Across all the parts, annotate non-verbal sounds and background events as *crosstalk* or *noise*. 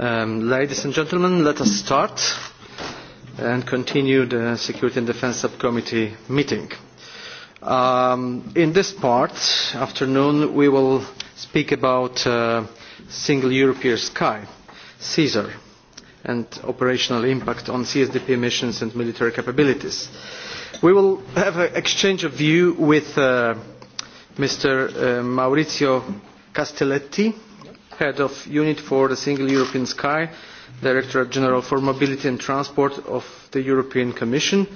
Um, ladies and gentlemen, let us start and continue the Security and Defense Subcommittee meeting. Um, in this part, afternoon, we will speak about uh, single European sky, CSER, and operational impact on CSDP missions and military capabilities. We will have an exchange of view with uh, Mr. Uh, Maurizio Castelletti, head of unit for the Single European Sky, Director General for Mobility and Transport of the European Commission,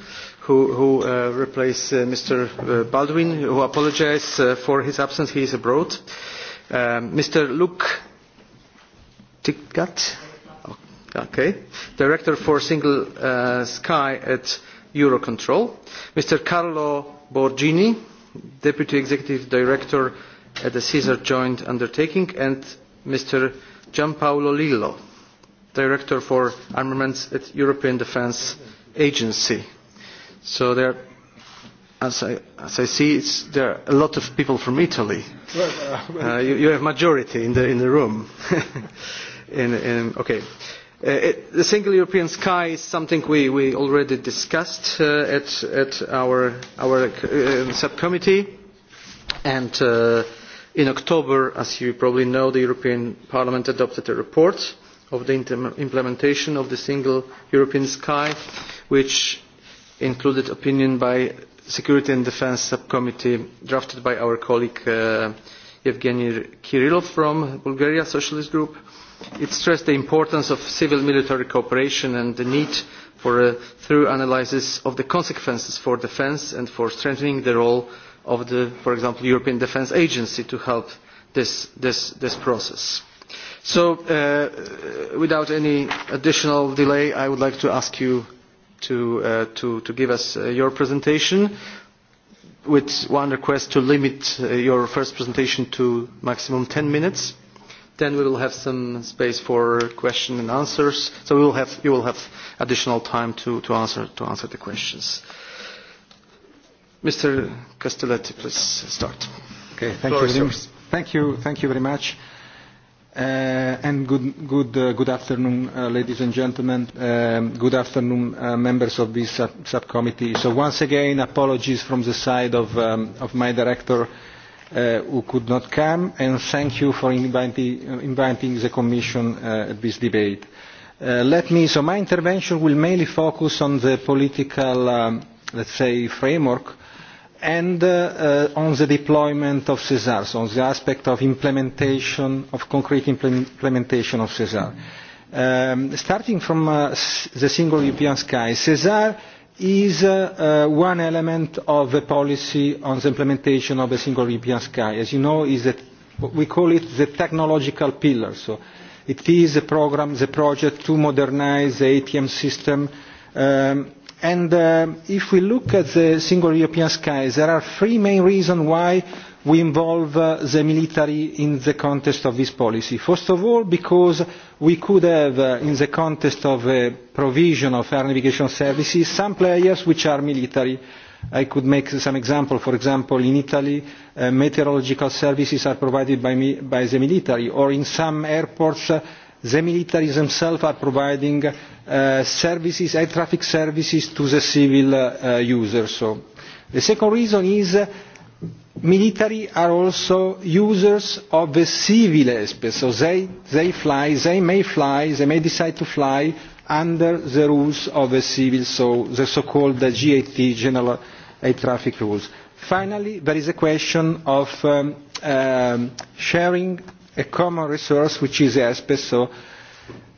who, who uh, replaced uh, Mr. Uh, Baldwin, who apologized uh, for his absence. He is abroad. Um, Mr. Luke Tickat, okay, Director for Single uh, Sky at Eurocontrol. Mr. Carlo Borgini, Deputy Executive Director at the CSER Joint Undertaking, and Mr. Gianpaolo Lillo, Director for Armaments at European Defence Agency. So there, as I, as I see, it's, there are a lot of people from Italy. Uh, uh, you, you have majority in the, in the room. *laughs* in, in, okay. Uh, it, the single European sky is something we, we already discussed uh, at, at our, our uh, subcommittee and uh, In October, as you probably know, the European Parliament adopted a report of the implementation of the single European sky, which included opinion by Security and Defense Subcommittee drafted by our colleague uh, Evgeny Kirilov from Bulgaria Socialist Group. It stressed the importance of civil-military cooperation and the need for a thorough analysis of the consequences for defense and for strengthening the role of the, for example, European Defence Agency to help this, this, this process. So, uh, without any additional delay, I would like to ask you to, uh, to, to give us uh, your presentation with one request to limit uh, your first presentation to maximum 10 minutes. Then we will have some space for question and answers. So we will have, you will have additional time to, to, answer, to answer the questions. Mr. Castelletti, please start. Okay, thank Floor you, very much. thank you, thank you very much. Uh, and good, good, uh, good afternoon, uh, ladies and gentlemen. Um, good afternoon, uh, members of this sub subcommittee. So once again, apologies from the side of, um, of my director uh, who could not come, and thank you for inviting, uh, inviting the Commission uh, at this debate. Uh, let me, so my intervention will mainly focus on the political, um, let's say, framework and uh, uh, on the deployment of CESAR, so on the aspect of implementation, of concrete implementation of CESAR. Um, starting from uh, the single European sky, CESAR is uh, uh, one element of the policy on the implementation of the single European sky. As you know, is that we call it the technological pillar. So it is a program, the project to modernize the ATM system um, And uh, if we look at the single European sky, there are three main reasons why we involve uh, the military in the context of this policy. First of all, because we could have, uh, in the context of uh, provision of air navigation services, some players which are military. I could make some example. For example, in Italy, uh, meteorological services are provided by, me, by the military, or in some airports, uh, The military themselves are providing uh, services, air traffic services to the civil uh, users. So the second reason is uh, military are also users of the civil aspect. So they, they fly, they may fly, they may decide to fly under the rules of the civil, so the so-called GAT, General Air Traffic Rules. Finally, there is a question of um, um, sharing a common resource which is airspace. So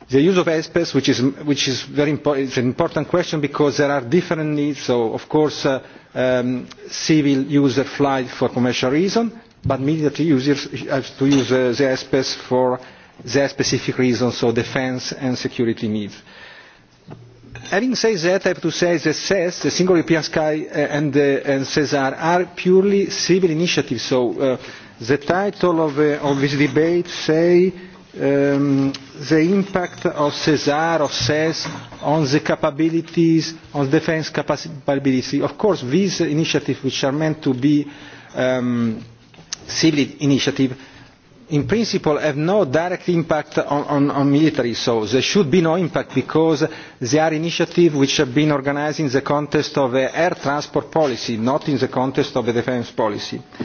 the use of airspace, which is, which is very important, it's an important question because there are different needs. So of course, uh, um, civil users fly for commercial reasons, but military users have to use uh, the airspace for their specific reasons, so defense and security needs. Having said that, I have to say that CES, e the Single European Sky, uh, and, uh, and CESAR are purely civil initiatives. So uh, The title of, uh, of this debate say um, the impact of CESAR, or CES, on the capabilities, on defense capability. Of course, these initiatives, which are meant to be um, silly initiative, in principle have no direct impact on, on, on military, so there should be no impact because they are initiatives which have been organized in the context of air transport policy, not in the context of the defense policy. Uh,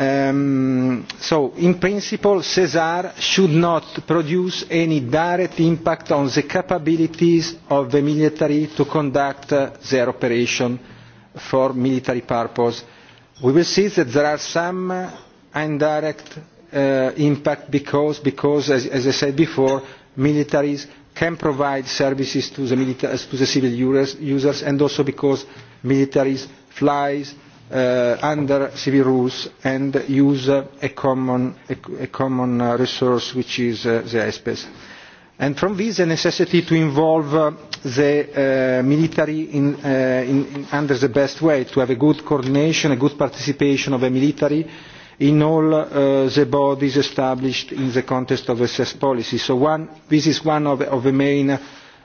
Um, so, in principle, CESAR should not produce any direct impact on the capabilities of the military to conduct uh, their operation for military purpose. We will see that there are some uh, indirect uh, impact because, because as, as I said before, militaries can provide services to the, to the civil users, users and also because militaries flies uh, under civil rules and use uh, a common, a, a common uh, resource which is uh, the airspace. And from this, the necessity to involve uh, the uh, military in, uh, in, in, under the best way, to have a good coordination, a good participation of the military in all uh, the bodies established in the context of SS policy. So one, this is one of, of the main uh,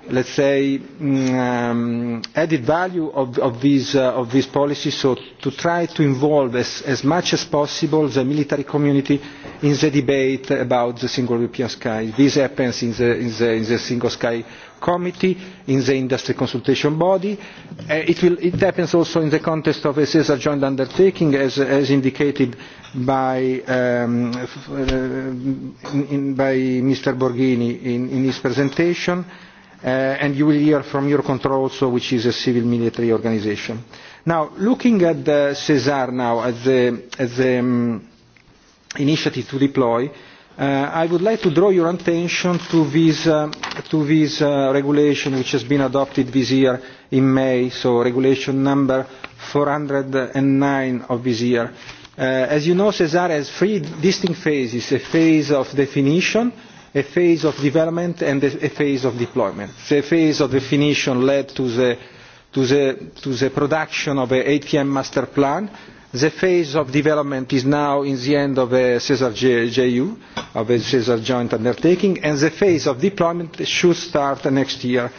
let's say, mm, um, added value of, of, these, uh, of these policies, so to try to involve as, as much as possible the military community in the debate about the single European sky. This happens in the, in the, in the single sky committee, in the industry consultation body. Uh, it, will, it happens also in the context of a CESAR joint undertaking, as, as indicated by, um, uh, in, in, by Mr. Borghini in, in his presentation Uh, and you will hear from Eurocontrol also, which is a civil military organization. Now, looking at the CESAR now, as the, as the um, initiative to deploy, uh, I would like to draw your attention to this, uh, to this uh, regulation which has been adopted this year in May, so regulation number 409 of this year. Uh, as you know, CESAR has three distinct phases, a phase of definition, a phase of development and a phase of deployment. The phase of definition led to the, to the, to the production of an ATM master plan. The phase of development is now in the end of a CESAR JU, of a CESAR joint undertaking, and the phase of deployment should start next year.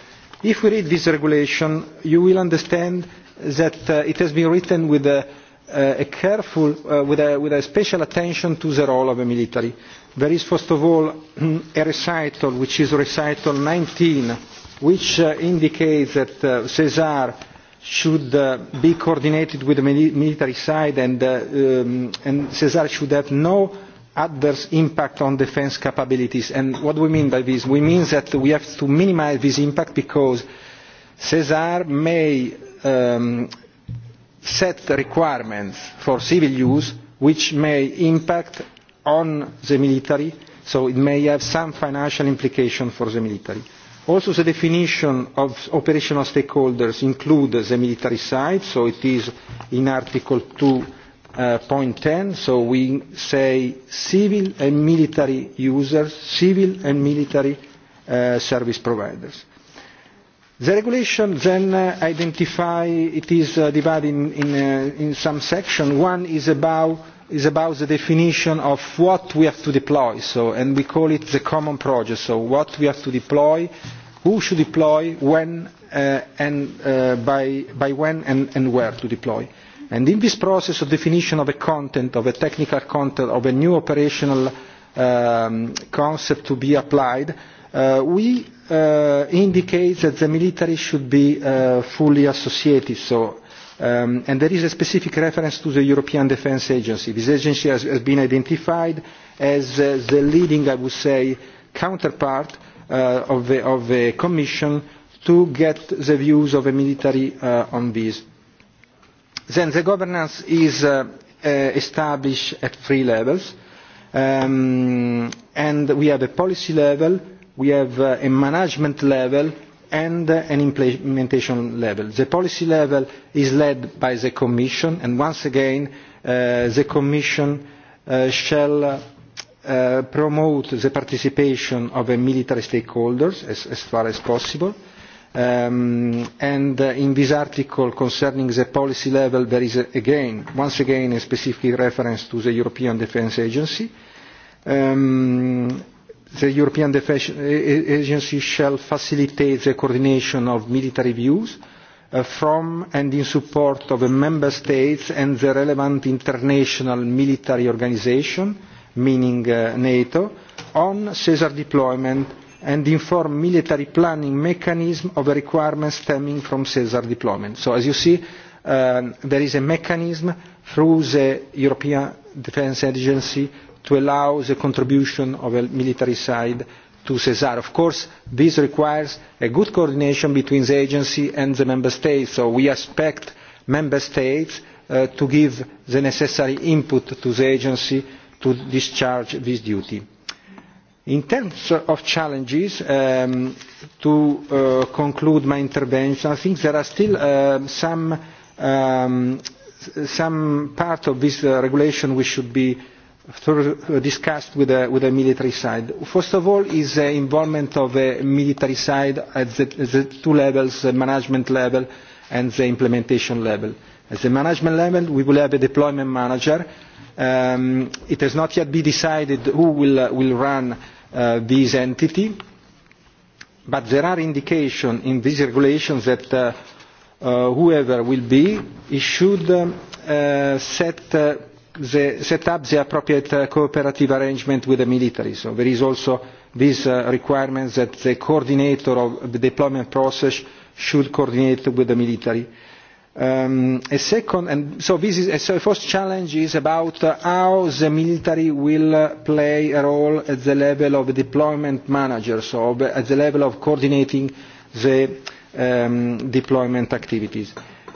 If we read this regulation, you will understand that uh, it has been written with a, uh, a careful, uh, with, a, with a special attention to the role of the military There is first of all *clears throat* a recital which is recital 19 which uh, indicates that uh, CESAR should uh, be coordinated with the military side and, uh, um, and CESAR should have no adverse impact on defense capabilities. And what do we mean by this? We mean that we have to minimize this impact because CESAR may um, set requirements for civil use which may impact on the military, so it may have some financial implication for the military. Also the definition of operational stakeholders includes the military side, so it is in Article 2.10, uh, point so we say civil and military users, civil and military uh, service providers. The regulation then uh, identify, it is uh, divided in, in, uh, in some section. One is about is about the definition of what we have to deploy, so, and we call it the common project, so what we have to deploy, who should deploy, when, uh, and uh, by, by when and, and where to deploy. And in this process of definition of a content, of a technical content, of a new operational um, concept to be applied, uh, we uh, indicate that the military should be uh, fully associated, so Um, and there is a specific reference to the European Defence Agency. This agency has, has been identified as uh, the leading, I would say, counterpart uh, of, the, of the Commission to get the views of the military uh, on this. Then the governance is uh, uh, established at three levels. Um, and we have a policy level, we have uh, a management level, and uh, an implementation level. The policy level is led by the Commission, and once again, uh, the Commission uh, shall uh, promote the participation of the uh, military stakeholders as, as far as possible. Um, and uh, in this article concerning the policy level, there is a, uh, again, once again, a specific reference to the European Defence Agency. Um, the European Defense Agency shall facilitate the coordination of military views uh, from and in support of the member states and the relevant international military organization, meaning uh, NATO, on CESAR deployment and inform military planning mechanism of the requirements stemming from CESAR deployment. So as you see, um, there is a mechanism through the European Defence Agency to allow the contribution of a military side to CESAR. Of course, this requires a good coordination between the agency and the member states, so we expect member states uh, to give the necessary input to the agency to discharge this duty. In terms of challenges, um, to uh, conclude my intervention, I think there are still uh, some, um, some part of this uh, regulation which should be Uh, discussed with the, with the military side. First of all is the involvement of the military side at the, the two levels, the management level and the implementation level. At the management level, we will have a deployment manager. Um, it has not yet been decided who will, uh, will run uh, this entity, but there are indications in these regulations that uh, uh, whoever will be, he should um, uh, set uh, the, set up the appropriate uh, cooperative arrangement with the military. So there is also this uh, requirement that the coordinator of the deployment process should coordinate with the military. Um, a second, and so this is, so the first challenge is about uh, how the military will uh, play a role at the level of deployment manager, so at the level of coordinating the um, deployment activities.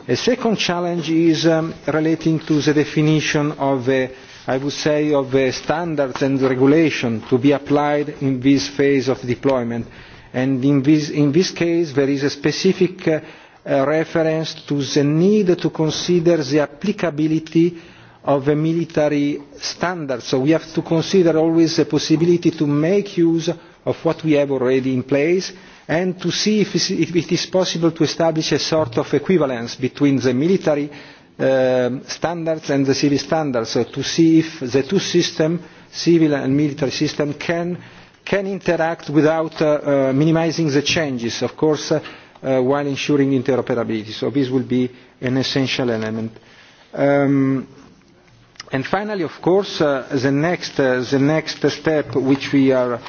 A second challenge is um, relating to the definition of, uh, I would say, of uh, standards and regulation to be applied in this phase of deployment. And in this, in this case, there is a specific uh, uh, reference to the need to consider the applicability of the military standards, So we have to consider always the possibility to make use of what we have already in place and to see if it is possible to establish a sort of equivalence between the military uh, standards and the civil standards, so to see if the two systems, civil and military system, can, can interact without uh, uh, minimizing the changes, of course, uh, uh, while ensuring interoperability. So this will be an essential element. Um, and finally, of course, uh, the, next, uh, the next step which we are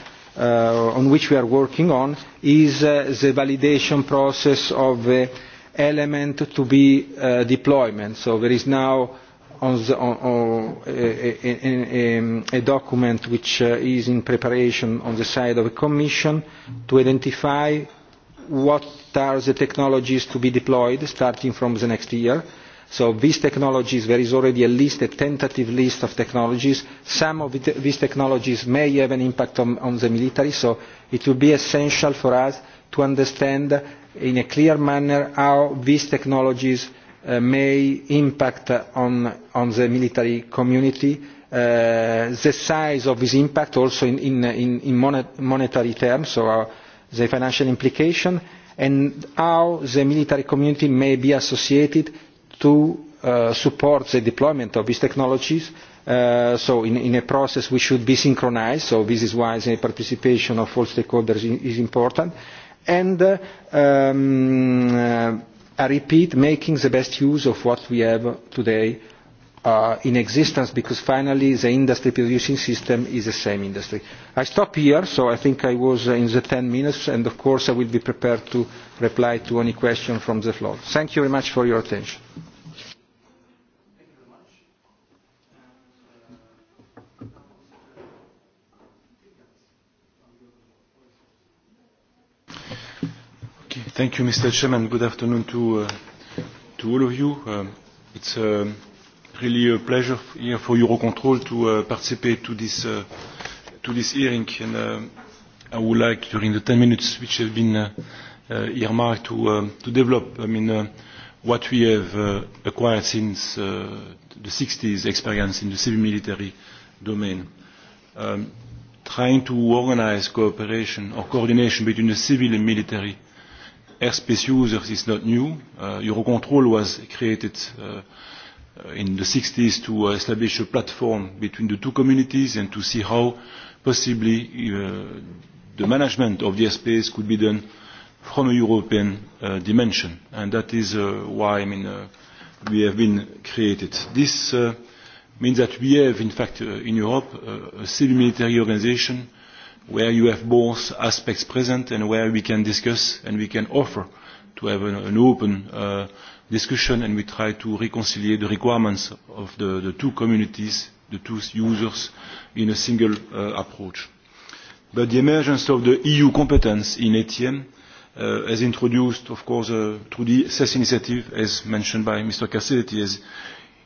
uh, on which we are working on is uh, the validation process of the element to be uh, deployment. So there is now on the, on, on, a, a, a um, document which uh, is in preparation on the side of the Commission to identify what are the technologies to be deployed starting from the next year So these technologies, there is already at least a tentative list of technologies. Some of it, these technologies may have an impact on, on the military, so it will be essential for us to understand in a clear manner how these technologies uh, may impact on, on the military community, uh, the size of this impact also in, in, in, in monet, monetary terms, so uh, the financial implication, and how the military community may be associated to uh, support the deployment of these technologies. Uh, so in, in a process we should be synchronized, so this is why the participation of all stakeholders is important. And uh, um, uh, I repeat, making the best use of what we have today uh, in existence because finally the industry producing system is the same industry. I stop here, so I think I was in the 10 minutes and of course I will be prepared to reply to any question from the floor. Thank you very much for your attention. Okay, thank you, Mr. Chairman. Good afternoon to, uh, to all of you. Um, it's uh, really a pleasure here for Eurocontrol to uh, participate to this, uh, to this hearing. And uh, I would like, during the 10 minutes which have been uh, uh, earmarked, to, uh, to develop I mean, uh, what we have uh, acquired since uh, the 60s experience in the civil military domain. Um, trying to organize cooperation or coordination between the civil and military uh, airspace users is not new. Uh, Eurocontrol was created uh, in the 60s to uh, establish a platform between the two communities and to see how possibly uh, the management of the airspace could be done from a European uh, dimension. And that is uh, why I mean, uh, we have been created. This uh, means that we have, in fact, uh, in Europe, uh, a civil military organization uh, where you have both aspects present and where we can discuss and we can offer to have an, an open uh, discussion and we try to reconcile the requirements of the, the two communities, the two users in a single uh, approach. But the emergence of the EU competence in ATM uh, has introduced, of course, uh, through the CES e initiative, as mentioned by Mr. Cassidy, as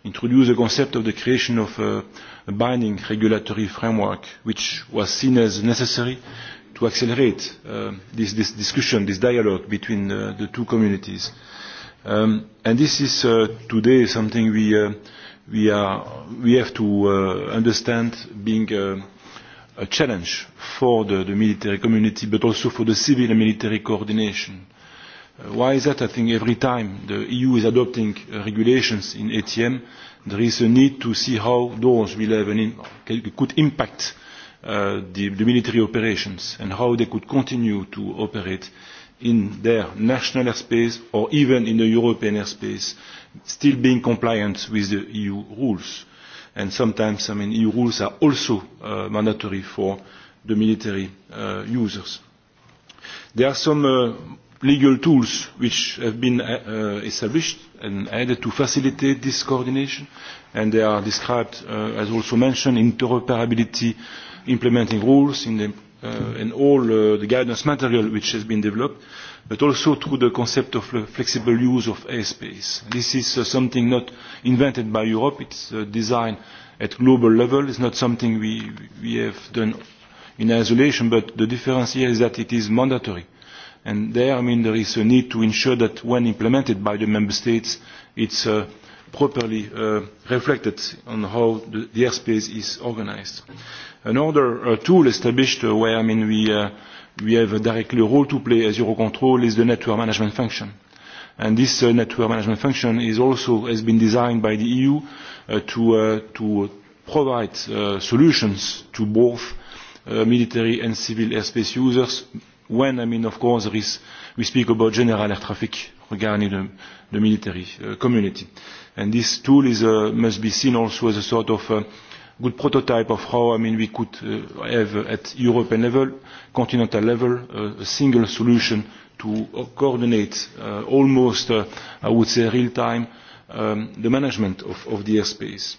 introduced the concept of the creation of a, a binding regulatory framework, which was seen as necessary to accelerate uh, this, this discussion, this dialogue between uh, the two communities. Um, and this is uh, today something we, uh, we, are, we have to uh, understand being a, uh, a challenge for the, the military community, but also for the civil and military coordination Uh, why is that? I think every time the EU is adopting uh, regulations in ATM, there is a need to see how those will have an in could impact uh, the, the military operations and how they could continue to operate in their national airspace or even in the European airspace, still being compliant with the EU rules. And sometimes, I mean, EU rules are also uh, mandatory for the military uh, users. There are some uh, legal tools which have been uh, uh, established and added to facilitate this coordination and they are described uh, as also mentioned interoperability implementing rules in the, uh, and all uh, the guidance material which has been developed but also through the concept of flexible use of airspace. This is uh, something not invented by Europe, it's uh, designed at global level, it's not something we, we have done in isolation but the difference here is that it is mandatory And there, I mean, there is a need to ensure that when implemented by the member states, it's uh, properly uh, reflected on how the, the airspace is organized. Another uh, tool established uh, where, I mean, we, uh, we have a directly a role to play as Eurocontrol is the network management function. And this uh, network management function is also has been designed by the EU uh, to, uh, to provide uh, solutions to both uh, military and civil airspace users when, I mean, of course, there is, we speak about general air traffic regarding the, the military uh, community. And this tool is, uh, must be seen also as a sort of a uh, good prototype of how, I mean, we could uh, have at European level, continental level, uh, a single solution to uh, coordinate uh, almost, uh, I would say, real-time um, the management of, of the airspace.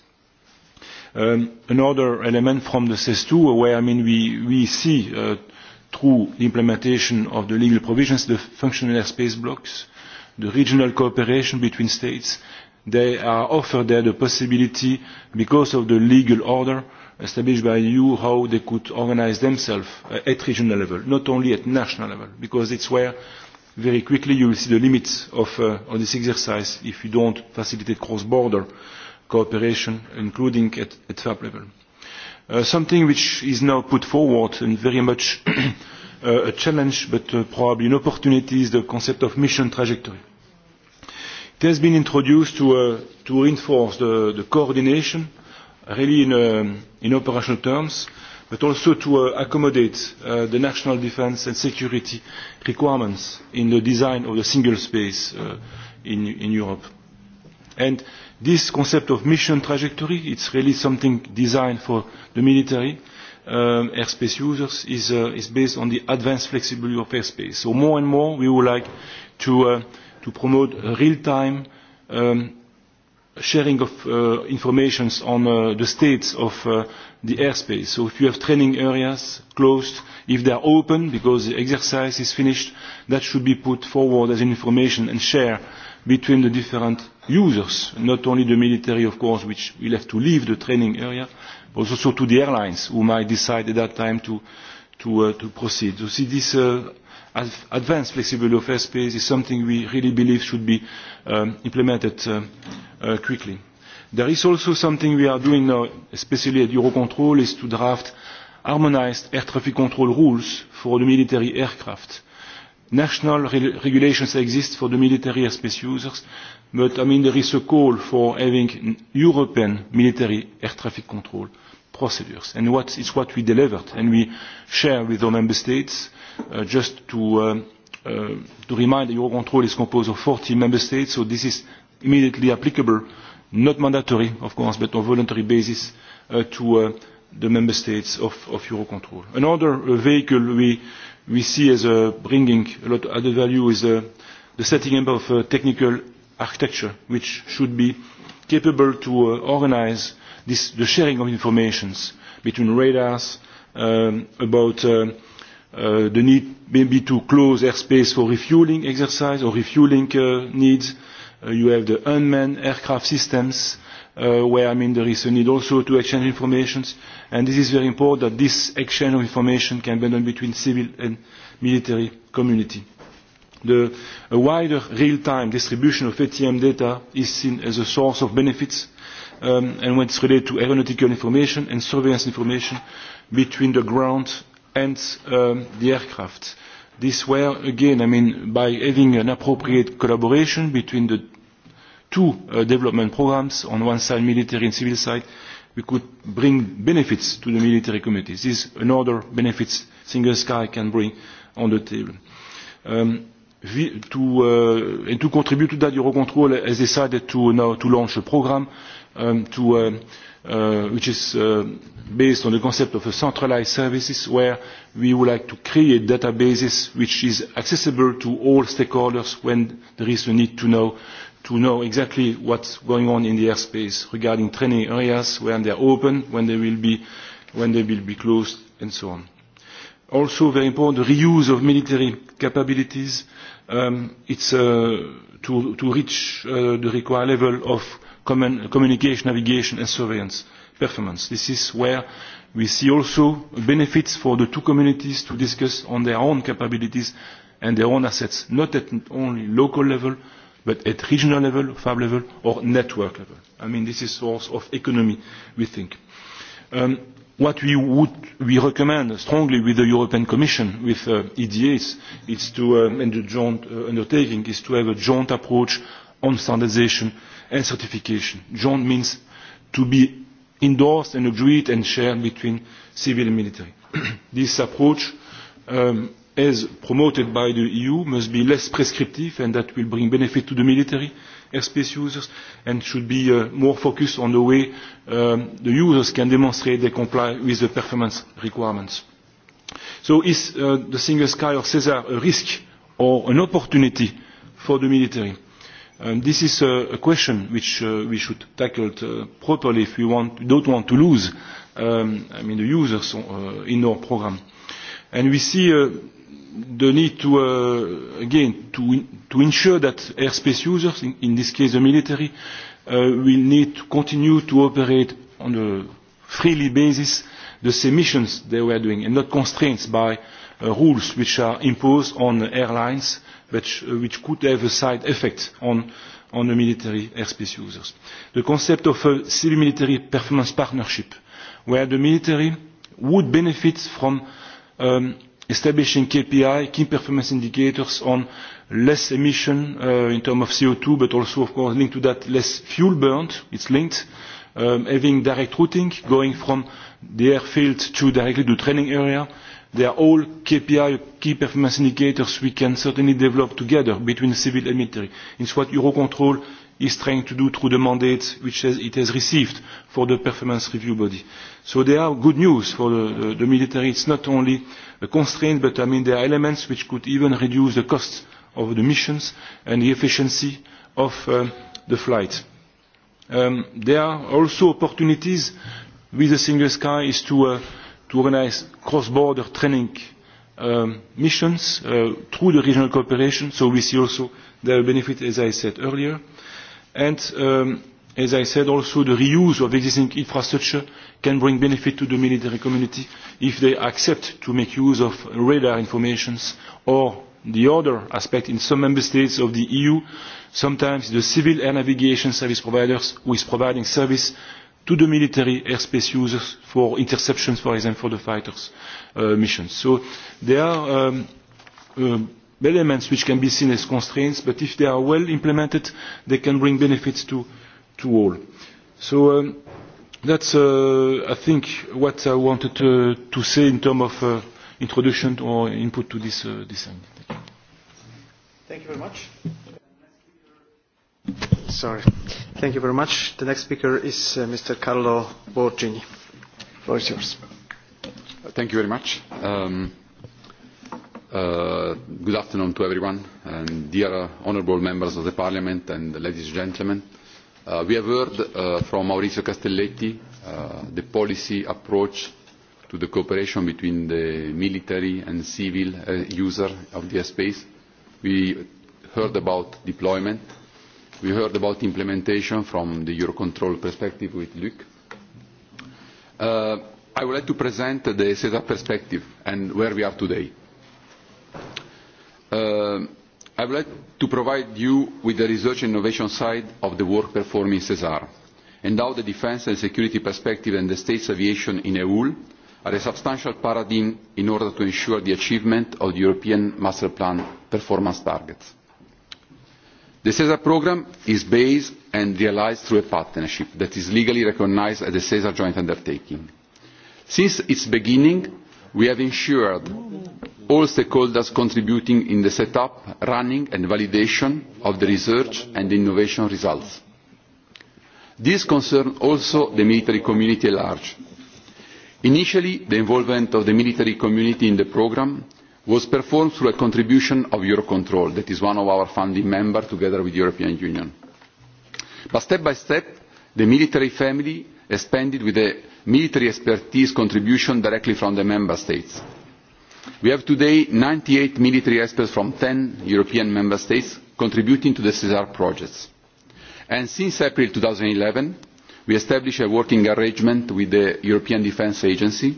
Um, another element from the CES2, where, I mean, we, we see uh, through the implementation of the legal provisions, the functional airspace blocks, the regional cooperation between states, they are offered there the possibility, because of the legal order established by you, how they could organize themselves uh, at regional level, not only at national level, because it's where very quickly you will see the limits of, uh, of this exercise if you don't facilitate cross-border cooperation, including at, at FAP level. Uh, something which is now put forward and very much *coughs* uh, a challenge but uh, probably an opportunity is the concept of mission trajectory. It has been introduced to, uh, to reinforce the, the coordination really in, uh, in operational terms but also to uh, accommodate uh, the national defense and security requirements in the design of the single space uh, in, in Europe. And This concept of mission trajectory, it's really something designed for the military um, airspace users, is, uh, is based on the advanced flexibility of airspace. So more and more we would like to, uh, to promote real-time um, sharing of uh, information on uh, the states of uh, the airspace. So if you have training areas closed, if they are open because the exercise is finished, that should be put forward as information and share between the different users, not only the military, of course, which will have to leave the training area, but also to the airlines, who might decide at that time to, to, uh, to proceed. So see, this uh, advanced flexibility of airspace is something we really believe should be um, implemented uh, uh, quickly. There is also something we are doing now, especially at Eurocontrol, is to draft harmonized air traffic control rules for the military aircraft national re regulations exist for the military airspace users, but I mean there is a call for having European military air traffic control procedures. And what is what we delivered and we share with our member states uh, just to, uh, uh, to remind that Eurocontrol is composed of 40 member states, so this is immediately applicable, not mandatory, of course, but on a voluntary basis uh, to uh, the member states of, of Eurocontrol. Another uh, vehicle we we see as uh, bringing a lot of added value is uh, the setting up of uh, technical architecture, which should be capable to uh, organize this, the sharing of information between radars um, about uh, uh, the need maybe to close airspace for refueling exercise or refueling uh, needs. Uh, you have the unmanned aircraft systems uh, where I mean there is a need also to exchange information and this is very important that this exchange of information can be done between civil and military community. The a wider real-time distribution of ATM data is seen as a source of benefits um, and when it's related to aeronautical information and surveillance information between the ground and um, the aircraft. This where, again, I mean, by having an appropriate collaboration between the two uh, development programs, on one side military and civil side, we could bring benefits to the military communities. This is another benefits single sky can bring on the table. Um, to, uh, and to contribute to that, Eurocontrol has decided to now to launch a program um, to, uh, uh, which is uh, based on the concept of a centralized services where we would like to create databases which is accessible to all stakeholders when there is a need to know to know exactly what's going on in the airspace regarding training areas, when they're open, when they will be, when they will be closed, and so on. Also very important, the reuse of military capabilities. Um, it's uh, to, to reach uh, the required level of common, communication, navigation, and surveillance performance. This is where we see also benefits for the two communities to discuss on their own capabilities and their own assets, not at only local level, but at regional level, FAB level, or network level. I mean, this is source of economy, we think. Um, what we would we recommend strongly with the European Commission, with uh, EDAs, is to, um, and the joint uh, undertaking, is to have a joint approach on standardization and certification. Joint means to be endorsed and agreed and shared between civil and military. *clears throat* this approach um, as promoted by the EU must be less prescriptive and that will bring benefit to the military airspace users and should be uh, more focused on the way um, the users can demonstrate they comply with the performance requirements. So is uh, the single sky or CESAR a risk or an opportunity for the military? Um, this is a, a question which uh, we should tackle uh, properly if we want, don't want to lose um, I mean, the users uh, in our program. Uh, And we see uh, the need to, uh, again, to, to ensure that airspace users, in, in this case the military, uh, will need to continue to operate on a freely basis the same missions they were doing and not constraints by uh, rules which are imposed on airlines which, uh, which could have a side effect on, on the military airspace users. The concept of a civil-military performance partnership where the military would benefit from um, establishing KPI, key performance indicators on less emission uh, in terms of CO2, but also, of course, linked to that, less fuel burnt, it's linked, um, having direct routing, going from the airfield to directly to training area. They are all KPI, key performance indicators we can certainly develop together between civil and military. It's what Eurocontrol is trying to do through the mandate which has, it has received for the performance review body. So they are good news for the, the, the military. It's not only a constraint, but I mean there are elements which could even reduce the costs of the missions and the efficiency of uh, the flight. Um, there are also opportunities with the single sky is to, uh, to organize cross-border training um, missions uh, through the regional cooperation, so we see also their benefit, as I said earlier. And um, as I said also, the reuse of existing infrastructure can bring benefit to the military community if they accept to make use of radar informations or the other aspect in some member states of the EU, sometimes the civil air navigation service providers who is providing service to the military airspace users for interceptions, for example, for the fighters' uh, missions. So there are um, uh, elements which can be seen as constraints, but if they are well implemented, they can bring benefits to, to all. So um, that's, uh, I think, what I wanted to, to say in terms of uh, introduction or input to this, uh, this end. Thank you. Thank you very much. Sorry. Thank you very much. The next speaker is uh, Mr. Carlo Borgini. The floor is yours. Thank you very much. Um, Uh, good afternoon to everyone, and dear uh, honourable members of the Parliament and ladies and gentlemen. Uh, we have heard uh, from Maurizio Castelletti uh, the policy approach to the cooperation between the military and civil uh, user of the airspace. We heard about deployment. We heard about implementation from the Eurocontrol perspective with Luc. Uh, I would like to present the CETA perspective and where we are today. Uh, I would like to provide you with the research and innovation side of the work performed in CESAR and how the defence and security perspective and the state's aviation in EUL are a substantial paradigm in order to ensure the achievement of the European Master Plan performance targets. The CESAR programme is based and realised through a partnership that is legally recognised as the CESAR joint undertaking. Since its beginning, We have ensured all stakeholders contributing in the setup, running and validation of the research and innovation results. This concerns also the military community at large. Initially, the involvement of the military community in the programme was performed through a contribution of Eurocontrol, that is one of our founding members together with the European Union. But step by step, the military family expanded with the military expertise contribution directly from the member states. We have today 98 military experts from 10 European member states contributing to the CESAR projects. And since April 2011, we established a working arrangement with the European Defence Agency.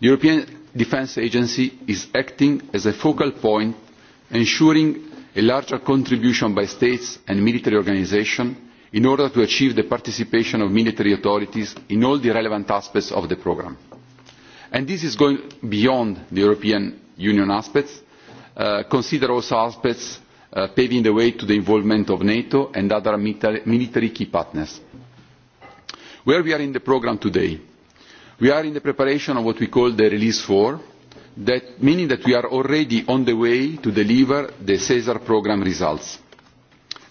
The European Defence Agency is acting as a focal point, ensuring a larger contribution by states and military organisations in order to achieve the participation of military authorities in all the relevant aspects of the programme. And this is going beyond the European Union aspects. Uh, consider also aspects uh, paving the way to the involvement of NATO and other military key partners. Where we are in the programme today, we are in the preparation of what we call the Release 4, that, meaning that we are already on the way to deliver the CESAR programme results.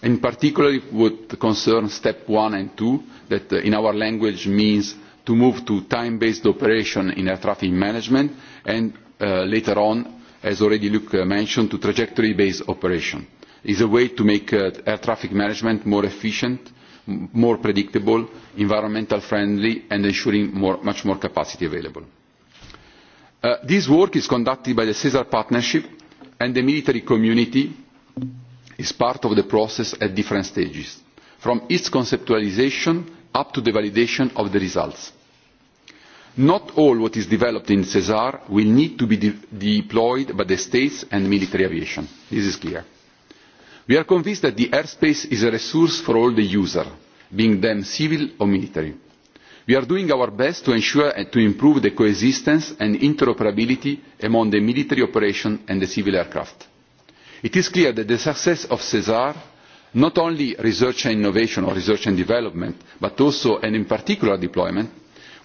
In particular, it would concern step one and two, that uh, in our language means to move to time-based operation in air traffic management, and uh, later on, as already Luke uh, mentioned, to trajectory-based operation. is a way to make uh, air traffic management more efficient, more predictable, environmental friendly, and ensuring more, much more capacity available. Uh, this work is conducted by the CESAR partnership and the military community is part of the process at different stages, from its conceptualization up to the validation of the results. Not all what is developed in CESAR will need to be de deployed by the states and military aviation. This is clear. We are convinced that the airspace is a resource for all the users, being them civil or military. We are doing our best to ensure and uh, to improve the coexistence and interoperability among the military operation and the civil aircraft. It is clear that the success of CESAR, not only research and innovation or research and development, but also and in particular deployment,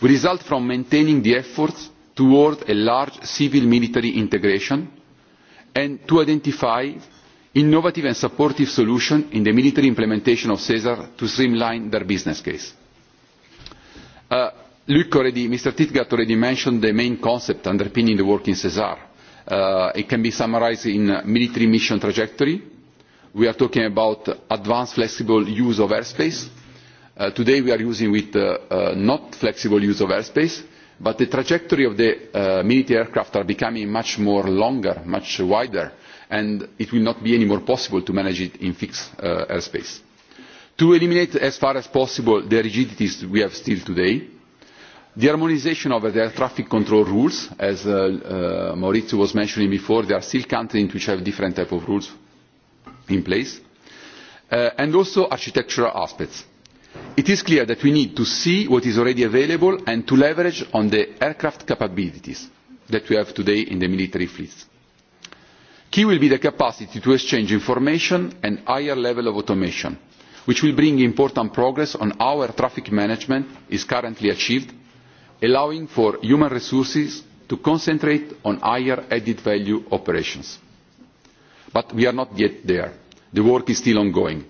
will result from maintaining the efforts toward a large civil-military integration and to identify innovative and supportive solutions in the military implementation of CESAR to streamline their business case. Uh, Luke already, Mr. Titgat already mentioned the main concept underpinning the work in CESAR. Uh, it can be summarized in military mission trajectory. We are talking about advanced flexible use of airspace. Uh, today we are using with uh, uh, not flexible use of airspace, but the trajectory of the uh, military aircraft are becoming much more longer, much wider, and it will not be any more possible to manage it in fixed uh, airspace. To eliminate as far as possible the rigidities we have still today, The harmonization of the air traffic control rules, as uh, uh, Maurizio was mentioning before, there are still countries which have different type of rules in place. Uh, and also architectural aspects. It is clear that we need to see what is already available and to leverage on the aircraft capabilities that we have today in the military fleets. Key will be the capacity to exchange information and higher level of automation, which will bring important progress on how air traffic management is currently achieved allowing for human resources to concentrate on higher added value operations. But we are not yet there. The work is still ongoing.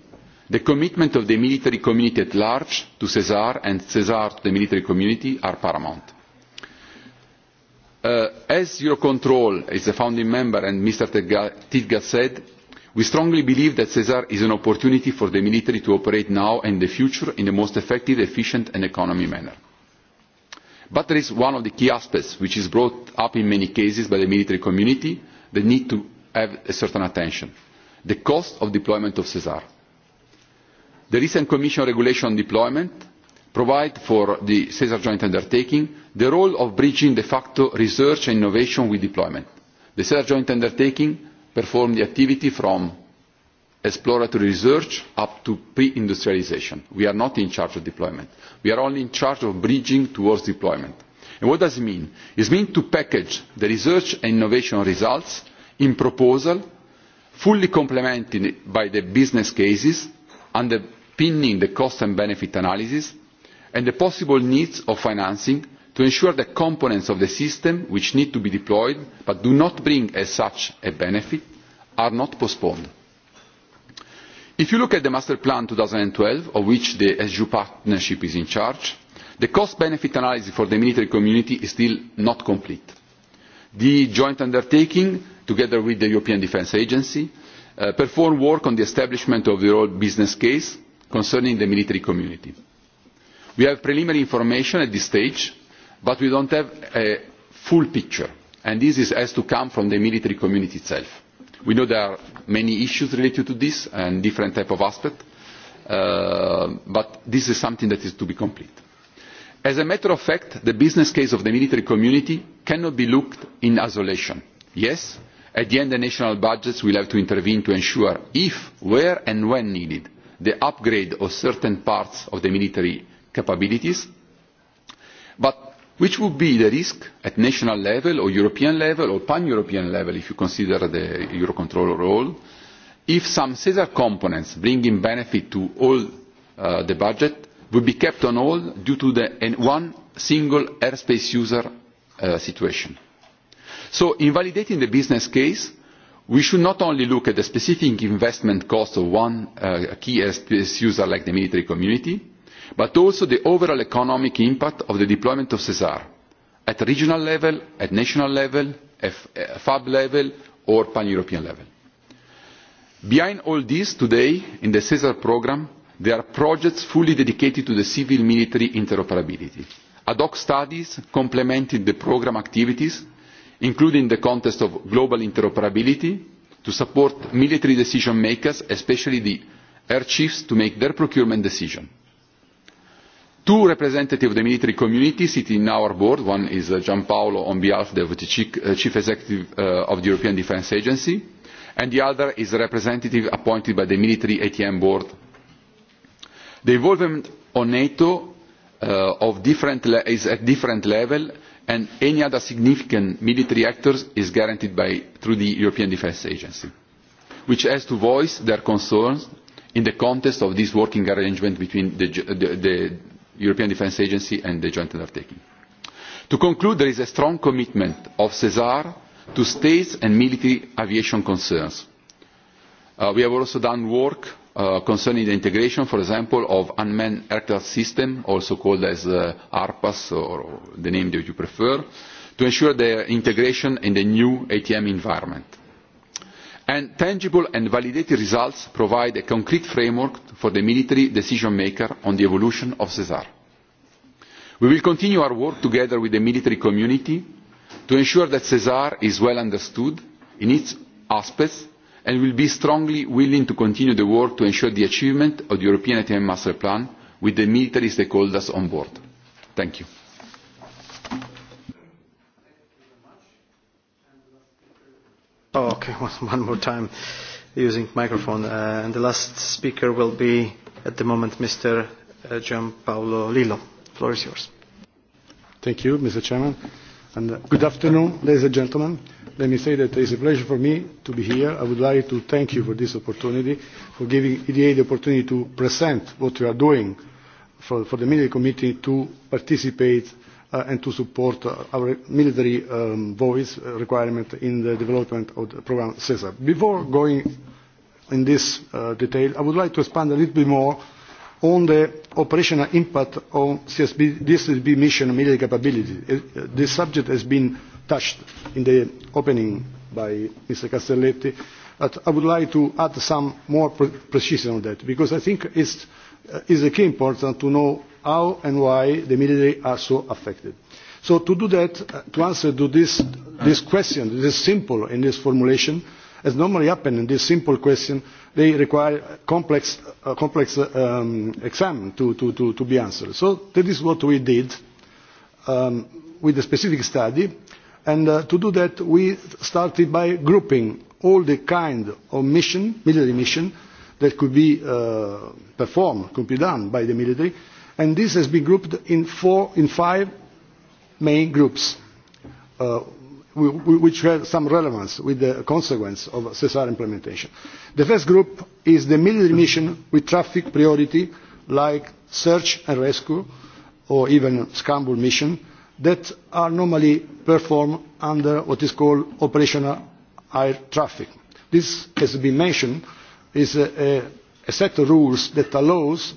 The commitment of the military community at large to CESAR and CESAR to the military community are paramount. Uh, as Eurocontrol is a founding member and Mr. Tidga said, we strongly believe that CESAR is an opportunity for the military to operate now and in the future in the most effective, efficient and economy manner. But there is one of the key aspects which is brought up in many cases by the military community that need to have a certain attention. The cost of deployment of CESAR. The recent Commission regulation on deployment provide for the CESAR joint undertaking the role of bridging de facto research and innovation with deployment. The CESAR joint undertaking performs the activity from exploratory research up to pre-industrialization. We are not in charge of deployment. We are only in charge of bridging towards deployment. And what does it mean? It means to package the research and innovation results in proposal, fully complemented by the business cases, underpinning the cost and benefit analysis, and the possible needs of financing to ensure the components of the system which need to be deployed but do not bring as such a benefit are not postponed. If you look at the Master Plan 2012, of which the SGU partnership is in charge, the cost-benefit analysis for the military community is still not complete. The joint undertaking, together with the European Defence Agency, uh, performed work on the establishment of the overall business case concerning the military community. We have preliminary information at this stage, but we don't have a full picture, and this is, has to come from the military community itself. We know there are many issues related to this and different type of aspects, uh, but this is something that is to be complete. As a matter of fact, the business case of the military community cannot be looked in isolation. Yes, at the end the national budgets will have to intervene to ensure if, where and when needed the upgrade of certain parts of the military capabilities, but which would be the risk at national level or European level or pan-European level if you consider the Eurocontrol role if some CESAR components bringing benefit to all uh, the budget would be kept on hold due to the one single airspace user uh, situation. So in validating the business case, we should not only look at the specific investment cost of one uh, key airspace user like the military community, but also the overall economic impact of the deployment of CESAR at regional level, at national level, at eh, FAB level or pan-European level. Behind all this today in the CESAR programme there are projects fully dedicated to the civil-military interoperability. Ad hoc studies complementing the programme activities including the context of global interoperability to support military decision makers, especially the air chiefs, to make their procurement decisions. Two representatives of the military community sit in our board. One is uh, Gianpaolo on behalf of the chief, uh, chief executive uh, of the European Defence Agency, and the other is a representative appointed by the military ATM board. The involvement on NATO uh, of different le is at different level, and any other significant military actors is guaranteed by, through the European Defence Agency, which has to voice their concerns in the context of this working arrangement between the, the, the European Defence Agency and the joint undertaking. To conclude, there is a strong commitment of CESAR to states and military aviation concerns. Uh, we have also done work uh, concerning the integration, for example, of unmanned aircraft system, also called as uh, ARPAS or the name that you prefer, to ensure their integration in the new ATM environment and tangible and validated results provide a concrete framework for the military decision maker on the evolution of CESAR. We will continue our work together with the military community to ensure that CESAR is well understood in its aspects and will be strongly willing to continue the work to ensure the achievement of the European ATM Master Plan with the military stakeholders on board. Thank you. Oh, okay, *laughs* one one more time using microphone. Uh, and the last speaker will be at the moment Mr. Uh, Gian Paolo Lillo. The floor is yours. Thank you, Mr. Chairman. And uh, good afternoon, ladies and gentlemen. Let me say that it is a pleasure for me to be here. I would like to thank you for this opportunity, for giving EDA the opportunity to present what we are doing for, for the Media Committee to participate uh, and to support uh, our military um, voice requirement in the development of the program CESA. Before going in this uh, detail, I would like to expand a little bit more on the operational impact on CSB, DSB mission military capability. Uh, this subject has been touched in the opening by Mr. Castelletti, but I would like to add some more pre precision on that, because I think it's, uh, it's a key important to know how and why the military are so affected. So to do that, uh, to answer to this, this question, this simple in this formulation, as normally happens in this simple question, they require a complex, uh, complex um, exam to, to, to, to be answered. So that is what we did um, with a specific study. And uh, to do that, we started by grouping all the kind of mission, military mission, that could be uh, performed, could be done by the military, and this has been grouped in, four, in five main groups, uh, which have some relevance with the consequence of CSR implementation. The first group is the military mission with traffic priority, like search and rescue, or even scramble mission, that are normally performed under what is called operational air traffic. This, as has been mentioned, is a, a, a set of rules that allows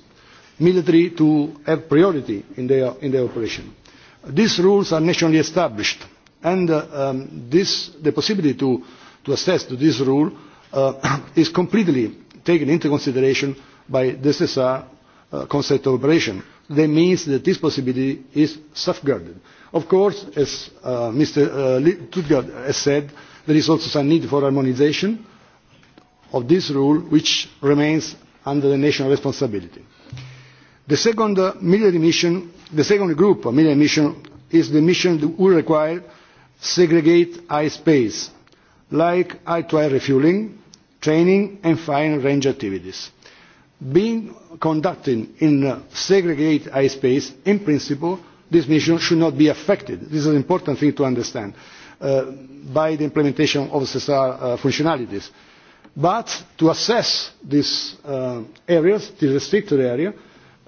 military to have priority in their, in their operation. These rules are nationally established and uh, um, this, the possibility to, to assess to this rule uh, *coughs* is completely taken into consideration by the SSR uh, concept of operation. That means that this possibility is safeguarded. Of course, as uh, Mr. Uh, Tutgard has said, there is also some need for harmonization of this rule, which remains under the national responsibility. The second uh, military mission, the second group of military mission is the mission that will require segregate space, like I-12 refueling, training and fine range activities. Being conducted in uh, segregate space, in principle, this mission should not be affected. This is an important thing to understand uh, by the implementation of CSR uh, functionalities. But to assess these uh, areas, the restricted area,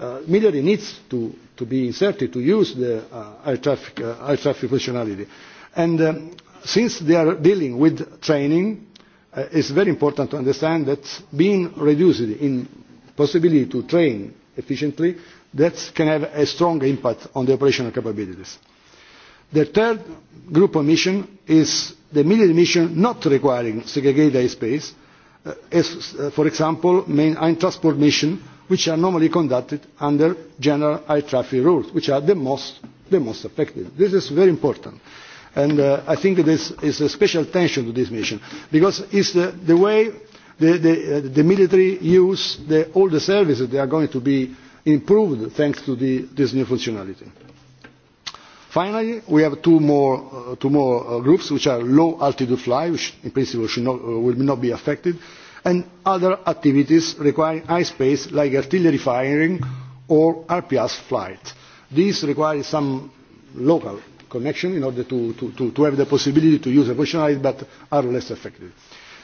uh, military needs to, to be inserted, to use the uh, air, traffic, uh, air traffic functionality. And um, since they are dealing with training, uh, it's very important to understand that being reduced in possibility to train efficiently, that can have a strong impact on the operational capabilities. The third group of mission is the military mission not requiring segregated airspace, uh, as, uh, for example, main transport mission which are normally conducted under general air traffic rules, which are the most, the most effective. This is very important. And uh, I think this is a special attention to this mission, because it's the, the way the, the, uh, the military use the, all the services they are going to be improved thanks to the, this new functionality. Finally, we have two more, uh, two more uh, groups, which are low altitude fly, which in principle should not, uh, will not be affected and other activities requiring high space like artillery firing or RPS flight. These require some local connection in order to, to, to, to have the possibility to use a functionality but are less effective.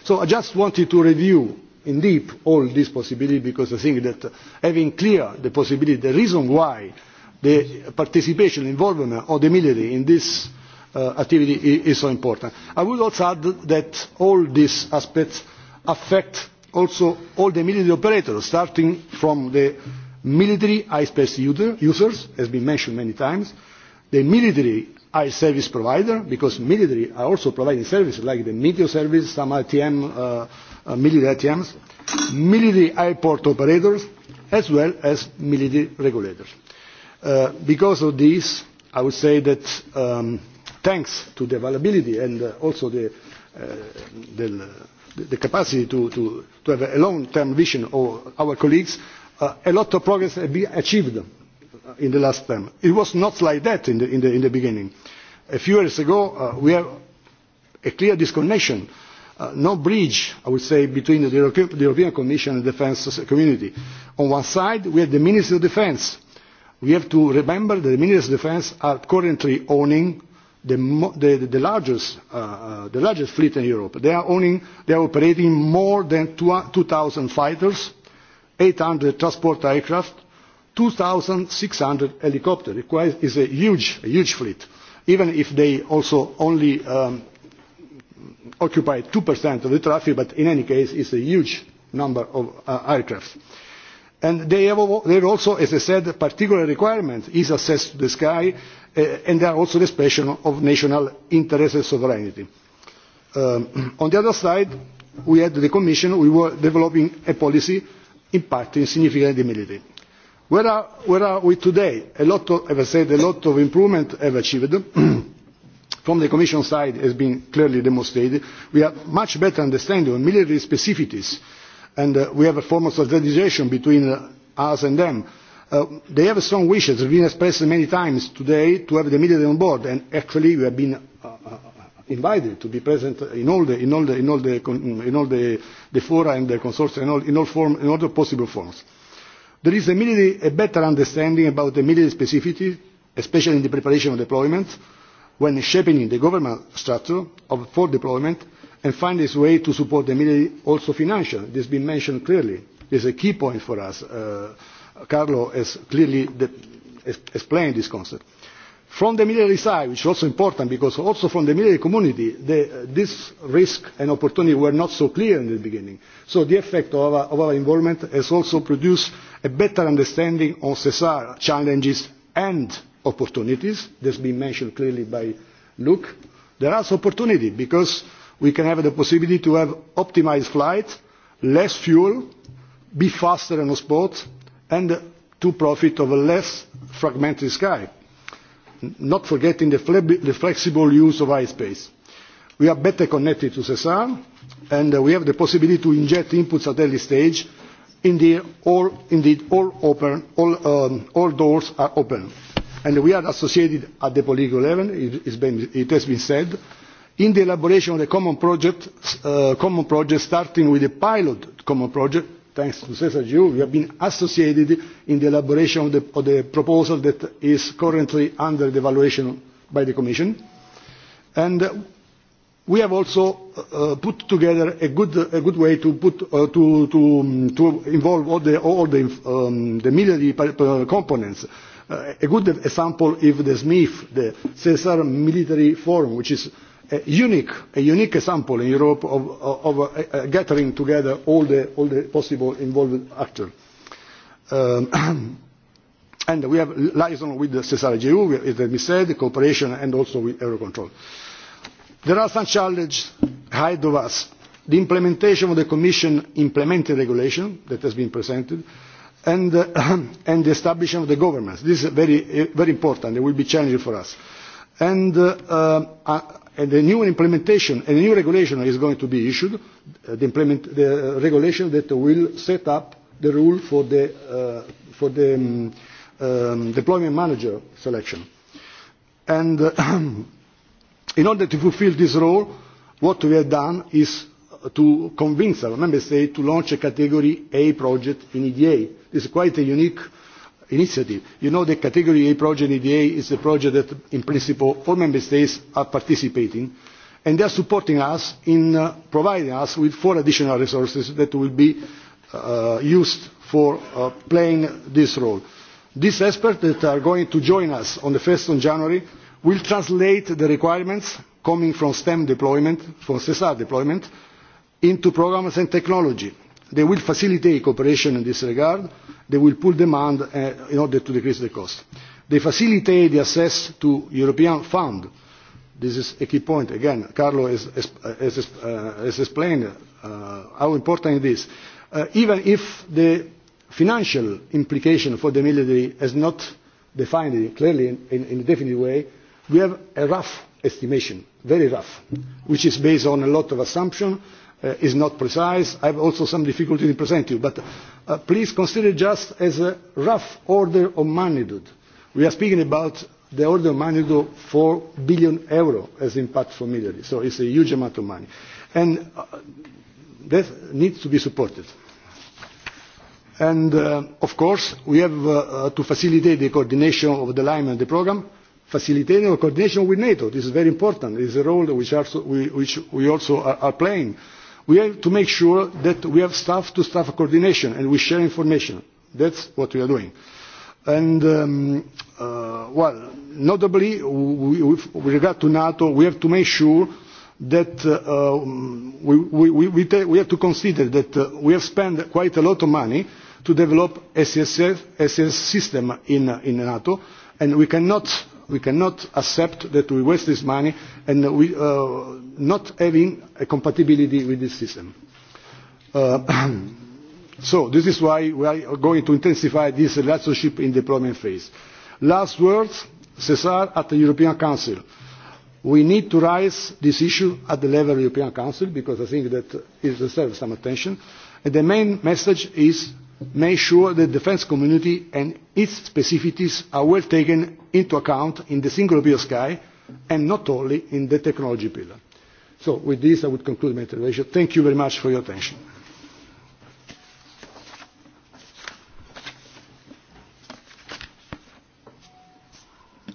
So I just wanted to review in deep all these possibilities because I think that having clear the possibility, the reason why the participation, involvement of the military in this uh, activity is, is so important. I would also add that all these aspects affect also all the military operators, starting from the military iSpace user, users, as been mentioned many times, the military eye service provider, because military are also providing services like the meteor service, some ITM, uh, uh, military ITMs, military airport operators, as well as military regulators. Uh, because of this, I would say that um, thanks to the availability and uh, also the, uh, the the capacity to, to, to have a long-term vision of our colleagues, uh, a lot of progress has been achieved in the last term. It was not like that in the, in the, in the beginning. A few years ago, uh, we had a clear disconnection, uh, no bridge, I would say, between the, Euro the European Commission and the defence community. On one side, we have the Ministry of Defence. We have to remember that the Ministry of Defence are currently owning the, the, the, largest, uh, uh, the largest fleet in Europe. They are owning, they are operating more than 2,000 fighters, 800 transport aircraft, 2,600 helicopters. It is a huge, a huge fleet, even if they also only um, occupy 2% of the traffic, but in any case, it's a huge number of uh, aircraft. And they have, there also, as I said, a particular requirement is access to the sky, uh, and there are also the expression of national interest and sovereignty. Um, *clears throat* on the other side, we had the Commission, we were developing a policy impacting significant military. Where are, where are we today? A lot of, as I said, a lot of improvement have achieved. *clears throat* From the Commission side has been clearly demonstrated. We have much better understanding of military specificities and uh, we have a form of solidarization between uh, us and them. Uh, they have strong wishes, have been expressed many times today, to have the media on board, and actually we have been uh, uh, uh invited to be present in all the, in all the, in all the, in all the, the fora and the consortia, in all, in all, form, in all the possible forms. There is immediately a better understanding about the military specificity, especially in the preparation of deployment, when shaping the government structure of, for deployment, and find this way to support the military also financially. This has been mentioned clearly. This is a key point for us. Uh, Carlo has clearly explained this concept. From the military side, which is also important because also from the military community, the, uh, this risk and opportunity were not so clear in the beginning. So the effect of our, of our involvement has also produced a better understanding of CESAR challenges and opportunities. has been mentioned clearly by Luke. There are opportunities because we can have the possibility to have optimized flight, less fuel, be faster on the sport, and to profit of a less fragmented sky, not forgetting the, the flexible use of space. We are better connected to CESAR, and we have the possibility to inject inputs at early stage, indeed all, indeed, all, open, all, um, all doors are open. And we are associated at the political level, it, it's been, it has been said, in the elaboration of the common project, uh, common project starting with the pilot common project, thanks to Cesar Giu, we have been associated in the elaboration of the, of the proposal that is currently under the evaluation by the Commission. And uh, we have also uh, uh put together a good, a good way to, put, uh, to, to, um, to involve all the, all the, um, the military components. Uh, a good example is the SMIF, the Cesar Military Forum, which is a unique, a unique example in Europe of, of, of uh, uh gathering together all the, all the possible involved actors. Um, *clears throat* and we have liaison with the CESAR-EU, as we said, cooperation and also with Eurocontrol. There are some challenges ahead of us. The implementation of the Commission implementing regulation that has been presented and, uh, *clears throat* and the establishment of the governments. This is very, very important. It will be challenging for us. And uh, uh, and a new implementation and a new regulation is going to be issued, uh, the, implement, the uh, regulation that will set up the rule for the, uh, for the um, um, deployment manager selection. And uh, *clears throat* in order to fulfill this role, what we have done is to convince our member state to launch a category A project in EDA. This is quite a unique uh, initiative. You know the category A project EDA is a project that in principle all member states are participating and they are supporting us in uh, providing us with four additional resources that will be uh, used for uh, playing this role. These experts that are going to join us on the 1st of January will translate the requirements coming from STEM deployment, from CESAR deployment, into programs and technology They will facilitate cooperation in this regard. They will pull demand uh, in order to decrease the cost. They facilitate the access to European fund. This is a key point. Again, Carlo has, has, uh, has explained uh, how important it is. Uh, even if the financial implication for the military is not defined clearly in, in, in a definite way, we have a rough estimation, very rough, which is based on a lot of assumptions uh, is not precise. I have also some difficulty in presenting you, but uh, please consider just as a rough order of magnitude. We are speaking about the order of magnitude of 4 billion euro as impact for military. so it's a huge amount of money. And uh, that needs to be supported. And uh, of course, we have uh, uh to facilitate the coordination of the line and the program, facilitating the coordination with NATO. This is very important. It is a role which, also, we, which we also are, are playing. We have to make sure that we have staff-to-staff -staff coordination and we share information. That's what we are doing. And, um, uh, well, notably, we, with regard to NATO, we have to make sure that uh, um, we, we, we, we have to consider that uh, we have spent quite a lot of money to develop SSF, SS system in, in NATO, and we cannot We cannot accept that we waste this money and we uh, not having a compatibility with this system. Uh, *clears throat* so this is why we are going to intensify this relationship in the deployment phase. Last words, Cesar at the European Council. We need to raise this issue at the level of the European Council because I think that it deserves some attention. And the main message is make sure the defence community and its specificities are well taken into account in the single European sky and not only in the technology pillar. So with this I would conclude my intervention. Thank you very much for your attention.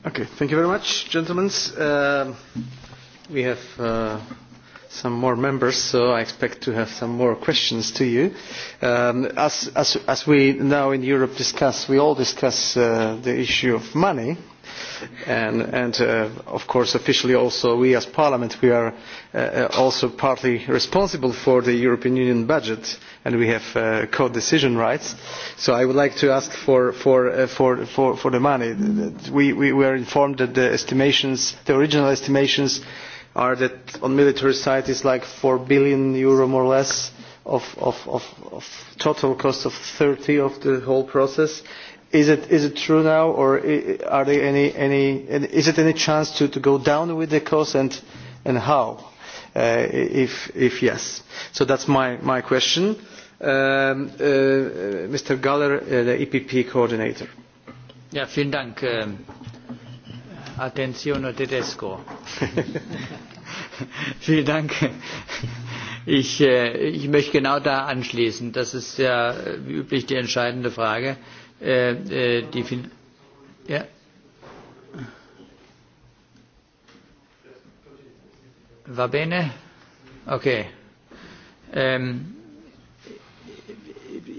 Okay, thank you very much, gentlemen. Uh, we have uh, some more members, so I expect to have some more questions to you. Um, as, as, as we now in Europe discuss, we all discuss uh, the issue of money, and, and uh, of course officially also we as Parliament, we are uh, uh also partly responsible for the European Union budget and we have uh, co-decision rights. So I would like to ask for, for, uh, for, for, for the money. We, we were informed that the estimations, the original estimations are that on military side is like 4 billion euro more or less of, of, of, of total cost of 30 of the whole process. Is it, is it true now or are there any, any, any, is it any chance to, to go down with the cost and, and how? Uh, if, if yes. So that's my, my question. Um, uh, Mr. Galler, uh, the EPP coordinator. Ja, vielen Dank. Ähm, uh Attenzione tedesco. *laughs* Vielen Dank. Ich, äh, ich möchte genau da anschließen. Das ist ja wie üblich die entscheidende Frage. Äh, äh, die fin ja. Va bene? Okay. Ähm,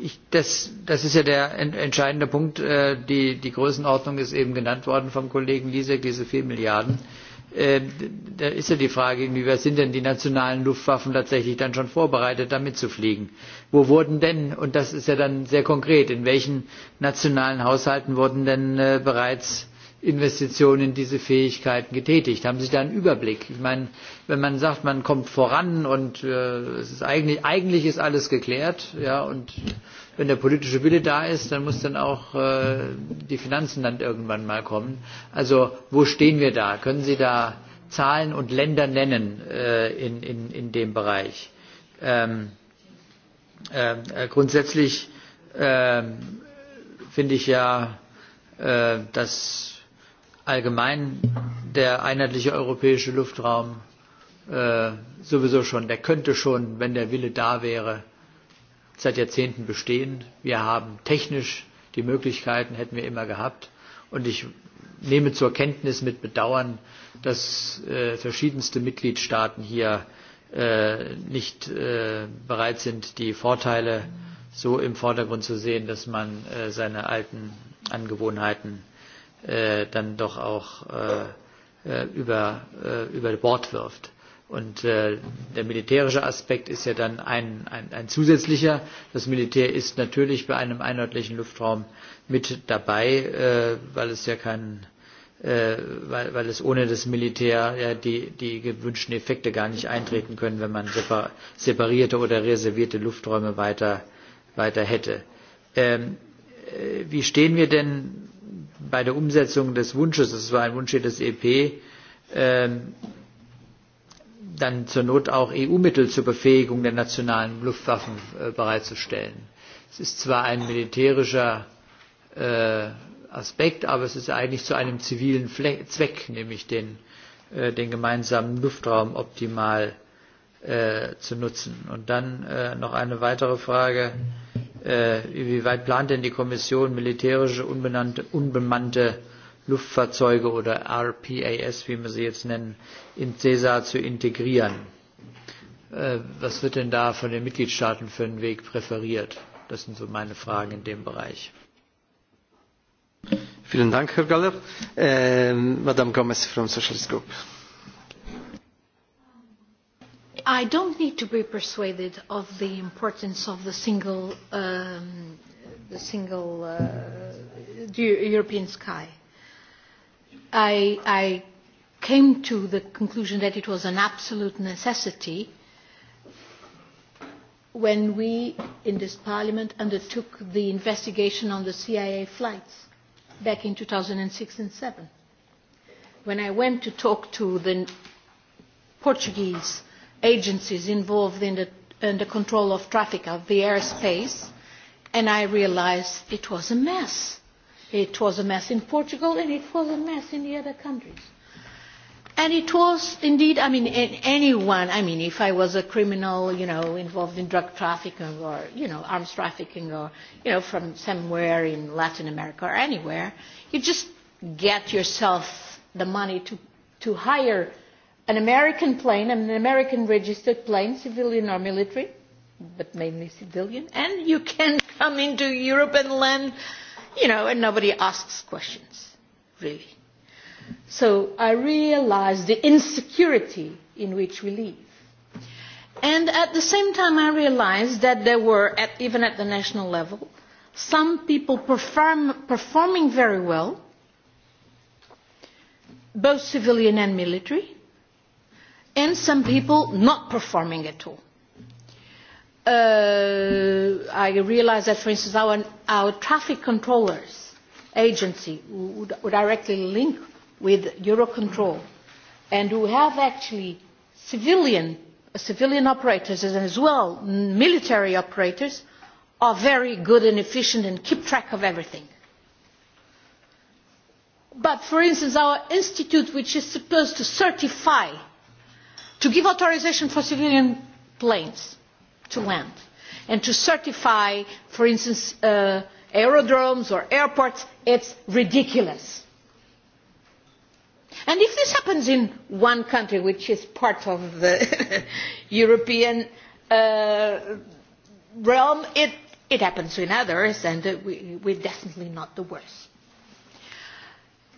ich, das, das ist ja der entscheidende Punkt. Äh, die, die Größenordnung ist eben genannt worden vom Kollegen Liesek, diese vier Milliarden. Äh, da ist ja die Frage, inwieweit sind denn die nationalen Luftwaffen tatsächlich dann schon vorbereitet, da mitzufliegen? Wo wurden denn, und das ist ja dann sehr konkret, in welchen nationalen Haushalten wurden denn äh, bereits Investitionen in diese Fähigkeiten getätigt? Haben Sie da einen Überblick? Ich meine, wenn man sagt, man kommt voran und äh, es ist eigentlich, eigentlich ist alles geklärt, ja, und wenn der politische Wille da ist, dann muss dann auch äh, die Finanzen dann irgendwann mal kommen. Also wo stehen wir da? Können Sie da Zahlen und Länder nennen äh, in, in, in dem Bereich? Ähm, äh, äh grundsätzlich äh, finde ich ja, äh, dass allgemein der einheitliche europäische Luftraum äh, sowieso schon, der könnte schon, wenn der Wille da wäre, seit Jahrzehnten bestehen. Wir haben technisch die Möglichkeiten, hätten wir immer gehabt. Und ich nehme zur Kenntnis mit Bedauern, dass äh, verschiedenste Mitgliedstaaten hier äh, nicht äh, bereit sind, die Vorteile so im Vordergrund zu sehen, dass man äh, seine alten Angewohnheiten äh, dann doch auch äh, äh, über, äh, über Bord wirft. Und äh, der militärische Aspekt ist ja dann ein, ein, ein zusätzlicher. Das Militär ist natürlich bei einem einheitlichen Luftraum mit dabei, äh, weil es ja kein äh, weil, weil es ohne das Militär ja, die, die gewünschten Effekte gar nicht eintreten können, wenn man separierte oder reservierte Lufträume weiter, weiter hätte. Ähm, äh, wie stehen wir denn bei der Umsetzung des Wunsches, das war ein Wunsch des EP, ähm, dann zur Not auch EU-Mittel zur Befähigung der nationalen Luftwaffen äh, bereitzustellen. Es ist zwar ein militärischer äh, Aspekt, aber es ist eigentlich zu einem zivilen Fle Zweck, nämlich den, äh, den gemeinsamen Luftraum optimal äh, zu nutzen. Und dann äh, noch eine weitere Frage. Mhm äh, inwieweit plant denn die Kommission militärische unbenannte, unbemannte Luftfahrzeuge oder RPAS, wie man sie jetzt nennen, in CESAR zu integrieren? Äh, was wird denn da von den Mitgliedstaaten für einen Weg präferiert? Das sind so meine Fragen in dem Bereich. Vielen Dank, Herr Galler. Ähm, Madame Gomez from Socialist Group. I don't need to be persuaded of the importance of the single, um, the single uh, European sky. I, I came to the conclusion that it was an absolute necessity when we in this parliament undertook the investigation on the CIA flights back in 2006 and 2007. When I went to talk to the Portuguese agencies involved in the, in the control of traffic of the airspace, and I realized it was a mess. It was a mess in Portugal, and it was a mess in the other countries. And it was indeed, I mean, anyone, I mean, if I was a criminal, you know, involved in drug trafficking or, you know, arms trafficking or, you know, from somewhere in Latin America or anywhere, you just get yourself the money to, to hire an American plane, an American registered plane, civilian or military, but mainly civilian, and you can come into Europe and land, you know, and nobody asks questions, really. So I realized the insecurity in which we live. And at the same time, I realized that there were, at, even at the national level, some people perform, performing very well, both civilian and military, and some people not performing at all. Uh, I realize that, for instance, our, our traffic controllers agency, who, directly link with Eurocontrol, and who have actually civilian, civilian operators and as well military operators, are very good and efficient and keep track of everything. But, for instance, our institute, which is supposed to certify to give authorization for civilian planes to land and to certify, for instance, uh, aerodromes or airports, it's ridiculous. And if this happens in one country, which is part of the *laughs* European uh, realm, it, it happens in others, and uh, we, we're definitely not the worst.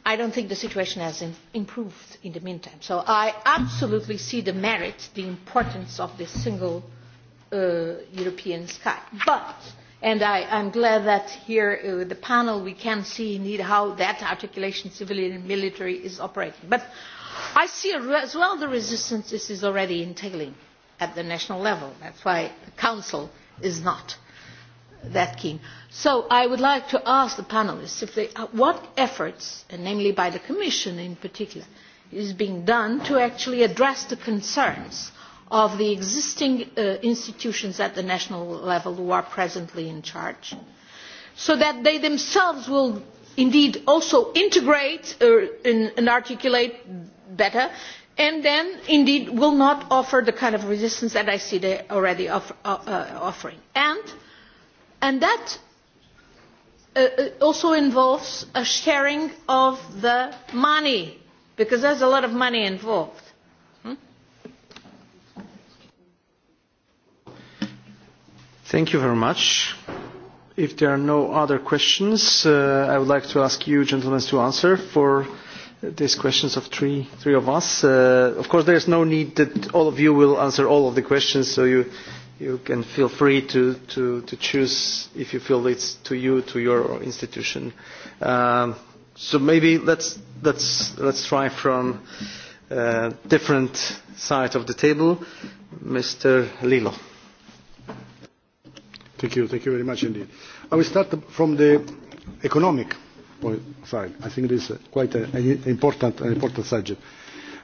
I don't think the situation has improved in the meantime. So I absolutely see the merit, the importance of this single uh, European sky. But, and I, I'm glad that here uh, the panel we can see indeed how that articulation civilian and military is operating. But I see as well the resistance this is already entailing at the national level. That's why the Council is not that keen. So I would like to ask the panelists if they, uh, what efforts, and namely by the Commission in particular, is being done to actually address the concerns of the existing uh, institutions at the national level who are presently in charge, so that they themselves will indeed also integrate uh, in, and articulate better and then indeed will not offer the kind of resistance that I see they already offer, uh, uh, offering. And And that uh, uh, also involves a sharing of the money, because there's a lot of money involved. Hmm? Thank you very much. If there are no other questions, uh, I would like to ask you, gentlemen, to answer for these questions of three, three of us. Uh, of course, there is no need that all of you will answer all of the questions, so you you can feel free to, to, to choose if you feel it's to you, to your institution. Um, so maybe let's, let's, let's try from uh, different side of the table. Mr. Lilo. Thank you, thank you very much indeed. I will start from the economic point side. I think it is quite an important, an important subject.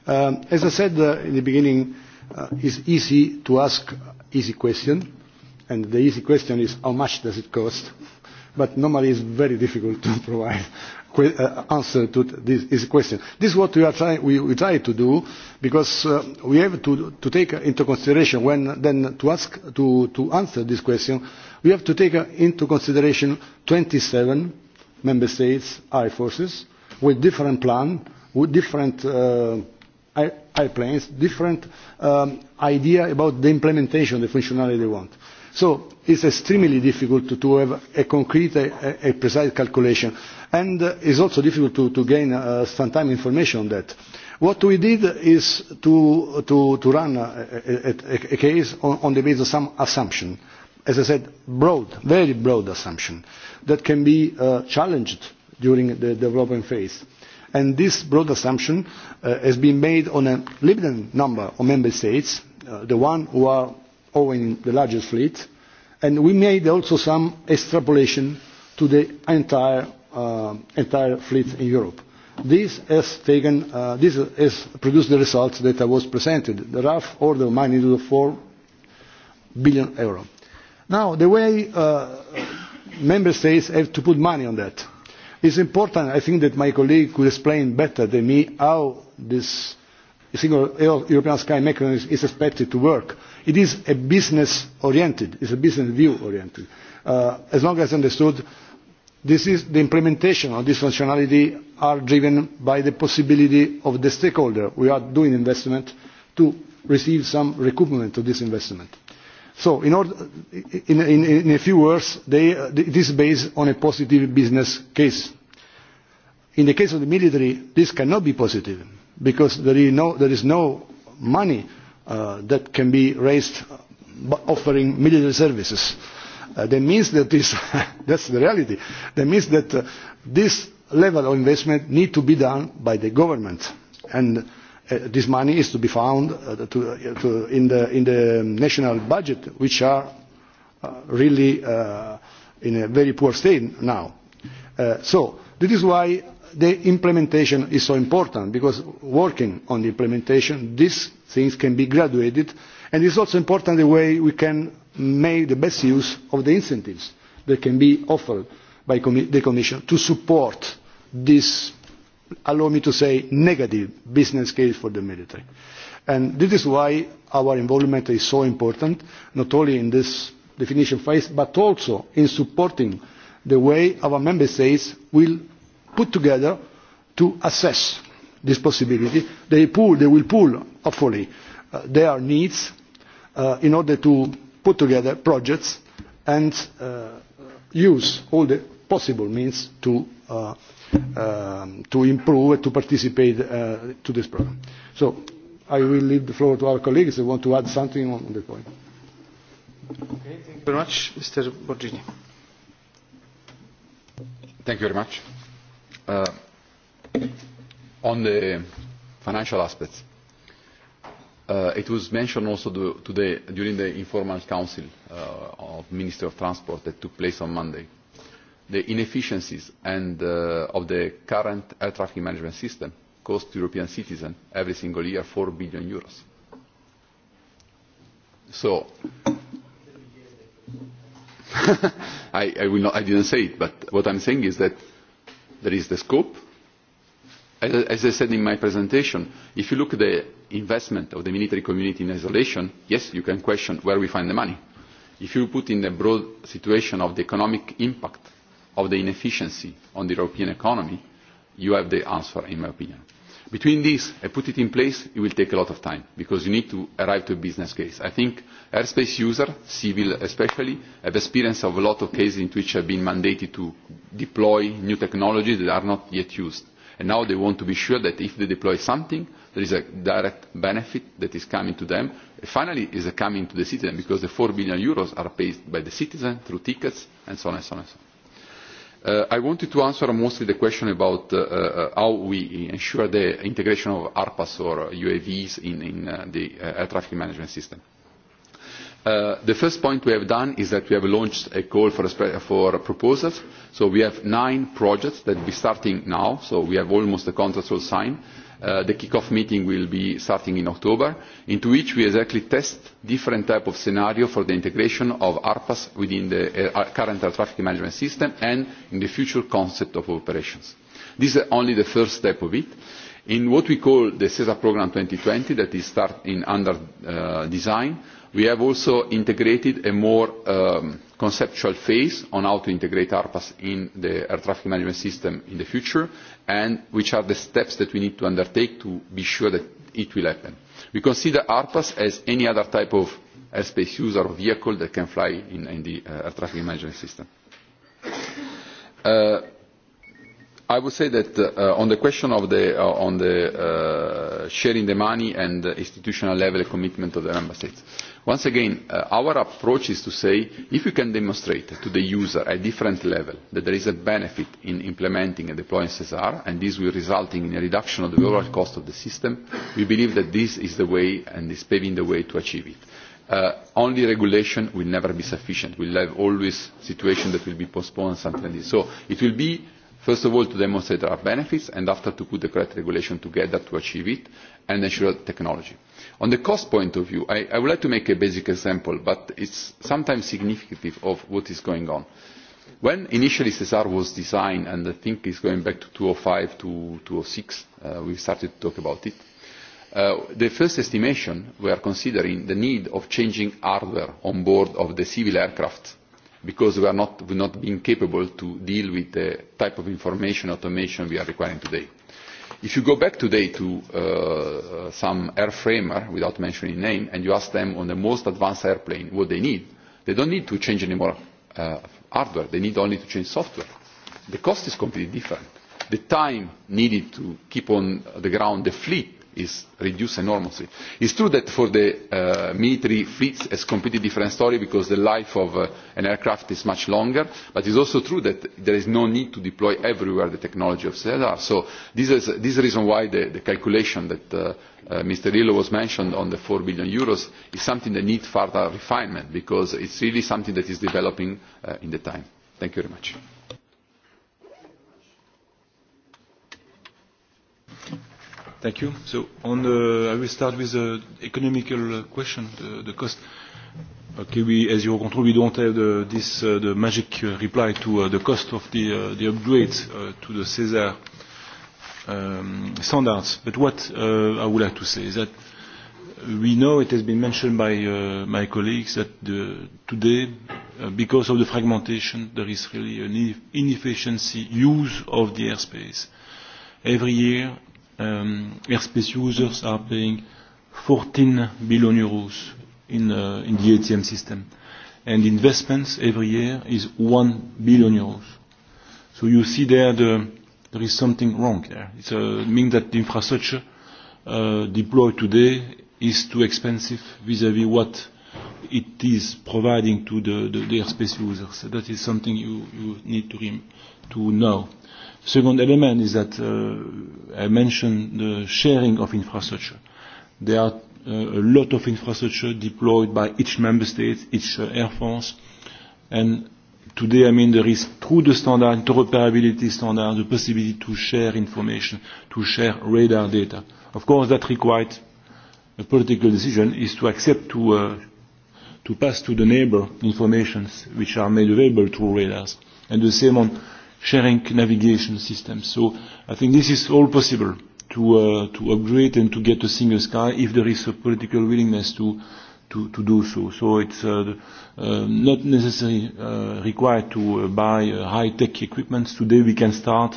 Um, as I said uh, in the beginning, uh, it's easy to ask easy question, and the easy question is how much does it cost? But normally it's very difficult to *laughs* provide uh, answer to this, easy question. This is what we, are try we, we try to do because uh, we have to, to take into consideration when then to, ask, to, to answer this question, we have to take into consideration 27 member states, air forces, with different plan, with different uh, airplanes, different um, idea about the implementation, the functionality they want. So it's extremely difficult to, to have a concrete, a, a precise calculation. And uh, it's also difficult to, to gain uh, some time information on that. What we did is to, to, to run a, a, a case on, on the basis of some assumption. As I said, broad, very broad assumption that can be uh, challenged during the development phase. And this broad assumption uh, has been made on a limited number of member states, uh, the one who are owning the largest fleet, and we made also some extrapolation to the entire, uh, entire fleet in Europe. This has, taken, uh, this has produced the results that I was presented, the rough order of magnitude of 4 billion euro. Now, the way uh, member states have to put money on that, It's important, I think that my colleague could explain better than me how this single European sky mechanism is expected to work. It is a business oriented, it's a business view oriented. Uh, as long as understood, this is the implementation of this functionality are driven by the possibility of the stakeholder we are doing investment to receive some recoupment of this investment. So in, order, in, in, in a few words, they, uh, this is based on a positive business case. In the case of the military, this cannot be positive because there is no, there is no money uh, that can be raised by uh, offering military services. Uh, that means that this, *laughs* that's the reality. That means that uh, this level of investment needs to be done by the government. And Uh, this money is to be found uh, to, uh, to in, the, in the national budget, which are uh, really uh, in a very poor state now. Uh, so this is why the implementation is so important, because working on the implementation, these things can be graduated, and it's also important the way we can make the best use of the incentives that can be offered by com the Commission to support this allow me to say, negative business case for the military. And this is why our involvement is so important, not only in this definition phase, but also in supporting the way our member states will put together to assess this possibility. They, pull, they will pool, hopefully, uh, their needs uh, in order to put together projects and uh, use all the possible means to uh, um, to improve and to participate uh, to this program. So I will leave the floor to our colleagues who want to add something on, on the point. Okay, thank you very much, Mr. Borgini. Thank you very much. Uh, on the financial aspects, uh, it was mentioned also the, today during the informal council uh, of Minister of Transport that took place on Monday. Uh, the inefficiencies and, uh, of the current air traffic management system cost European citizens every single year four billion euros. So, *laughs* I, I, will not, I didn't say it, but what I'm saying is that there is the scope. As, as I said in my presentation, if you look at the investment of the military community in isolation, yes, you can question where we find the money. If you put in the broad situation of the economic impact of the inefficiency on the European economy, you have the answer, in my opinion. Between these and put it in place, it will take a lot of time because you need to arrive to a business case. I think airspace users, civil especially, have experience of a lot of cases in which have been mandated to deploy new technologies that are not yet used. And now they want to be sure that if they deploy something, there is a direct benefit that is coming to them. and Finally, it is coming to the citizen because the 4 billion euros are paid by the citizen through tickets and so on and so on and so on. Uh, I wanted to answer mostly the question about uh, uh, how we ensure the integration of ARPAs or UAVs in, in uh, the uh, air traffic management system. Uh, the first point we have done is that we have launched a call for, a, for proposals. So we have nine projects that will be starting now. So we have almost the contracts all signed Uh, the kick-off meeting will be starting in October, into which we exactly test different type of scenario for the integration of ARPAs within the uh, uh current air traffic management system and in the future concept of operations. This is only the first step of it. In what we call the CESA program 2020 that is start in under uh, design, we have also integrated a more um, conceptual phase on how to integrate ARPAs in the air traffic management system in the future and which are the steps that we need to undertake to be sure that it will happen. We consider ARPAs as any other type of airspace user or vehicle that can fly in, in the uh, air traffic management system. Uh, I would say that uh, on the question of the, uh, on the uh, sharing the money and the institutional level commitment of the member states, Once again, uh, our approach is to say if you can demonstrate to the user at different level that there is a benefit in implementing and deploying CSR and this will result in a reduction of the overall cost of the system, we believe that this is the way and is paving the way to achieve it. Uh, only regulation will never be sufficient. We'll have always situations that will be postponed, something like this. So it will be First of all, to demonstrate our benefits, and after to put the correct regulation together to achieve it, and ensure technology. On the cost point of view, I, I would like to make a basic example, but it's sometimes significant of what is going on. When initially Cesar was designed, and I think it's going back to 2005 to 2006, uh, we started to talk about it, uh, the first estimation were considering the need of changing hardware on board of the civil aircraft because we are not, not being capable to deal with the type of information automation we are requiring today. If you go back today to uh, uh, some airframer, without mentioning name, and you ask them on the most advanced airplane what they need, they don't need to change any more uh, hardware. They need only to change software. The cost is completely different. The time needed to keep on the ground the fleet is reduced enormously. It's true that for the uh, military fleets it's a completely different story because the life of uh, an aircraft is much longer, but it's also true that there is no need to deploy everywhere the technology of CLR. So this is, this is the reason why the, the calculation that uh, uh, Mr. Lillo was mentioned on the 4 billion euros is something that needs further refinement because it's really something that is developing uh, in the time. Thank you very much. Thank you. So on the, I will start with the economical question, the, the cost. Okay, we, as you control, we don't have the, this, uh, the magic uh, reply to uh, the cost of the, uh, the upgrade uh, to the CESAR um, standards. But what uh, I would like to say is that we know it has been mentioned by uh, my colleagues that the, today, uh, because of the fragmentation, there is really an inefficiency use of the airspace. Every year, um, airspace users are paying 14 billion euros in, uh, in the ATM system. And investments every year is 1 billion euros. So you see there the, there is something wrong there. It uh, means that the infrastructure uh, deployed today is too expensive vis-à-vis -vis what it is providing to the, the, the airspace users. So that is something you, you need to, to know. Second element is that uh, I mentioned the sharing of infrastructure. There are uh, a lot of infrastructure deployed by each member state, each uh, air force, and today, I mean, there is through the standard, interoperability standard, the possibility to share information, to share radar data. Of course, that requires a political decision is to accept to, uh, to pass to the neighbor informations which are made available through radars. And the same on sharing navigation systems. So I think this is all possible to, uh, to upgrade and to get a single sky if there is a political willingness to, to, to do so. So it's uh, uh, not necessarily uh, required to uh, buy uh, high-tech equipment. Today we can start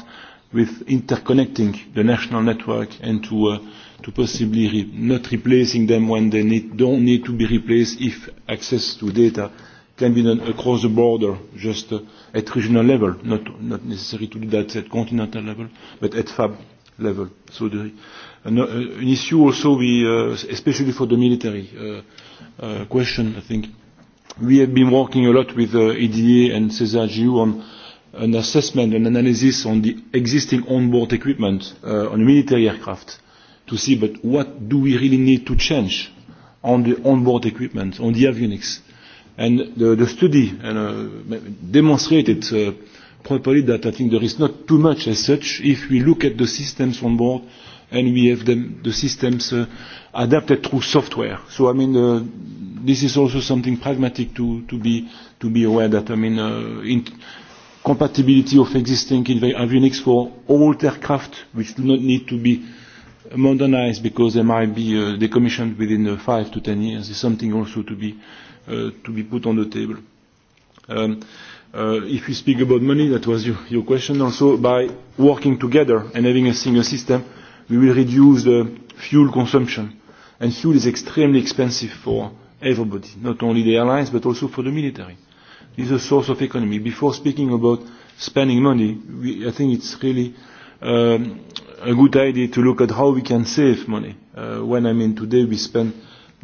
with interconnecting the national network and to, uh, to possibly re not replacing them when they need, don't need to be replaced if access to data can be done across the border, just uh, at regional level, not, not necessary to do that at continental level, but at FAB level. So the, an, uh, uh, an issue also, we, uh, especially for the military uh, uh, question, I think, we have been working a lot with uh, EDA and CESAR-GU on an assessment, an analysis on the existing onboard equipment uh, on military aircraft to see but what do we really need to change on the onboard equipment, on the avionics and the, the study and, uh, demonstrated uh, properly that I think there is not too much as such if we look at the systems on board and we have them, the systems uh, adapted through software. So I mean, uh, this is also something pragmatic to, to, be, to be aware that I mean, uh, in compatibility of existing avionics for old aircraft which do not need to be modernized because they might be uh, decommissioned within uh, five to ten years is something also to be Uh, to be put on the table. Um, uh, if you speak about money, that was your, your question also, by working together and having a single system, we will reduce the fuel consumption. And fuel is extremely expensive for everybody, not only the airlines, but also for the military. It's is a source of economy. Before speaking about spending money, we, I think it's really um, a good idea to look at how we can save money. Uh, when I mean today we spend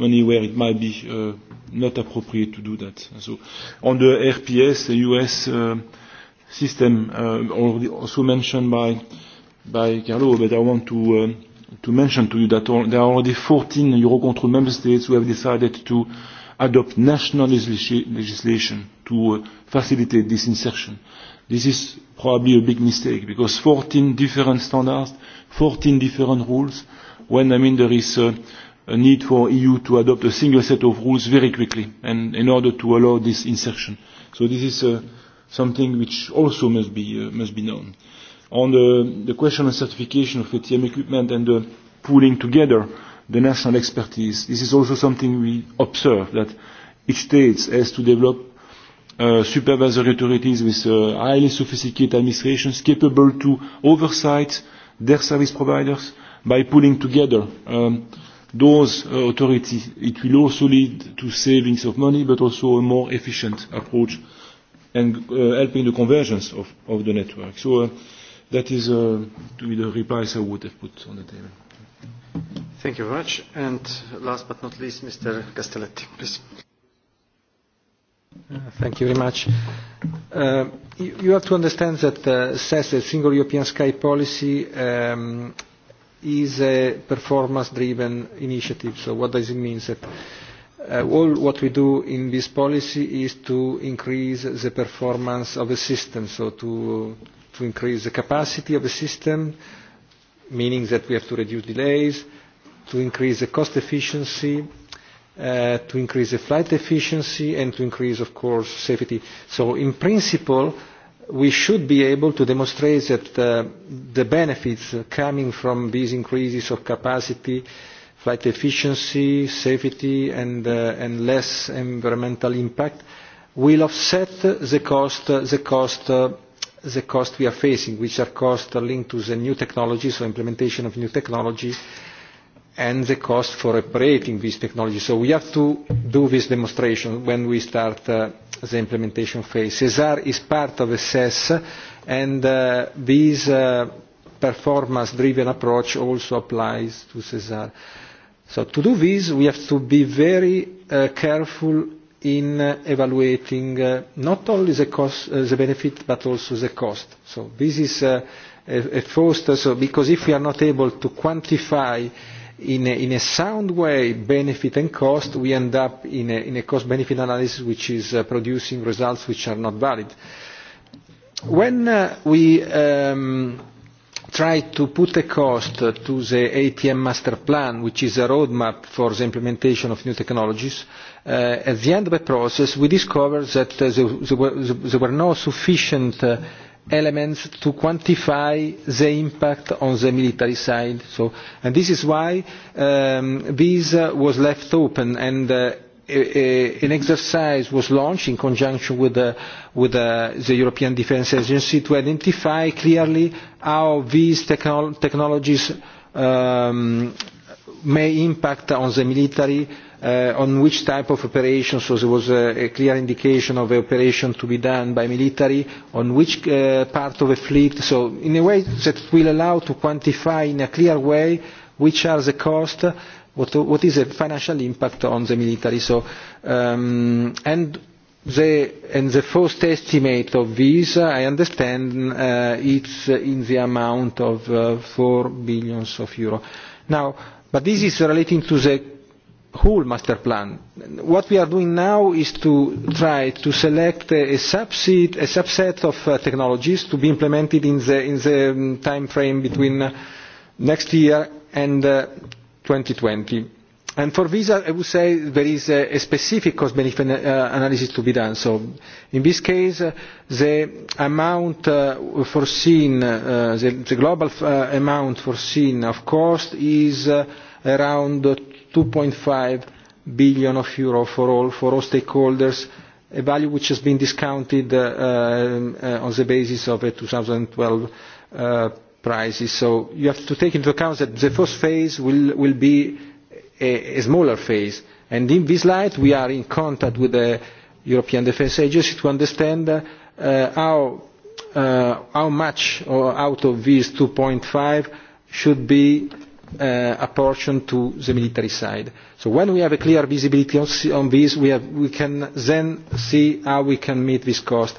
money where it might be uh, not appropriate to do that. So on the RPS, the US uh, system, uh, already also mentioned by, by Carlo, but I want to, uh to mention to you that all, there are already 14 Eurocontrol member states who have decided to adopt national legislation to uh, facilitate this insertion. This is probably a big mistake because 14 different standards, 14 different rules, when I mean there is uh, a need for EU to adopt a single set of rules very quickly and in order to allow this insertion. So this is uh, something which also must be, uh, must be known. On the, the question of certification of ATM equipment and the pooling together the national expertise, this is also something we observe that each state has to develop uh, supervisory authorities with uh, highly sophisticated administrations capable to oversight their service providers by pulling together um, those uh, authorities. It will also lead to savings of money, but also a more efficient approach and uh, helping the convergence of, of the network. So uh, that is uh, to be the replies I would have put on the table. Thank you very much. And last but not least, Mr. Castelletti, please. Uh, thank you very much. Uh, you, you have to understand that uh, CES, e the Single European Sky Policy, um, is a performance-driven initiative. So what does it mean? That uh, all what we do in this policy is to increase the performance of the system, so to, to increase the capacity of the system, meaning that we have to reduce delays, to increase the cost efficiency, uh, to increase the flight efficiency, and to increase, of course, safety. So in principle, we should be able to demonstrate that uh, the benefits coming from these increases of capacity, flight efficiency, safety, and, uh, and less environmental impact will offset the cost, uh, the cost, uh, the cost we are facing, which are costs linked to the new technologies, so implementation of new technology, and the cost for operating this technology. So we have to do this demonstration when we start uh, the implementation phase. CESAR is part of SES e and uh, this uh, performance-driven approach also applies to CESAR. So to do this, we have to be very uh, careful in uh, evaluating uh, not only the, cost, uh, the benefit but also the cost. So this is uh, a, a first, uh, so because if we are not able to quantify uh, in a, in a sound way, benefit and cost, we end up in a, in a cost-benefit analysis which is uh, producing results which are not valid. When uh, we um, try to put a cost uh, to the ATM master plan, which is a roadmap for the implementation of new technologies, uh, at the end of the process, we discovered that uh, there, there, were, there were no sufficient uh, elements to quantify the impact on the military side. So, and this is why um, this uh, was left open and uh, a, e, a, e, an exercise was launched in conjunction with, the, with the, the European Defence Agency to identify clearly how these technolo- technologies um, may impact on the military uh, uh, on which type of operation, so there was a, a clear indication of the operation to be done by military, on which uh, part of the fleet, so in a way that will allow to quantify in a clear way which are the costs, what, what is the financial impact on the military. So, um, and the, and the first estimate of this, uh, I understand, uh, it's in the amount of uh, 4 billions of euro. Now, but this is relating to the whole master plan. What we are doing now is to try to select a subset, a subset of uh, technologies to be implemented in the, in the um, time frame between uh, next year and uh, 2020. And for visa, I would say there is a, a specific cost-benefit uh, analysis to be done. So in this case, uh, the amount uh, foreseen, uh, the, the global uh, amount foreseen of cost is uh, around 2.5 billion of euro for all, for all stakeholders, a value which has been discounted uh, uh, on the basis of a 2012 uh, prices. So you have to take into account that the first phase will, will be a, a smaller phase. And in this light, we are in contact with the European Defence Agency to understand uh, how, uh, how much out of these 2.5 should be uh, apportion to the military side. So when we have a clear visibility on, on this, we, have, we can then see how we can meet this cost.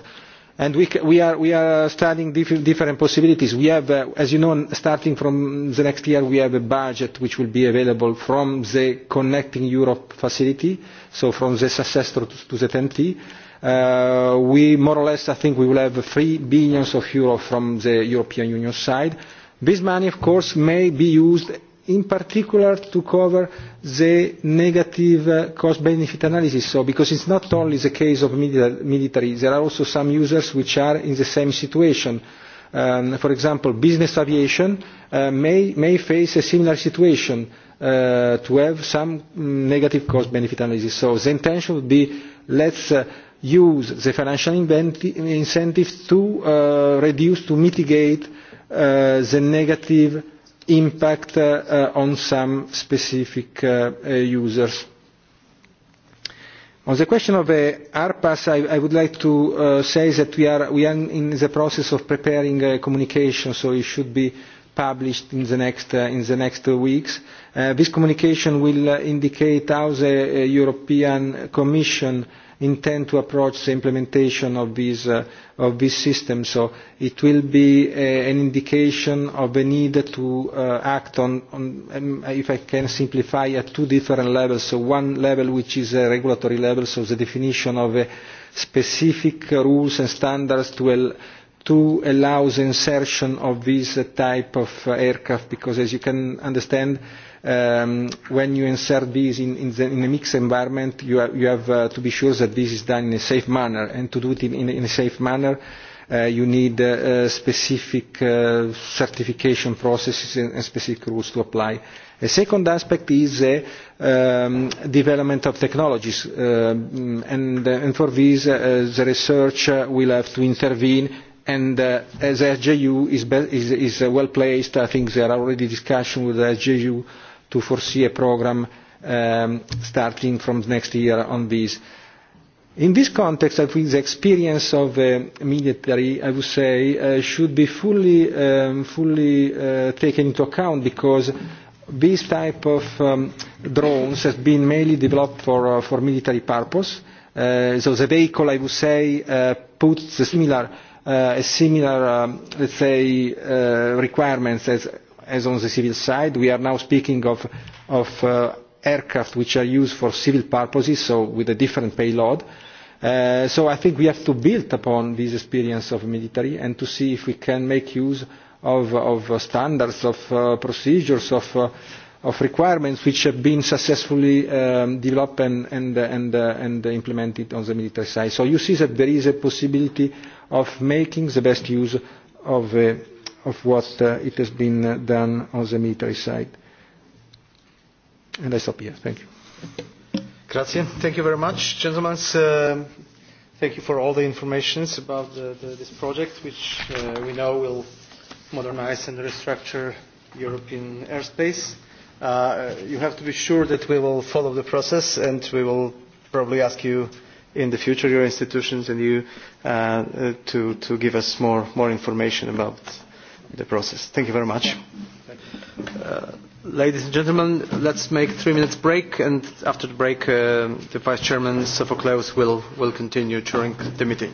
And we, we, are, we are studying diff different possibilities. We have, uh, as you know, starting from the next year, we have a budget which will be available from the Connecting Europe facility, so from the successor to, to the TNT. Uh, we more or less, I think, we will have 3 billions of euros from the European Union side This money, of course, may be used in particular to cover the negative uh, cost-benefit analysis. So, because it's not only the case of military, there are also some users which are in the same situation. Um, for example, business aviation uh, may, may face a similar situation uh, to have some mm, negative cost-benefit analysis. So the intention would be let's uh, use the financial incentives to uh, reduce, to mitigate uh, Uh, the negative impact uh, uh, on some specific uh, uh, users. On the question of the uh, ARPAS, I, I would like to uh, say that we are, we are in the process of preparing a communication, so it should be published in the next, uh, in the next uh, weeks. Uh, this communication will uh, indicate how the uh, European Commission uh, intend to approach the implementation of these, uh, of this system. So it will be uh, an indication of the need to uh, act on, on um, if I can simplify, at two different levels. So one level which is a regulatory level, so the definition of a specific rules and standards to al to allow the insertion of this type of uh, aircraft because as you can understand um, when you insert these in, in, the, in a mixed environment, you, are, you have uh, to be sure that this is done in a safe manner. And to do it in, in, in a safe manner, uh, you need uh, uh, specific uh, certification processes and, and specific rules to apply. A second aspect is the uh, um, development of technologies, uh, and, uh, and for this uh, the research uh, will have to intervene and uh, as SJU is, be is, is uh, well placed, I think there are already discussions with SJU to foresee a program um, starting from next year on this. In this context, I think the experience of the uh, military, I would say, uh, should be fully, um, fully uh, taken into account because this type of um, drones has been mainly developed for, uh, for military purpose. Uh, so the vehicle, I would say, uh, puts a similar, uh, a similar um, let's say, uh, requirements as as on the civil side. We are now speaking of, of uh, aircraft which are used for civil purposes, so with a different payload. Uh, so I think we have to build upon this experience of military and to see if we can make use of, of uh, standards, of uh, procedures, of, uh, of requirements which have been successfully um, developed and, and, uh, and, uh, and implemented on the military side. So you see that there is a possibility of making the best use of the uh, of what uh, it has been uh, done on the military side. And I stop here. Thank you. Grazie. Thank you very much, gentlemen. Uh, thank you for all the information about the, the, this project, which uh, we know will modernize and restructure European airspace. Uh, you have to be sure that we will follow the process and we will probably ask you in the future, your institutions and you, uh, uh, to, to give us more, more information about the process. Thank you very much. Uh, ladies and gentlemen, let's make three minutes break, and after the break, uh, the Vice Chairman Sophocles will, will continue during the meeting.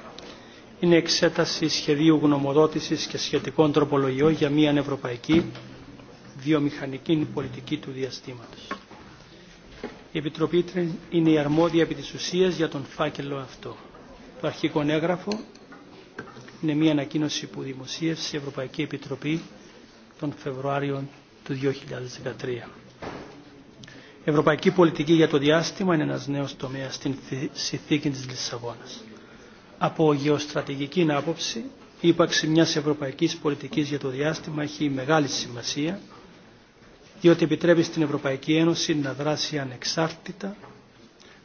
είναι εξέταση σχεδίου γνωμοδότησης και σχετικών τροπολογιών για μια ευρωπαϊκή βιομηχανική πολιτική του διαστήματος. Η Επιτροπή είναι η αρμόδια επί της ουσίας για τον φάκελο αυτό. Το αρχικό έγγραφο είναι μια ανακοίνωση που δημοσίευσε η Ευρωπαϊκή Επιτροπή τον Φεβρουάριο του 2013. Η Ευρωπαϊκή πολιτική για το διάστημα είναι ένας νέος τομέας στην συνθήκη της Λισαβόνας. Από γεωστρατηγική άποψη, η ύπαρξη μια Ευρωπαϊκή πολιτική για το διάστημα έχει μεγάλη σημασία, διότι επιτρέπει στην Ευρωπαϊκή Ένωση να δράσει ανεξάρτητα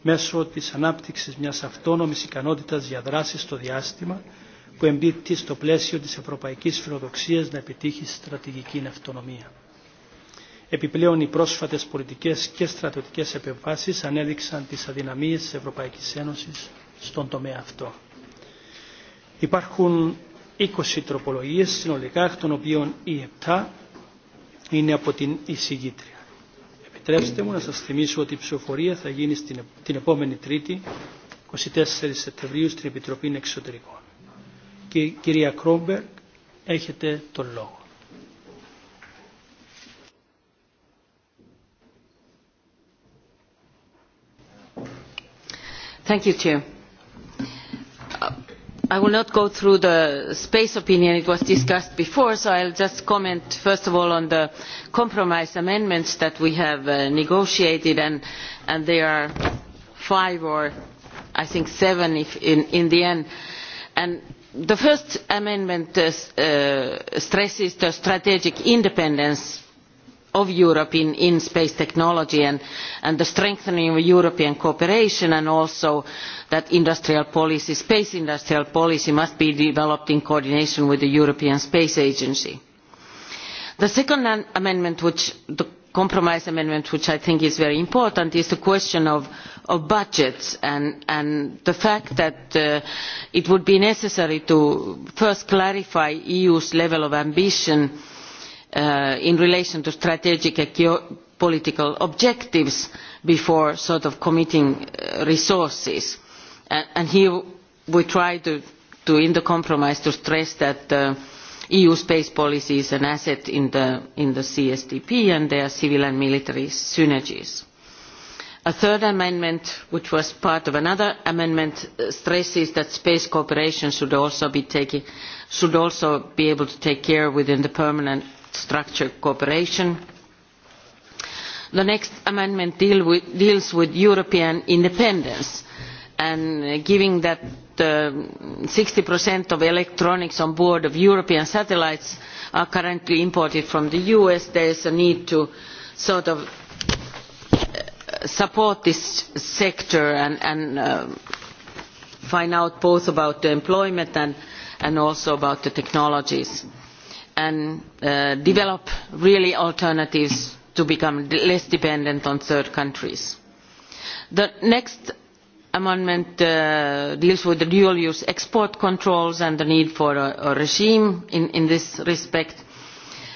μέσω τη ανάπτυξη μια αυτόνομη ικανότητα για δράση στο διάστημα που εμπίπτει στο πλαίσιο της ευρωπαϊκής φιλοδοξίας να επιτύχει στρατηγική αυτονομία. Επιπλέον, οι πρόσφατες πολιτικές και στρατιωτικές επεμβάσεις ανέδειξαν τις αδυναμίες της Ευρωπαϊκής Ένωσης στον τομέα αυτό. Υπάρχουν 20 τροπολογίες συνολικά, εκ των οποίων οι 7 είναι από την εισηγήτρια. Επιτρέψτε μου να σας θυμίσω ότι η ψηφοφορία θα γίνει στην, την επόμενη Τρίτη, 24 Σεπτεμβρίου, στην Επιτροπή Εξωτερικών. Και, κυρία Κρόμπερκ, έχετε τον λόγο. Thank you, Chair. I will not go through the space opinion, it was discussed before, so I will just comment first of all on the compromise amendments that we have uh, negotiated, and, and there are five or I think seven if in, in the end. And the first amendment uh, uh stresses the strategic independence of Europe in, in space technology and, and the strengthening of European cooperation and also that industrial policy, space industrial policy must be developed in coordination with the European Space Agency. The second amendment, which the compromise amendment, which I think is very important, is the question of, of budgets and, and the fact that uh, it would be necessary to first clarify the EU's level of ambition uh, in relation to strategic and political objectives before sort of committing uh, resources. And, and here we try to, to, in the compromise, to stress that uh, EU space policy is an asset in the, in the CSDP and their civil and military synergies. A third amendment, which was part of another amendment, uh, stresses that space cooperation should also be, taking, should also be able to take care within the permanent structured cooperation. The next amendment deal with, deals with European independence and giving that um, sixty 60% of electronics on board of European satellites are currently imported from the US, there is a need to sort of uh, support this sector and, and uh, find out both about the employment and, and also about the technologies and uh, develop really alternatives to become less dependent on third countries. The next amendment uh, deals with the dual use export controls and the need for a, a regime in, in this respect.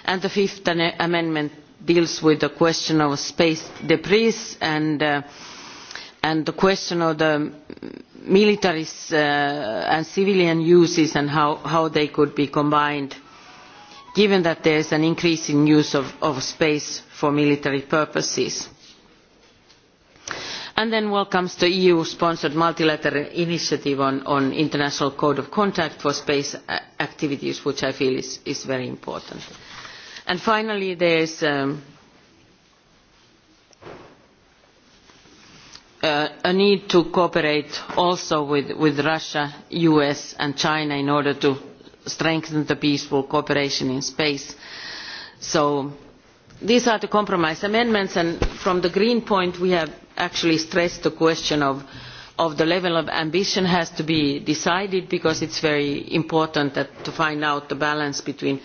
And the fifth amendment deals with the question of space debris and, uh, and the question of the military uh, and civilian uses and how, how they could be combined given that there is an increasing use of, of space for military purposes. And then welcomes the EU-sponsored multilateral initiative on, on international code of conduct for space activities, which I feel is, is very important. And finally, there um, uh, a need to cooperate also with, with Russia, US and China in order to strengthen the peaceful cooperation in space. So these are the compromise amendments and from the green point we have actually stressed the question of, of the level of ambition has to be decided because it's very important that, to find out the balance between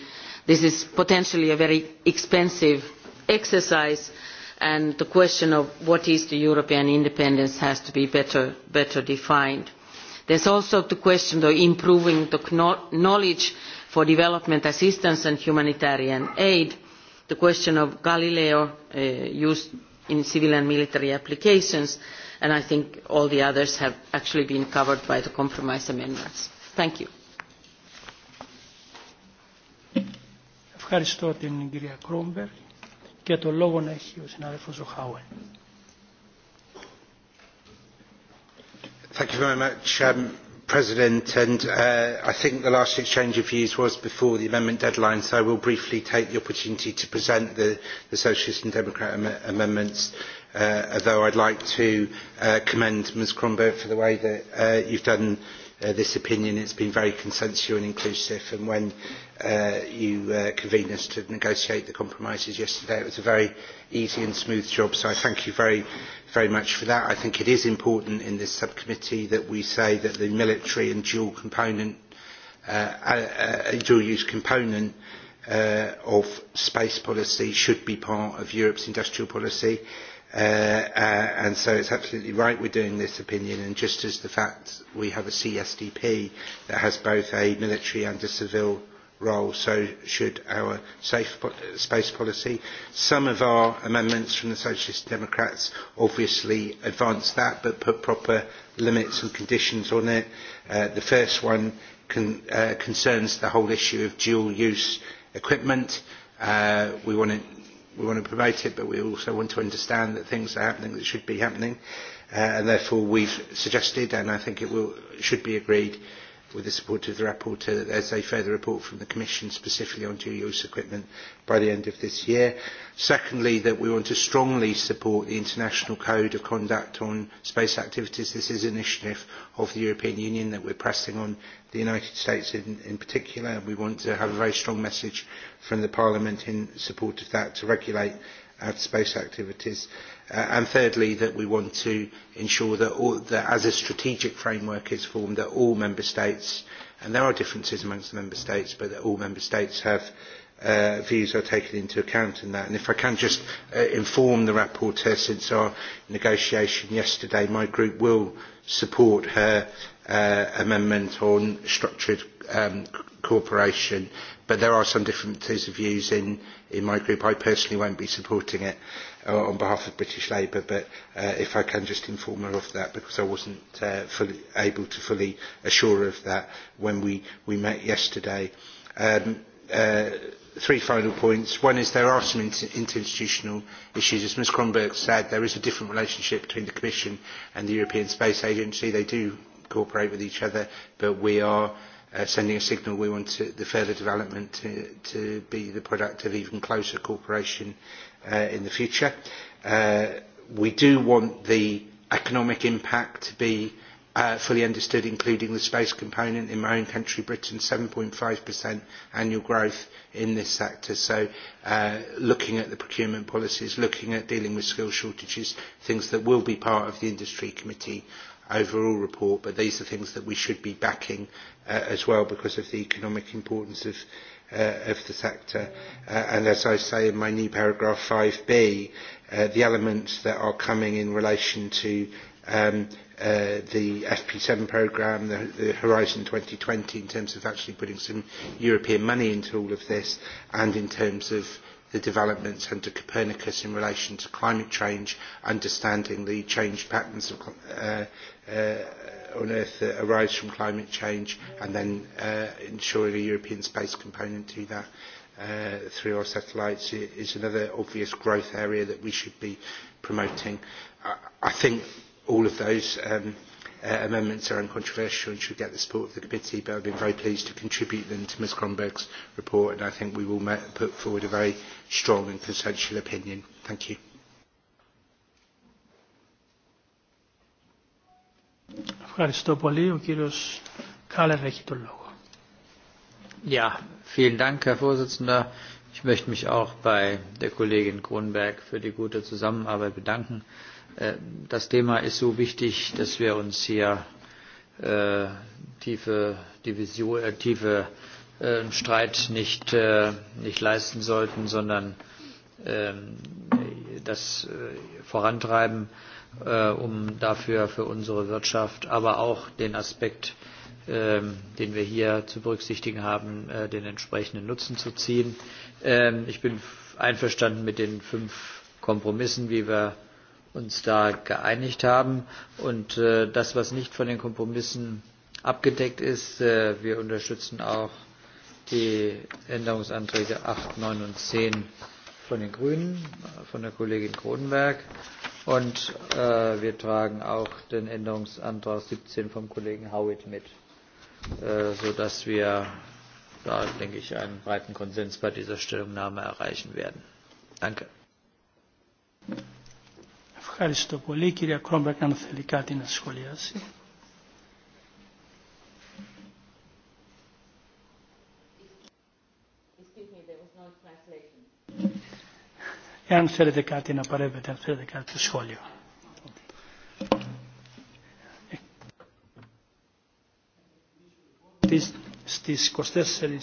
this is potentially a very expensive exercise and the question of what is the European independence has to be better, better defined. There is also the question of improving the knowledge for development assistance and humanitarian aid, the question of Galileo uh, used in civil and military applications, and I think all the others have actually been covered by the compromise amendments. Thank you. Ευχαριστώ την κυρία Κρόμπερ και το λόγο να έχει ο συνάδελφος Thank you very much, um, President. And uh, I think the last exchange of views was before the amendment deadline, so I will briefly take the opportunity to present the, the Socialist and Democrat am amendments, uh, although I'd like to uh, commend Ms. Cromberg for the way that uh, you've done Uh, this opinion. It's been very consensual and inclusive and when uh, you uh, convened us to negotiate the compromises yesterday it was a very easy and smooth job so I thank you very, very much for that. I think it is important in this subcommittee that we say that the military and dual component, uh, uh, uh, dual use component uh, uh, of space policy should be part of Europe's industrial policy. Uh, uh, and so it's absolutely right we're doing this opinion and just as the fact we have a CSDP that has both a military and a civil role, so should our safe po space policy. Some of our amendments from the Socialist Democrats obviously advance that but put proper limits and conditions on it. Uh, the first one con uh, concerns the whole issue of dual use equipment. Uh, we want to we want to promote it, but we also want to understand that things are happening that should be happening, uh, and therefore we've suggested, and I think it will, should be agreed, with the support of the rapporteur that there's a further report from the Commission specifically on dual use equipment by the end of this year. Secondly, that we want to strongly support the International Code of Conduct on Space Activities. This is an initiative of the European Union that we're pressing on the United States in, in particular. We want to have a very strong message from the Parliament in support of that to regulate at space activities. Uh, and thirdly, that we want to ensure that, all, that as a strategic framework is formed, that all member states, and there are differences amongst the member states, but that all member states have uh, views are taken into account in that. And if I can just uh, inform the rapporteur, since our negotiation yesterday, my group will support her uh, amendment on structured um, cooperation but there are some differences of views in, in my group. I personally won't be supporting it uh, on behalf of British Labour, but uh, if I can just inform her of that, because I wasn't uh, fully able to fully assure her of that when we, we met yesterday. Um, uh, three final points. One is there are some inter interinstitutional issues. As Ms Kronberg said, there is a different relationship between the Commission and the European Space Agency. They do cooperate with each other, but we are uh, sending a signal we want to, the further development to, to be the product of even closer cooperation uh, in the future. Uh, we do want the economic impact to be uh, fully understood, including the space component in my own country, Britain, 7.5% annual growth in this sector. So uh, looking at the procurement policies, looking at dealing with skill shortages, things that will be part of the industry committee overall report, but these are things that we should be backing uh, as well because of the economic importance of, uh, of the sector. Uh, and as I say in my new paragraph 5b, uh, the elements that are coming in relation to um, uh, the FP7 programme, the, the Horizon 2020, in terms of actually putting some European money into all of this, and in terms of the developments under Copernicus in relation to climate change, understanding the changed patterns of, uh, uh, unearth that arise from climate change and then uh, ensuring a European space component to that uh, through our satellites is another obvious growth area that we should be promoting. I, I think all of those um, uh, amendments are uncontroversial and should get the support of the committee, but I've been very pleased to contribute them to Ms Cronberg's report, and I think we will put forward a very strong and consensual opinion. Thank you. Ευχαριστώ πολύ. Ο κύριος Κάλερ έχει τον λόγο. Ja, vielen Dank, Herr Vorsitzender. Ich möchte mich auch bei der Kollegin Kronberg für die gute Zusammenarbeit bedanken. Äh, das Thema ist so wichtig, dass wir uns hier äh, tiefe, Division, äh, tiefe Streit nicht, nicht leisten sollten, sondern ähm, das vorantreiben äh, um dafür für unsere Wirtschaft, aber auch den Aspekt, ähm, den wir hier zu berücksichtigen haben, äh, den entsprechenden Nutzen zu ziehen. Ähm, ich bin einverstanden mit den fünf Kompromissen, wie wir uns da geeinigt haben. Und äh, das, was nicht von den Kompromissen abgedeckt ist, äh, wir unterstützen auch die Änderungsanträge 8, 9 und 10 von den Grünen, von der Kollegin Kronenberg. Und äh, wir tragen auch den Änderungsantrag 17 vom Kollegen Howitt mit, äh, sodass wir da, denke ich, einen breiten Konsens bei dieser Stellungnahme erreichen werden. Danke. Ευχαριστώ πολύ. Κυρία Κρόμπερ, αν θέλει κάτι να σχολιάσει. εάν θέλετε κάτι να παρέμβετε, αν θέλετε κάτι σχόλιο. Στις 24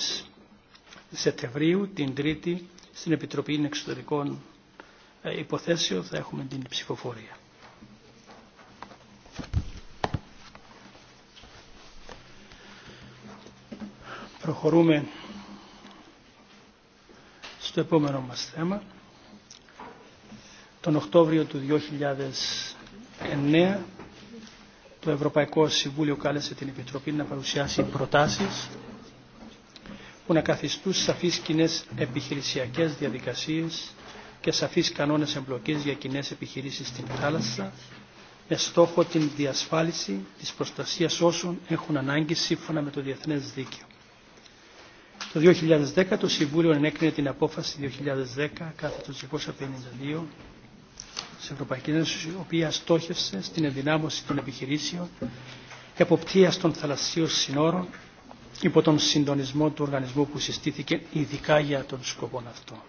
Σεπτεμβρίου, την Τρίτη, στην Επιτροπή Εξωτερικών Υποθέσεων θα έχουμε την ψηφοφορία. Προχωρούμε στο επόμενο μας θέμα τον Οκτώβριο του 2009 το Ευρωπαϊκό Συμβούλιο κάλεσε την Επιτροπή να παρουσιάσει προτάσεις που να καθιστούν σαφείς κοινέ επιχειρησιακές διαδικασίες και σαφείς κανόνες εμπλοκής για κοινέ επιχειρήσεις στην θάλασσα με στόχο την διασφάλιση της προστασίας όσων έχουν ανάγκη σύμφωνα με το Διεθνές Δίκαιο. Το 2010 το Συμβούλιο ενέκρινε την απόφαση 2010 κάθετος 252 της Ευρωπαϊκής Ένωση, η οποία στόχευσε στην ενδυνάμωση των επιχειρήσεων εποπτεία των θαλασσίων συνόρων υπό τον συντονισμό του οργανισμού που συστήθηκε ειδικά για τον σκοπό αυτό.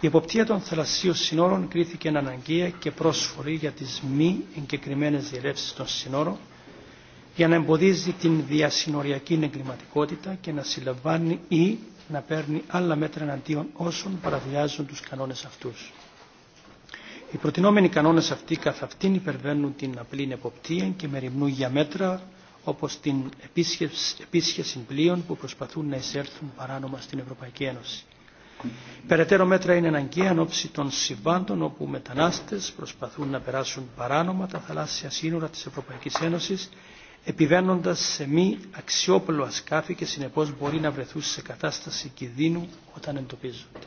Η εποπτεία των θαλασσίων συνόρων κρίθηκε αναγκαία και πρόσφορη για τις μη εγκεκριμένε διελεύσεις των συνόρων για να εμποδίζει την διασυνοριακή εγκληματικότητα και να συλλαμβάνει ή να παίρνει άλλα μέτρα εναντίον όσων παραβιάζουν τους κανόνες αυτούς. Οι προτινόμενοι κανόνε αυτοί καθ' αυτήν υπερβαίνουν την απλή εποπτεία και μεριμνούν για μέτρα όπω την επίσχεση πλοίων που προσπαθούν να εισέλθουν παράνομα στην Ευρωπαϊκή Ένωση. Περαιτέρω μέτρα είναι αναγκαία εν ώψη των συμβάντων όπου μετανάστε προσπαθούν να περάσουν παράνομα τα θαλάσσια σύνορα τη Ευρωπαϊκή Ένωση, επιβαίνοντα σε μη αξιόπλοα σκάφη και συνεπώ μπορεί να βρεθούν σε κατάσταση κινδύνου όταν εντοπίζονται.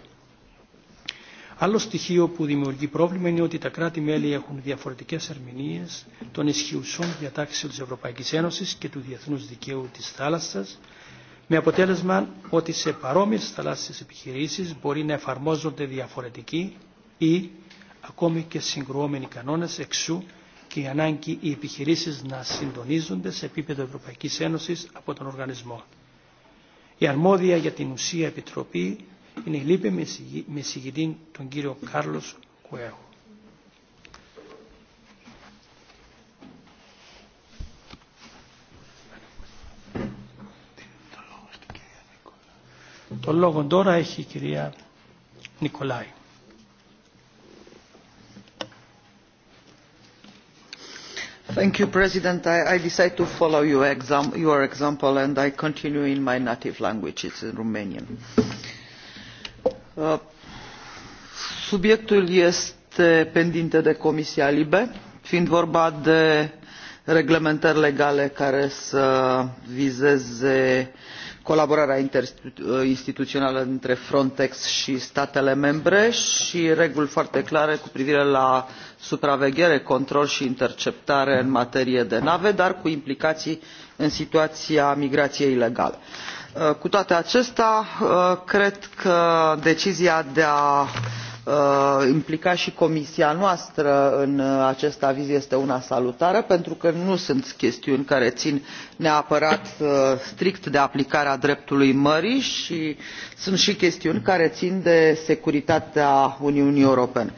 Άλλο στοιχείο που δημιουργεί πρόβλημα είναι ότι τα κράτη-μέλη έχουν διαφορετικέ ερμηνείες των ισχυουσών διατάξεων τη Ευρωπαϊκή Ένωση και του διεθνού δικαίου τη θάλασσα, με αποτέλεσμα ότι σε παρόμοιες θαλάσσιες επιχειρήσει μπορεί να εφαρμόζονται διαφορετικοί ή ακόμη και συγκρουόμενοι κανόνε εξού και η ανάγκη οι επιχειρήσει να συντονίζονται σε επίπεδο Ευρωπαϊκή Ένωση από τον οργανισμό. Η αρμόδια για την ουσία Επιτροπή in η λύπη με συγκητή τον κύριο Κάρλος Το λόγο τώρα έχει η κυρία Νικολάη. Thank you, President. I, I decide to follow your, exam, your example and I continue in my native language, it's in Romanian. Mm Subiectul este pendinte de Comisia Libe, fiind vorba de reglementări legale care să vizeze colaborarea interinstituțională dintre Frontex și statele membre și reguli foarte clare cu privire la supraveghere, control și interceptare în materie de nave, dar cu implicații în situația migrației ilegale. Uh, cu toate acestea, uh, cred că decizia de a uh, implica și comisia noastră în acest aviz este una salutară pentru că nu sunt chestiuni care țin neapărat strict de aplicarea dreptului mării și sunt și chestiuni care țin de securitatea Uniunii Europene.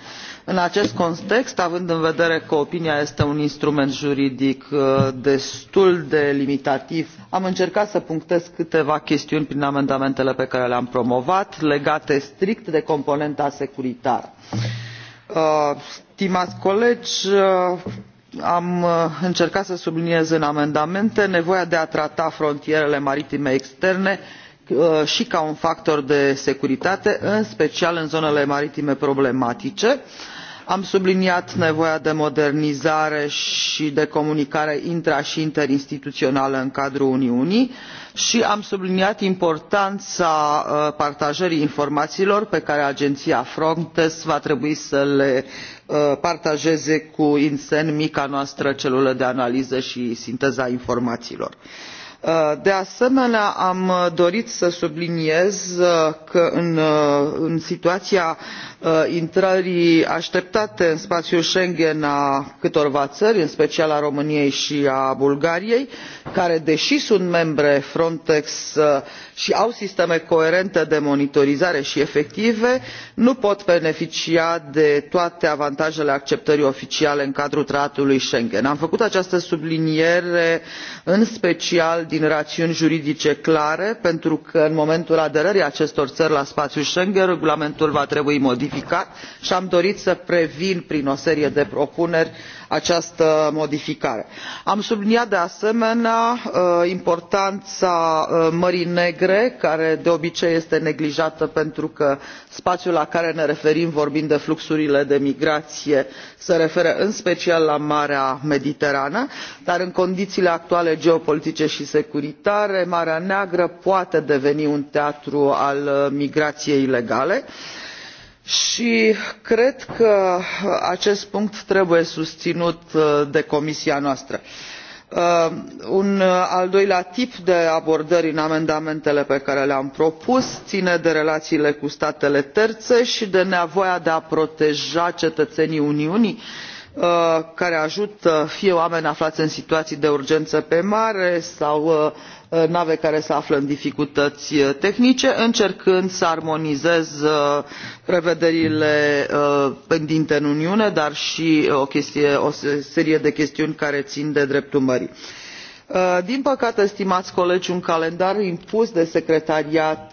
În acest context, având în vedere că opinia este un instrument juridic uh, destul de limitativ, am încercat să punctez câteva chestiuni prin amendamentele pe care le-am promovat, legate strict de componenta securitară. Uh, stimați colegi, uh, am încercat să subliniez în amendamente nevoia de a trata frontierele maritime externe Uh, și ca un factor de securitate, în special în zonele maritime problematice. Am subliniat nevoia de modernizare și de comunicare intra și interinstituțională în cadrul Uniunii și am subliniat importanța uh, partajării informațiilor pe care agenția Frontex va trebui să le uh, partajeze cu INSEN, mica noastră celulă de analiză și sinteza informațiilor. Euh, de asemenea, am dorit să subliniez uh, că în, uh, în situația Uh, intrării așteptate în spațiul schengen a câtorva țări în special a româniei și a bulgariei care deși sunt membre frontex uh, și au sisteme coerente de monitorizare și efective nu pot beneficia de toate avantajele acceptării oficiale în cadrul tratatului schengen. am făcut această subliniere în special din rațiuni juridice clare pentru că în momentul aderării acestor țări la spațiul schengen regulamentul va trebui modificat modificat și am dorit să previn prin o serie de propuneri această modificare. am subliniat de asemenea uh, importanța uh, mării negre care de obicei este neglijată pentru că spațiul la care ne referim vorbind de fluxurile de migrație se referă în special la marea mediterană dar în condițiile actuale geopolitice și securitare marea neagră poate deveni un teatru al uh, migrației ilegale și Și cred că acest punct trebuie susținut uh, de comisia noastră. Uh, un al doilea tip de abordări în amendamentele pe care le-am propus ține de relațiile cu statele terțe și de nevoia de a proteja cetățenii Uniunii uh, care ajută fie oameni aflați în situații de urgență pe mare sau Uh, nave care se află în dificultăți uh, tehnice încercând să armonizez uh, prevederile pendinte în uniune dar și o, chestie, o serie de chestiuni care țin de dreptul mării. Uh, din păcate, stimați colegi, un calendar impus de secretariat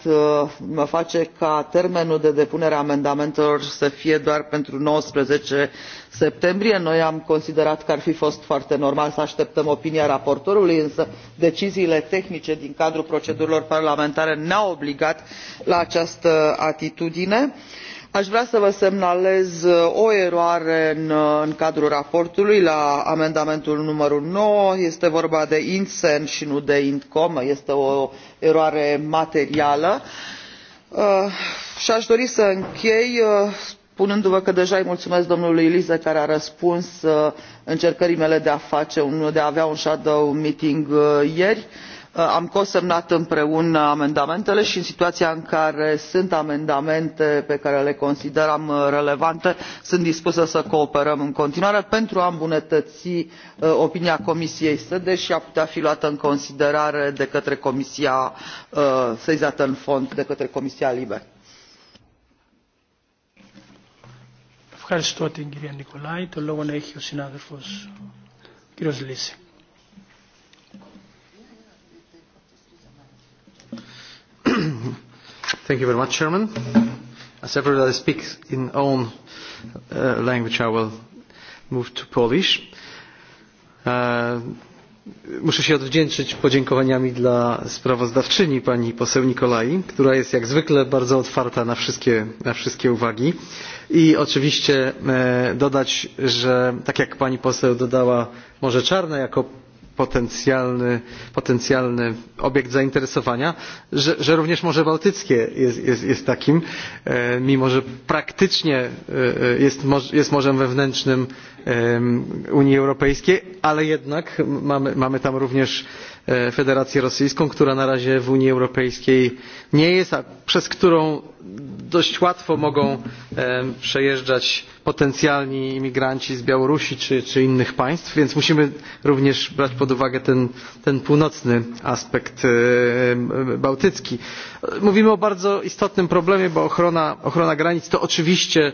mă uh, face ca termenul de depunere a amendamentelor să fie doar pentru 19 septembrie. Noi am considerat că ar fi fost foarte normal să așteptăm opinia raportorului, însă deciziile tehnice din cadrul procedurilor parlamentare ne-au obligat la această atitudine aș vrea să vă semnalez uh, o eroare în, uh, în cadrul raportului la amendamentul numărul nouă este vorba de intsen și nu de intcom este o eroare materială uh, și aș dori să închei uh, spunându vă că deja îi mulțumesc domnului liese care a răspuns uh, încercării mele de a, face un, de a avea un shadow meeting uh, ieri Uh, am cosemnat împreună amendamentele și în situația în care sunt amendamente pe care le considerăm relevante sunt dispusă să cooperăm în continuare pentru a îmbunătăți uh, opinia comisiei sede și a putea fi luată în considerare de către comisia uh, sesizată în fond de către comisia libe. Thank you very much, Chairman. As everybody speaks in own uh, language, I will move to Polish. Uh, Muszę się odwdzięczyć podziękowaniami dla sprawozdawczyni pani poseł Nikolai, która jest jak zwykle bardzo otwarta na wszystkie, na wszystkie uwagi. I oczywiście e, dodać, że tak jak pani poseł dodała Morze Czarne jako potencjalny, potencjalny obiekt zainteresowania, że, że również Morze Bałtyckie jest, jest, jest takim, e, mimo że praktycznie e, e, jest, jest morzem wewnętrznym Unii Europejskiej, ale jednak mamy, mamy tam również Federację Rosyjską, która na razie w Unii Europejskiej nie jest, a przez którą dość łatwo mogą przejeżdżać potencjalni imigranci z Białorusi czy, czy innych państw, więc musimy również brać pod uwagę ten, ten północny aspekt e, bałtycki. Mówimy o bardzo istotnym problemie, bo ochrona, ochrona granic to oczywiście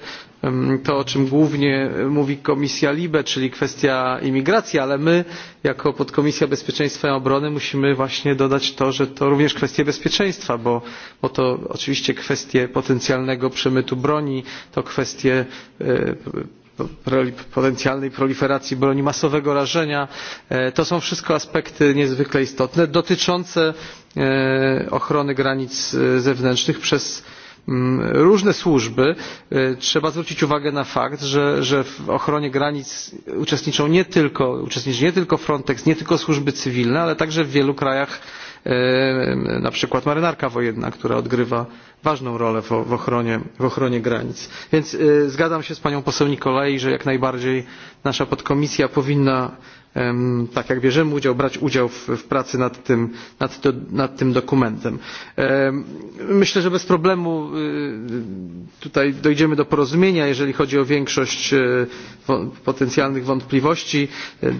to, o czym głównie mówi Komisja LIBE, czyli kwestia imigracji, ale my jako Podkomisja Bezpieczeństwa i Obrony musimy właśnie dodać to, że to również kwestie bezpieczeństwa, bo, bo to oczywiście kwestie potencjalnego przemytu broni, to kwestie e, potencjalnej proliferacji broni masowego rażenia. E, to są wszystko aspekty niezwykle istotne dotyczące e, ochrony granic zewnętrznych przez Mm, różne służby. E, trzeba zwrócić uwagę na fakt, że, że w ochronie granic uczestniczą nie tylko, uczestniczy nie tylko Frontex, nie tylko służby cywilne, ale także w wielu krajach e, na przykład marynarka wojenna, która odgrywa ważną rolę w, w, ochronie, w ochronie granic. Więc e, zgadzam się z panią poseł Nikolai, że jak najbardziej nasza podkomisja powinna tak jak bierzemy udział, brać udział w, w pracy nad tym, nad, to, nad tym dokumentem. Myślę, że bez problemu tutaj dojdziemy do porozumienia, jeżeli chodzi o większość potencjalnych wątpliwości.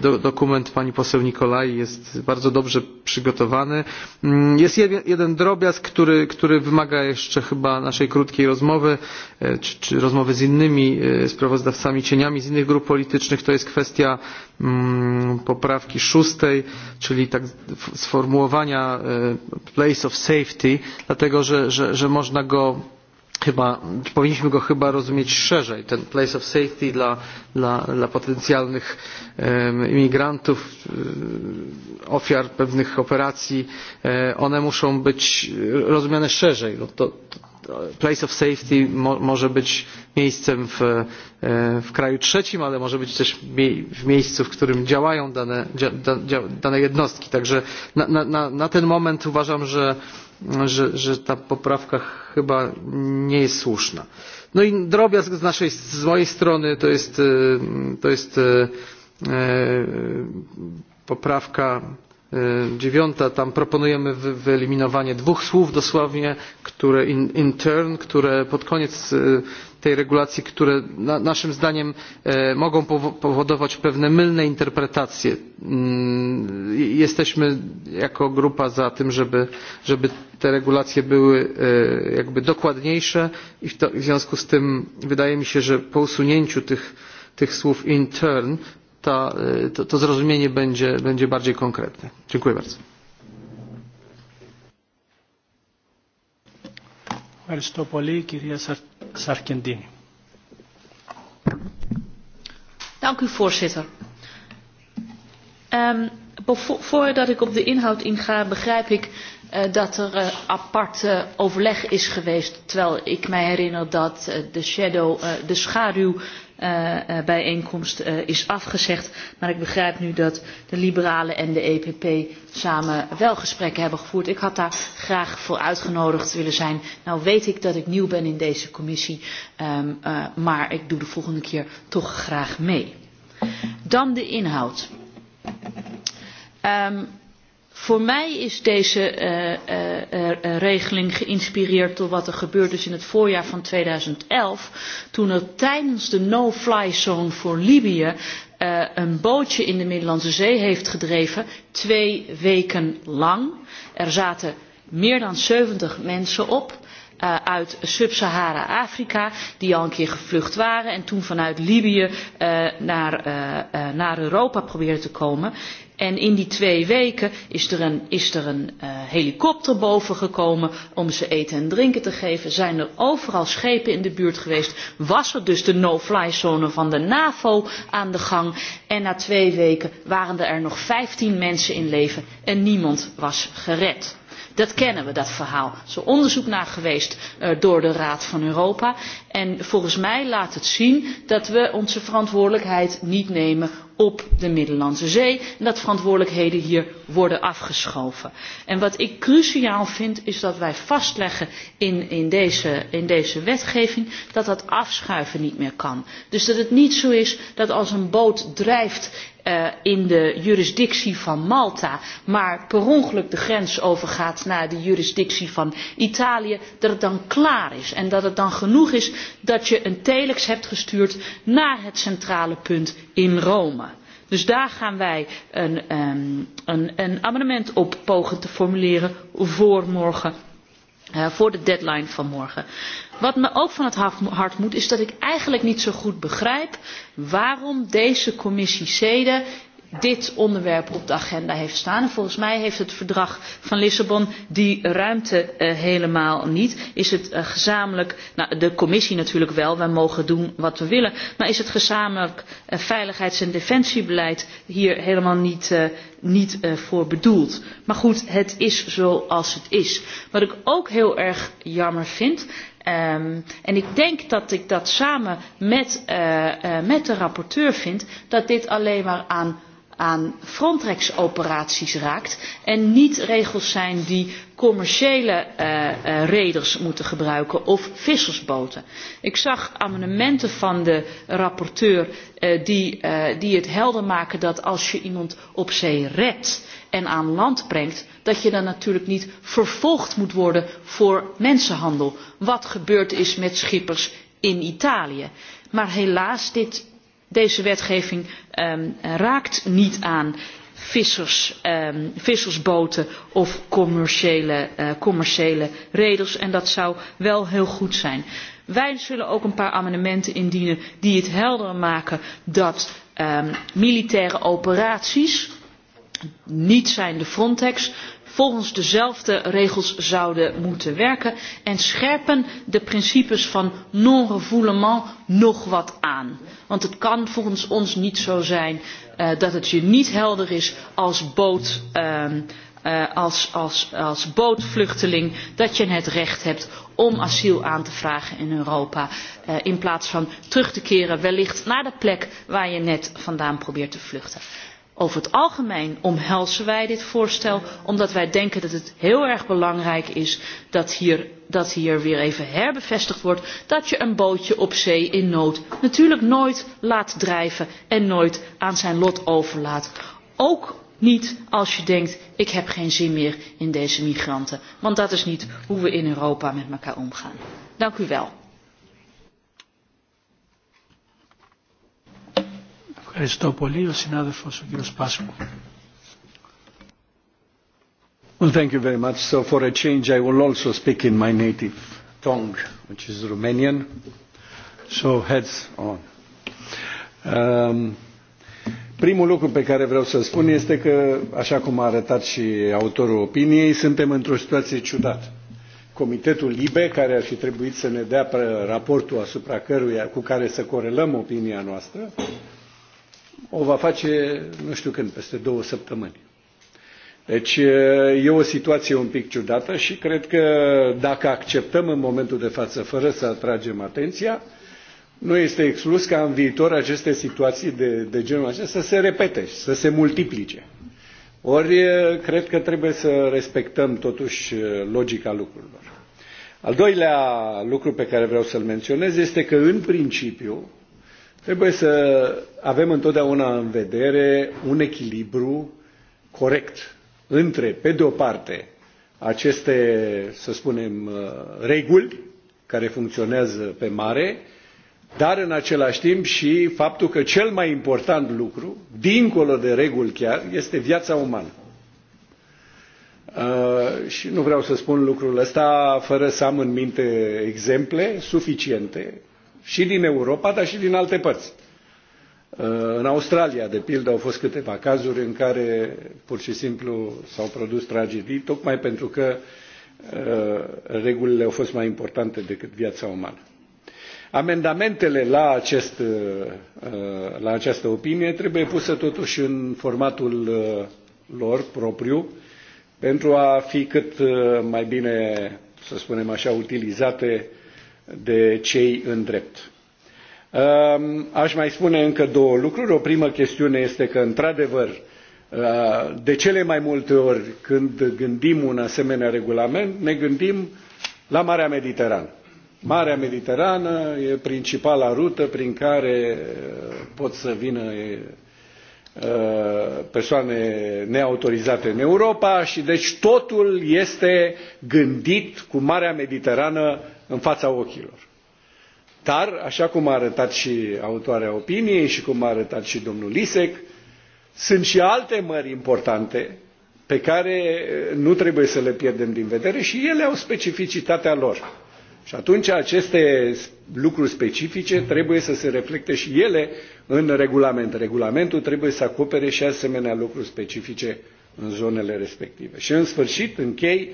Do, dokument pani poseł Nikolaj jest bardzo dobrze przygotowany. Mm, jest jeden, jeden drobiazg, który, który wymaga jeszcze chyba naszej krótkiej rozmowy, czy, czy rozmowy z innymi sprawozdawcami cieniami z innych grup politycznych. To jest kwestia Mm, poprawki szóstej, czyli tak sformułowania e, place of safety, dlatego że, że, że można go chyba, powinniśmy go chyba rozumieć szerzej, ten place of safety dla, dla, dla potencjalnych imigrantów, e, ofiar pewnych operacji, e, one muszą być rozumiane szerzej. No to, place of safety mo, może być miejscem w, e, w kraju trzecim, ale może być też w miejscu, w którym działają dane, dane jednostki. Także na, na, na ten moment uważam, że, że, że ta poprawka chyba nie jest słuszna. No i drobiazg z, naszej, z mojej strony to jest, e, to jest e, poprawka E, dziewiąta tam proponujemy wyeliminowanie dwóch słów dosłownie które in, in turn które pod koniec e, tej regulacji które na, naszym zdaniem e, mogą powodować pewne mylne interpretacje. Mm, jesteśmy jako grupa za tym, żeby, żeby te regulacje były jakby dokładniejsze i w, to, w związku z tym wydaje mi się, że po usunięciu tych, tych słów in turn ta, to, to zrozumienie będzie, będzie bardziej konkretne. Dziękuję bardzo. Dank u, voorzitter. Um, voordat ik op de inhoud inga, begrijp ik uh, dat er uh, apart uh, overleg is geweest. Terwijl ik mij herinner dat uh, de, shadow, uh, de schaduw Eh, eh, bijeenkomst eh, is afgezegd. Maar ik begrijp nu dat de Liberalen en de EPP samen wel gesprekken hebben gevoerd. Ik had daar graag voor uitgenodigd willen zijn. Nou weet ik dat ik nieuw ben in deze commissie, ehm, maar ik doe de volgende keer toch graag mee. Dan de inhoud. Um, Voor mij is deze uh, uh, uh, regeling geïnspireerd door wat er gebeurd is in het voorjaar van 2011, toen er tijdens de no-fly zone voor Libië uh, een bootje in de Middellandse Zee heeft gedreven, twee weken lang. Er zaten meer dan 70 mensen op uh, uit Sub-Sahara Afrika, die al een keer gevlucht waren en toen vanuit Libië uh, naar, uh, uh, naar Europa probeerden te komen. En in die twee weken is er een, is er een uh, helikopter boven gekomen om ze eten en drinken te geven. Zijn er overal schepen in de buurt geweest. Was er dus de no-fly zone van de NAVO aan de gang. En na twee weken waren er nog 15 mensen in leven en niemand was gered. Dat kennen we, dat verhaal. Er is onderzoek naar geweest uh, door de Raad van Europa. En volgens mij laat het zien dat we onze verantwoordelijkheid niet nemen op de Middellandse Zee. En dat verantwoordelijkheden hier worden afgeschoven. En wat ik cruciaal vind is dat wij vastleggen in, in, deze, in deze wetgeving dat dat afschuiven niet meer kan. Dus dat het niet zo is dat als een boot drijft uh, in de jurisdictie van Malta, maar per ongeluk de grens overgaat naar de jurisdictie van Italië, dat het dan klaar is. En dat het dan genoeg is dat je een telex hebt gestuurd naar het centrale punt in Rome. Dus daar gaan wij een, um, een, een amendement op pogen te formuleren voor morgen uh, voor de deadline van morgen. Wat me ook van het hart moet is dat ik eigenlijk niet zo goed begrijp waarom deze commissie zeden dit onderwerp op de agenda heeft staan. En volgens mij heeft het verdrag van Lissabon die ruimte uh, helemaal niet. Is het uh, gezamenlijk, nou, de commissie natuurlijk wel, wij mogen doen wat we willen, maar is het gezamenlijk uh, veiligheids- en defensiebeleid hier helemaal niet, uh, niet uh, voor bedoeld. Maar goed, het is zoals het is. Wat ik ook heel erg jammer vind, Um, en ik denk dat ik dat samen met, uh, uh, met de rapporteur vind dat dit alleen maar aan aan Frontex-operaties raakt en niet regels zijn die commerciële uh, uh, reders moeten gebruiken of vissersboten. Ik zag amendementen van de rapporteur uh, die, uh, die het helder maken dat als je iemand op zee redt en aan land brengt, dat je dan natuurlijk niet vervolgd moet worden voor mensenhandel. Wat gebeurd is met schippers in Italië. Maar helaas, dit Deze wetgeving um, raakt niet aan vissers, um, vissersboten of commerciële, uh, commerciële redels. en dat zou wel heel goed zijn. Wij zullen ook een paar amendementen indienen die het helder maken dat um, militaire operaties, niet zijn de Frontex, volgens dezelfde regels zouden moeten werken en scherpen de principes van non-refoulement nog wat aan. Want het kan volgens ons niet zo zijn uh, dat het je niet helder is als boot. Uh, uh, als, als, als bootvluchteling dat je het recht hebt om asiel aan te vragen in Europa. Uh, in plaats van terug te keren wellicht naar de plek waar je net vandaan probeert te vluchten. Over het algemeen omhelzen wij dit voorstel omdat wij denken dat het heel erg belangrijk is dat hier, dat hier weer even herbevestigd wordt dat je een bootje op zee in nood natuurlijk nooit laat drijven en nooit aan zijn lot overlaat. Ook niet als je denkt ik heb geen zin meer in deze migranten, want dat is niet hoe we in Europa met elkaar omgaan. Dank u wel. Ευχαριστώ πολύ. Ο συνάδελφος ο κύριος Πάσκου. Well, thank you very much. So for a change, I will also speak in my native tongue, which is Romanian. So heads on. Um, Primul lucru pe care vreau să spun este că, așa cum a arătat și autorul opiniei, suntem într-o situație ciudată. Comitetul LIBE, care ar fi trebuit să ne dea raportul asupra căruia, cu care să corelăm opinia noastră, o va face, nu știu când, peste două săptămâni. Deci e, e o situație un pic ciudată și cred că dacă acceptăm în momentul de față fără să atragem atenția, nu este exclus ca în viitor aceste situații de, de genul acesta să se repete și să se multiplice. Ori e, cred că trebuie să respectăm totuși e, logica lucrurilor. Al doilea lucru pe care vreau să-l menționez este că în principiu Trebuie să avem întotdeauna în vedere un echilibru corect între, pe de o parte, aceste, să spunem, uh, reguli care funcționează pe mare, dar în același timp și faptul că cel mai important lucru, dincolo de reguli chiar, este viața umană. Uh, și nu vreau să spun lucrul ăsta fără să am în minte exemple suficiente și din Europa, dar și din alte părți. În Australia, de pildă, au fost câteva cazuri în care pur și simplu s-au produs tragedii, tocmai pentru că uh, regulile au fost mai importante decât viața umană. Amendamentele la, acest, uh, uh, la această opinie trebuie puse totuși în formatul lor propriu pentru a fi cât mai bine, să spunem așa, utilizate uh, de cei în drept. Um, aș mai spune încă două lucruri. O primă chestiune este că, într-adevăr, uh, de cele mai multe ori când gândim un asemenea regulament, ne gândim la Marea Mediterană. Marea Mediterană e principala rută prin care uh, pot să vină uh, persoane neautorizate în Europa și deci totul este gândit cu Marea Mediterană în fața ochilor. Dar, așa cum a arătat și autoarea opiniei și cum a arătat și domnul Lisek, sunt și alte mări importante pe care eh, nu trebuie să le pierdem din vedere și ele au specificitatea lor. Și atunci aceste lucruri specifice trebuie să se reflecte și ele în regulament. Regulamentul trebuie să acopere și asemenea lucruri specifice în zonele respective. Și în sfârșit închei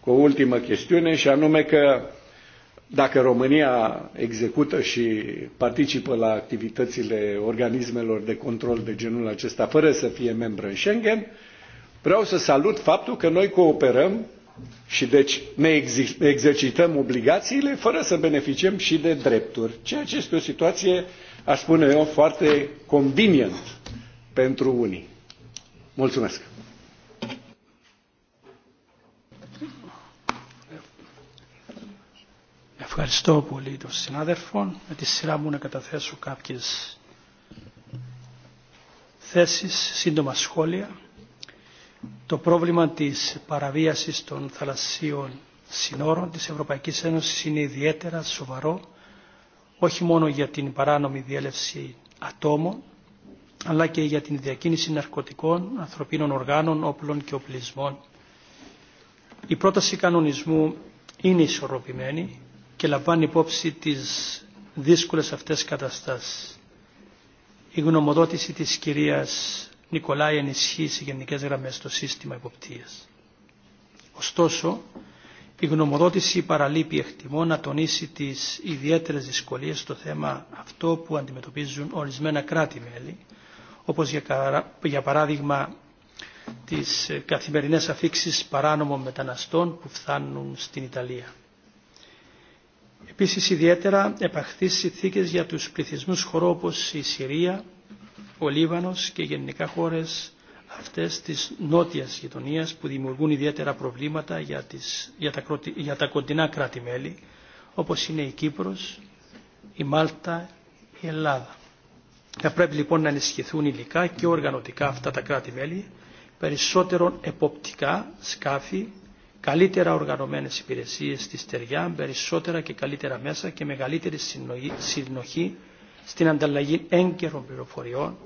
cu o ultimă chestiune și anume că Dacă România execută și participă la activitățile organismelor de control de genul acesta fără să fie membră în Schengen, vreau să salut faptul că noi cooperăm și deci ne exercităm obligațiile fără să beneficiem și de drepturi, ceea ce este o situație, aș spune eu, foarte convenient pentru unii. Mulțumesc! Ευχαριστώ πολύ τον συνάδελφο. Με τη σειρά μου να καταθέσω κάποιες θέσεις, σύντομα σχόλια. Το πρόβλημα της παραβίασης των θαλασσίων συνόρων της Ευρωπαϊκής Ένωσης είναι ιδιαίτερα σοβαρό, όχι μόνο για την παράνομη διέλευση ατόμων, αλλά και για την διακίνηση ναρκωτικών, ανθρωπίνων οργάνων, όπλων και οπλισμών. Η πρόταση κανονισμού είναι ισορροπημένη και λαμβάνει υπόψη τι δύσκολε αυτέ καταστάσει. Η γνωμοδότηση τη κυρία Νικολάη ενισχύει σε γενικές γραμμές το σύστημα υποπτία. Ωστόσο, η γνωμοδότηση παραλείπει εκτιμώ να τονίσει τις ιδιαίτερες δυσκολίες στο θέμα αυτό που αντιμετωπίζουν ορισμένα κράτη-μέλη, όπως για παράδειγμα τις καθημερινές αφήξεις παράνομων μεταναστών που φθάνουν στην Ιταλία. Επίσης ιδιαίτερα επαχθεί συνθήκες για τους πληθυσμούς χωρών όπως η Συρία, ο Λίβανος και γενικά χώρες αυτές της νότιας γειτονίας που δημιουργούν ιδιαίτερα προβλήματα για, τις, για, τα, για τα κοντινά κράτη-μέλη όπως είναι η Κύπρος, η Μάλτα, η Ελλάδα. Θα πρέπει λοιπόν να ενισχυθούν υλικά και οργανωτικά αυτά τα κράτη-μέλη, περισσότερο εποπτικά σκάφη καλύτερα οργανωμένε υπηρεσίε στη στεριά, περισσότερα και καλύτερα μέσα και μεγαλύτερη συνοχή στην ανταλλαγή έγκαιρων πληροφοριών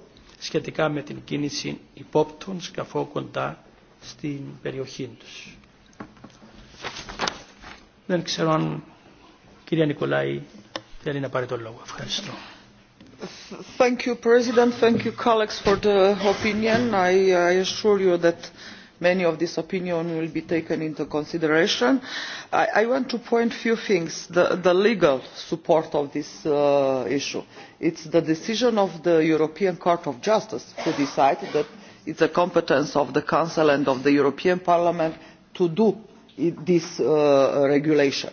σχετικά με την κίνηση υπόπτων σκαφών κοντά στην περιοχή του. Δεν ξέρω αν κυρία Νικολάη θέλει να πάρει τον λόγο. Ευχαριστώ. Thank you, President. Thank you, colleagues, for the opinion. I, I assure you that many of this opinion will be taken into consideration. I, I want to point a few things. The, the legal support of this uh, issue. It's the decision of the European Court of Justice to decide that it's a competence of the Council and of the European Parliament to do it, this uh, regulation.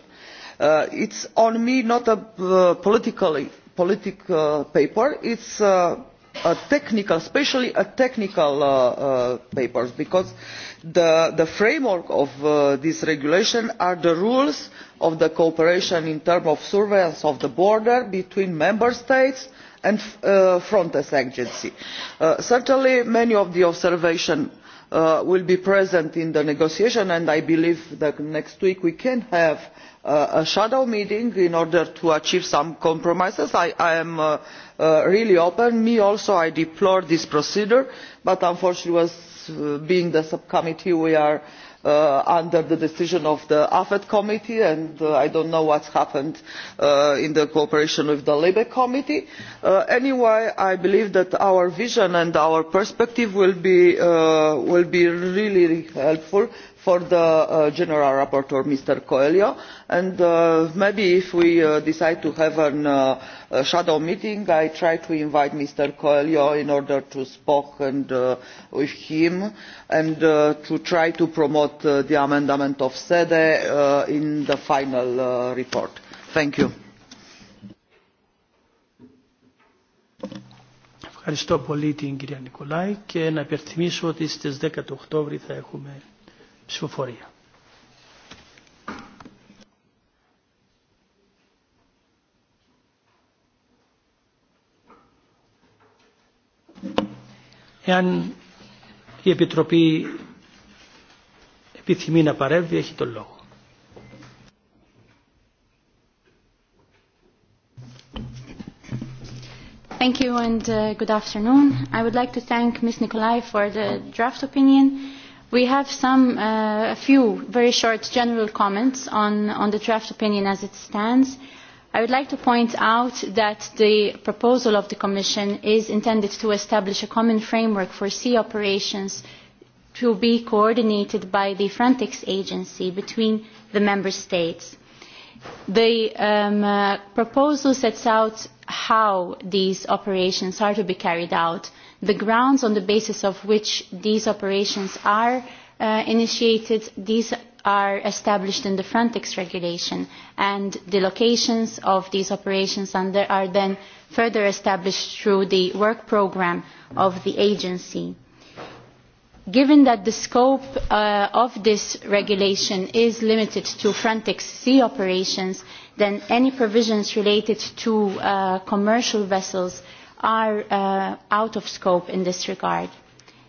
Uh, it's on me not a uh, politically, political uh, paper. It's uh, a technical, especially a technical uh, uh, papers, because the, the framework of uh, this regulation are the rules of the cooperation in terms of surveillance of the border between member states and uh, Frontex agency. Uh, certainly, many of the observations uh, will be present in the negotiation, and I believe that next week we can have uh, a shadow meeting in order to achieve some compromises. I, I am. Uh, Uh, really open. Me also, I deplore this procedure, but unfortunately, was, uh, being the subcommittee, we are uh, under the decision of the AFET committee, and uh, I don't know what's happened uh, in the cooperation with the LIBE committee. Uh, anyway, I believe that our vision and our perspective will be, uh, will be really helpful for the uh, General Rapporteur, Mr. Coelho, and uh, maybe if we uh, decide to have an, uh, a shadow meeting, I try to invite Mr. Coelho in order to speak and, uh, with him and uh, to try to promote uh, the amendment of SEDE e, uh, in the final uh, report. Thank you. Ευχαριστώ πολύ την κυρία Νικολάη και να υπερθυμίσω ότι στις 10 του Οκτώβρη θα έχουμε x'euforija. Εάν η Επιτροπή επιθυμεί να παρεύει, έχει τον λόγο. Thank you and uh, good afternoon. I would like to thank Ms. Nikolai for the draft opinion We have some, uh, a few very short general comments on, on the draft opinion as it stands. I would like to point out that the proposal of the Commission is intended to establish a common framework for sea operations to be coordinated by the Frontex agency between the Member States. The um, uh, proposal sets out how these operations are to be carried out the grounds on the basis of which these operations are uh, initiated, these are established in the Frontex regulation and the locations of these operations under are then further established through the work program of the agency. Given that the scope uh, of this regulation is limited to Frontex sea operations, then any provisions related to uh, commercial vessels are uh, out of scope in this regard.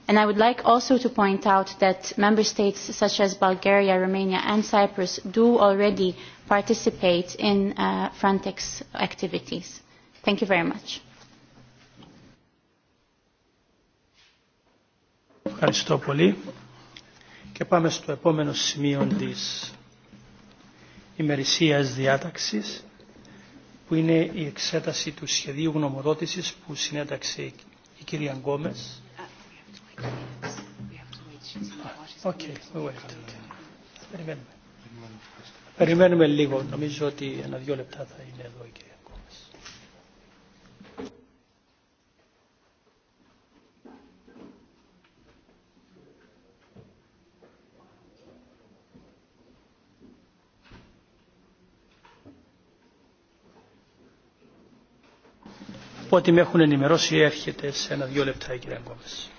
And I would like also to point out that member states such as Bulgaria, Romania and Cyprus do already participate in uh, Frontex activities. Thank you very much. Ευχαριστώ πολύ. Και πάμε στο επόμενο σημείο της ημερησίας διάταξης που είναι η εξέταση του σχεδίου γνωμοδότησης που συνέταξε η κυρία Γκόμες. Okay, we wait. Περιμένουμε. Περιμένουμε λίγο. Νομίζω ότι ένα-δύο λεπτά θα είναι εδώ η κυρία. Πότε με έχουν ενημερώσει έρχεται σε ένα-δύο λεπτά η κυρία Γκόμες.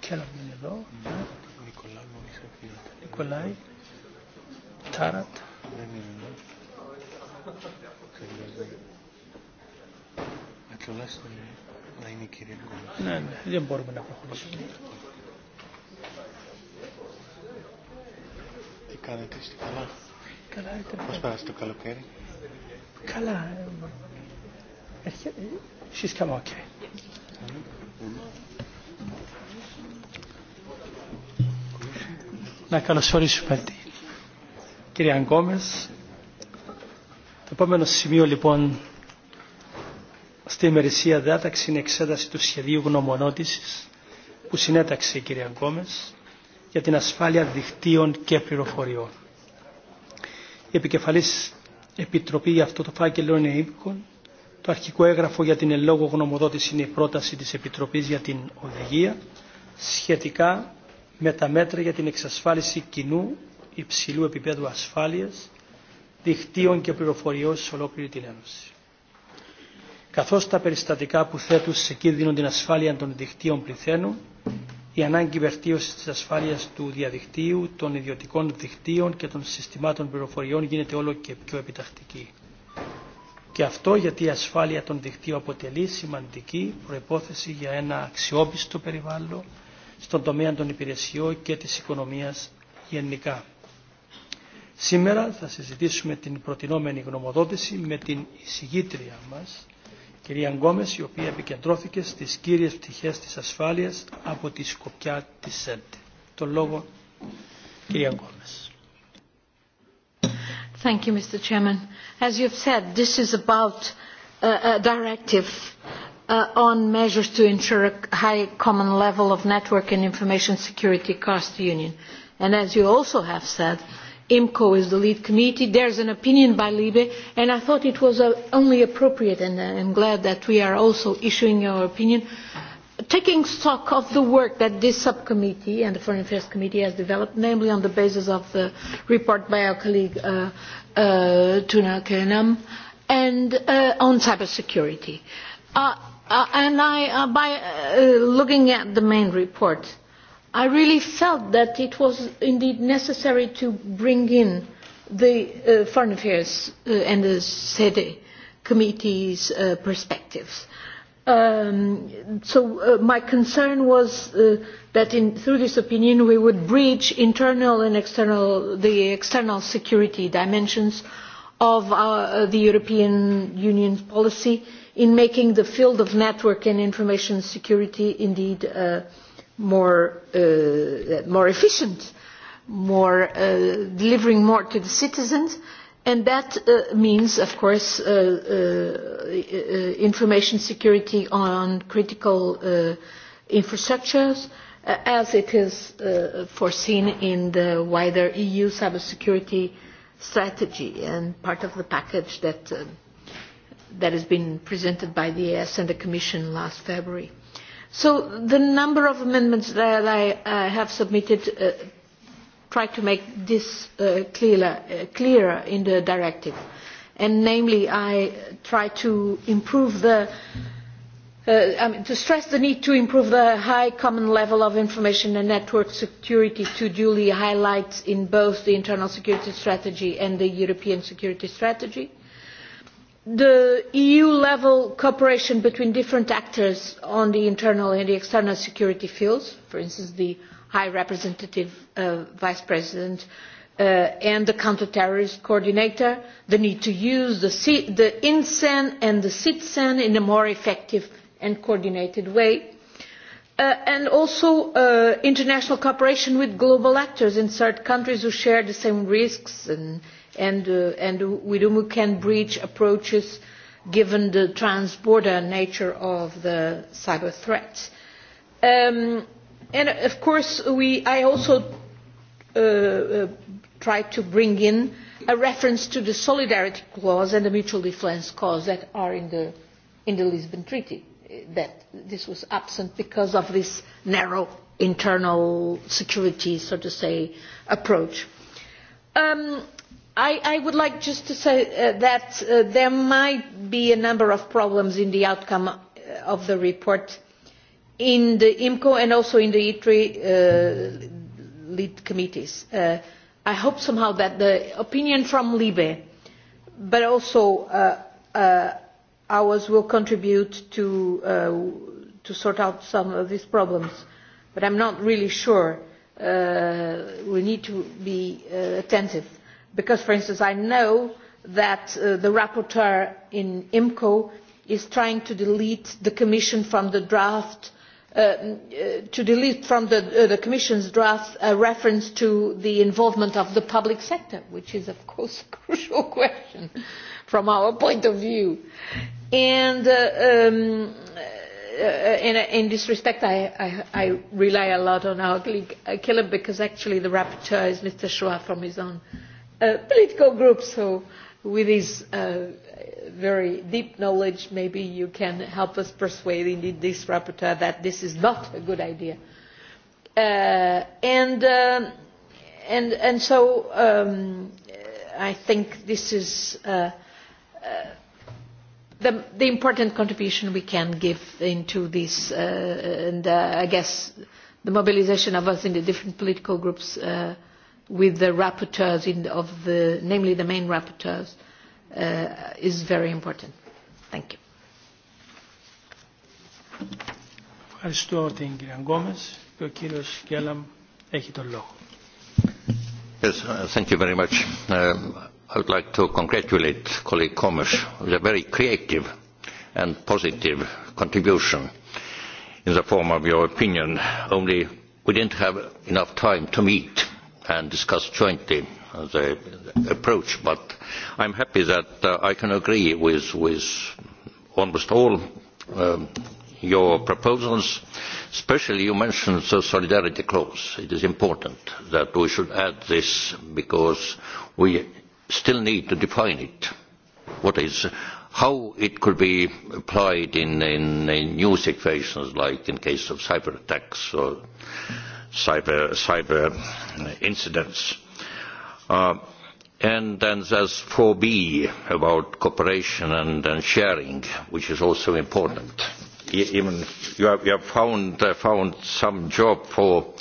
Κέλα μου είναι εδώ. Κάνετε είστε καλά. Καλά ήταν. Πώς πέρασε το καλοκαίρι. Καλά. She's come okay. Να καλωσορίσουμε την κυρία Γκόμες. Το επόμενο σημείο λοιπόν στη ημερησία διάταξη είναι εξέταση του σχεδίου γνωμονότησης που συνέταξε η κυρία Γκόμες για την ασφάλεια δικτύων και πληροφοριών. Η επικεφαλή επιτροπή για αυτό το φάκελο είναι ύπηκον. Το αρχικό έγγραφο για την ελόγω γνωμοδότηση είναι η πρόταση της Επιτροπής για την Οδηγία σχετικά με τα μέτρα για την εξασφάλιση κοινού υψηλού επίπεδου ασφάλειας, δικτύων και πληροφοριών σε ολόκληρη την Ένωση. Καθώς τα περιστατικά που θέτουν σε κίνδυνο την ασφάλεια των δικτύων πληθαίνουν, η ανάγκη βελτίωση τη ασφάλεια του διαδικτύου, των ιδιωτικών δικτύων και των συστημάτων πληροφοριών γίνεται όλο και πιο επιτακτική. Και αυτό γιατί η ασφάλεια των δικτύων αποτελεί σημαντική προϋπόθεση για ένα αξιόπιστο περιβάλλον στον τομέα των υπηρεσιών και της οικονομίας γενικά. Σήμερα θα συζητήσουμε την προτινόμενη γνωμοδότηση με την εισηγήτρια μας, κυρία Γκόμες, η οποία επικεντρώθηκε στις κύριες πτυχές της ασφάλειας από τη σκοπιά της ΣΕΝΤΕ. Τον λόγο, κυρία Γκόμες. Thank you, Mr. Chairman. As you've said, this is about uh, a directive uh, on measures to ensure a high common level of network and information security across the Union. And as you also have said, IMCO is the lead committee. There is an opinion by LIBE, and I thought it was uh, only appropriate, and uh, I'm glad that we are also issuing our opinion, taking stock of the work that this subcommittee and the Foreign Affairs Committee has developed, namely on the basis of the report by our colleague uh, uh, Tuna Kenam, and uh, on cybersecurity. Uh, uh, and I, uh, by uh, looking at the main report, I really felt that it was indeed necessary to bring in the uh, foreign affairs uh, and the SEDE committee's uh, perspectives. Um, so uh, my concern was uh, that in, through this opinion we would breach internal and external, the external security dimensions of our, uh, the European Union's policy in making the field of network and information security indeed uh, more, uh, more efficient, more uh, delivering more to the citizens, and that uh, means, of course, uh, uh, information security on critical uh, infrastructures, uh, as it is uh, foreseen in the wider EU cybersecurity strategy and part of the package that, uh, that has been presented by the ES and the Commission last February. So the number of amendments that I uh, have submitted uh, try to make this uh, clearer, uh, clearer in the directive. And namely, I try to improve the uh, I mean, to stress the need to improve the high common level of information and network security to duly highlight in both the internal security strategy and the European security strategy the EU level cooperation between different actors on the internal and the external security fields, for instance, the High Representative uh, Vice President uh, and the counter-terrorist coordinator, the need to use the, C the INSEN and the CITSEN in a more effective and coordinated way, uh, and also uh, international cooperation with global actors in third countries who share the same risks and and, uh, and we do, can breach approaches given the transborder nature of the cyber threats. Um, and of course, we, I also uh, uh, tried to bring in a reference to the solidarity clause and the mutual defence clause that are in the, in the Lisbon Treaty. Uh, that this was absent because of this narrow internal security, so to say, approach. Um, I, I would like just to say uh, that uh, there might be a number of problems in the outcome uh, of the report in the IMCO and also in the ITRI uh, lead committees. Uh, I hope somehow that the opinion from Libe, but also uh, uh, ours will contribute to, uh, to sort out some of these problems. But I'm not really sure. Uh, we need to be uh, attentive because, for instance, I know that uh, the rapporteur in IMCO is trying to delete the Commission from the draft, uh, uh, to delete from the, uh, the Commission's draft a reference to the involvement of the public sector, which is, of course, *laughs* a crucial question from our point of view. And uh, um, uh, in, in this respect, I, I, I rely a lot on our colleague uh, Caleb, because actually the rapporteur is Mr. Schwa from his own. Uh, Uh, political groups So with this uh, very deep knowledge, maybe you can help us persuade indeed this rapporteur that this is not a good idea. Uh, and, uh, and, and so um, I think this is uh, uh, the, the important contribution we can give into this, uh, and uh, I guess the mobilization of us in the different political groups uh, with the rapporteurs, in, of the, namely the main rapporteurs, uh, is very important. Thank you. Ευχαριστώ την κυρία Γκόμες και ο κύριος Γκέλαμ έχει τον λόγο. Yes, uh, thank you very much. Uh, I would like to congratulate colleague Gomes with a very creative and positive contribution in the form of your opinion. Only we didn't have enough time to meet and discuss jointly the approach. But I'm happy that uh, I can agree with, with almost all um, your proposals. Especially you mentioned the solidarity clause. It is important that we should add this because we still need to define it. What is how it could be applied in, in, in new situations like in case of cyber attacks or cyber, cyber incidents. Uh, and then there's 4B about cooperation and, and sharing, which is also important. E, even you have, you have found, uh, found some job for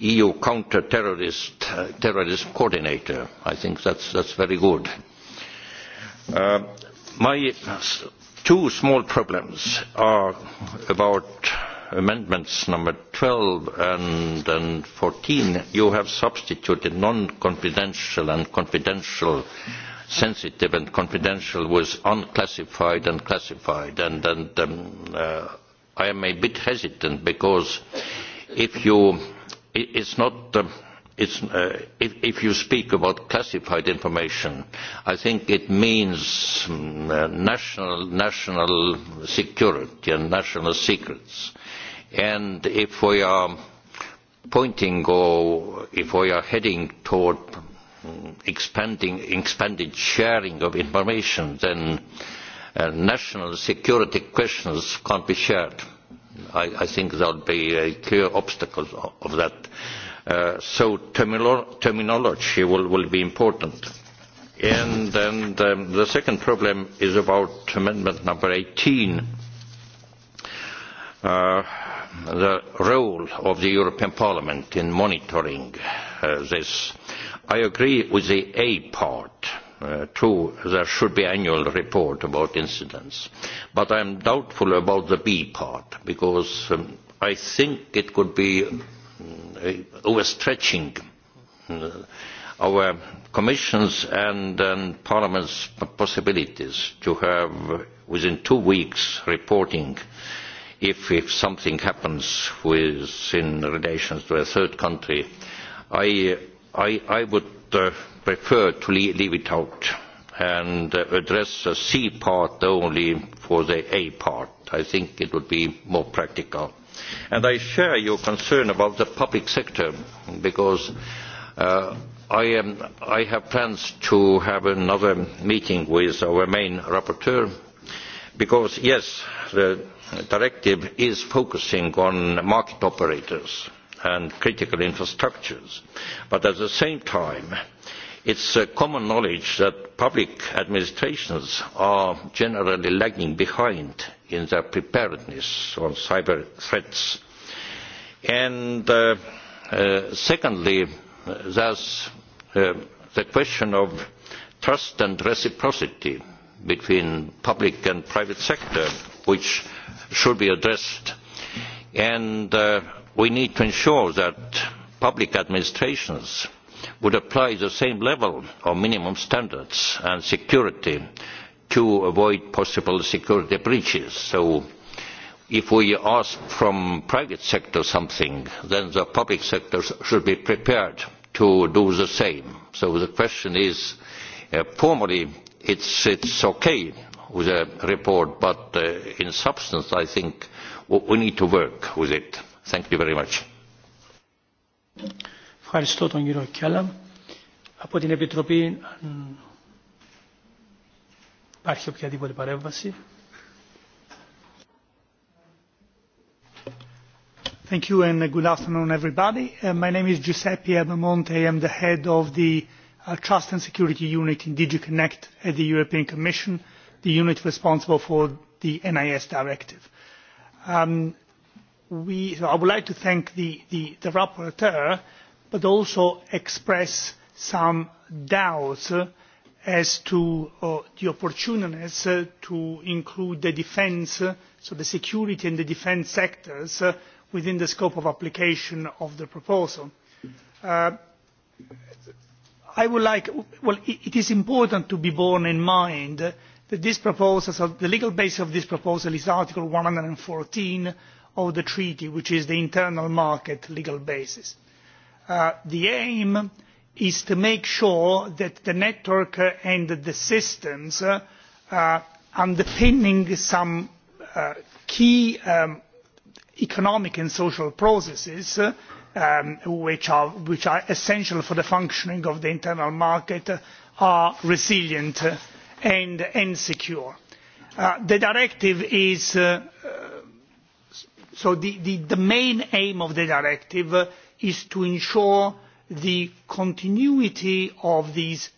EU counter-terrorist uh, terrorist coordinator. I think that's, that's very good. Uh, my two small problems are about amendments number 12 and, and 14, you have substituted non-confidential and confidential, sensitive and confidential with unclassified and classified. And, and um, uh, I am a bit hesitant because if you, it, it's not, uh, it's, uh, if, if you speak about classified information, I think it means um, uh, national, national security and national secrets. And if we are pointing or if we are heading toward expanding, expanded sharing of information, then uh, national security questions can't be shared. I, I think there'll be a clear obstacle of that. Uh, so termilo terminology will, will be important. And then um, the second problem is about amendment number 18. Uh, the role of the European Parliament in monitoring uh, this. I agree with the A part. Uh, true, there should be annual report about incidents. But I am doubtful about the B part because um, I think it could be uh, overstretching uh, our Commission's and, and Parliament's possibilities to have within two weeks reporting uh, if, if something happens with, in relations to a third country, I, I, I would uh, prefer to leave, leave it out and uh, address the C part only for the A part. I think it would be more practical. And I share your concern about the public sector because uh, I, am, I have plans to have another meeting with our main rapporteur because, yes, the directive is focusing on market operators and critical infrastructures, but at the same time, it's uh, common knowledge that public administrations are generally lagging behind in their preparedness on cyber threats. And uh, uh, secondly, there's uh, the question of trust and reciprocity between public and private sector, which should be addressed. And uh, we need to ensure that public administrations would apply the same level of minimum standards and security to avoid possible security breaches. So if we ask from private sector something, then the public sector should be prepared to do the same. So the question is, uh, formally, it's, it's okay with a report, but uh, in substance, I think we need to work with it. Thank you very much. Ευχαριστώ τον κύριο Κιάλα. Από την Επιτροπή αν υπάρχει οποιαδήποτε παρέμβαση. Thank you and good afternoon everybody. Uh, my name is Giuseppe Abamonte. I am the head of the uh, Trust and Security Unit in DigiConnect at the European Commission the unit responsible for the NIS directive. Um, we, so I would like to thank the, the, the rapporteur, but also express some doubts as to uh, the opportuneness uh, to include the defence, uh, so the security and the defence sectors, uh, within the scope of application of the proposal. Uh, I would like, well, it, it is important to be borne in mind that this proposal, so the legal basis of this proposal is Article 114 of the treaty, which is the internal market legal basis. Uh, the aim is to make sure that the network and the systems uh, uh underpinning some uh, key um, economic and social processes uh, um, which, are, which are essential for the functioning of the internal market uh, are resilient uh, and, and secure. Uh, the directive is, uh, uh, so the, the, the main aim of the directive uh, is to ensure the continuity of these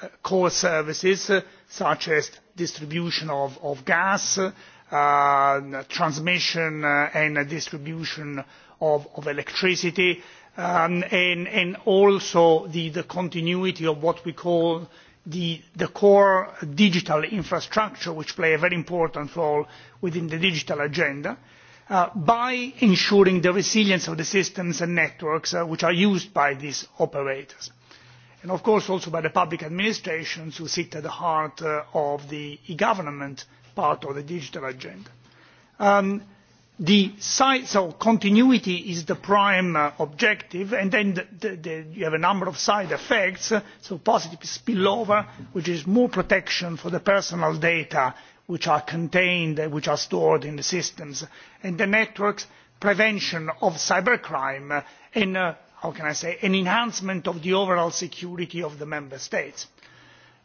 uh, core services uh, such as distribution of, of gas, uh, transmission uh, and distribution of, of electricity, um, and, and also the, the continuity of what we call the, the core digital infrastructure, which play a very important role within the digital agenda, uh, by ensuring the resilience of the systems and networks uh, which are used by these operators. And of course also by the public administrations who sit at the heart uh, of the e-government part of the digital agenda. Um, the site so continuity is the prime uh, objective and then the, the, the, you have a number of side effects uh, so positive spillover which is more protection for the personal data which are contained uh, which are stored in the systems and the networks prevention of cybercrime uh, and uh, how can i say an enhancement of the overall security of the member states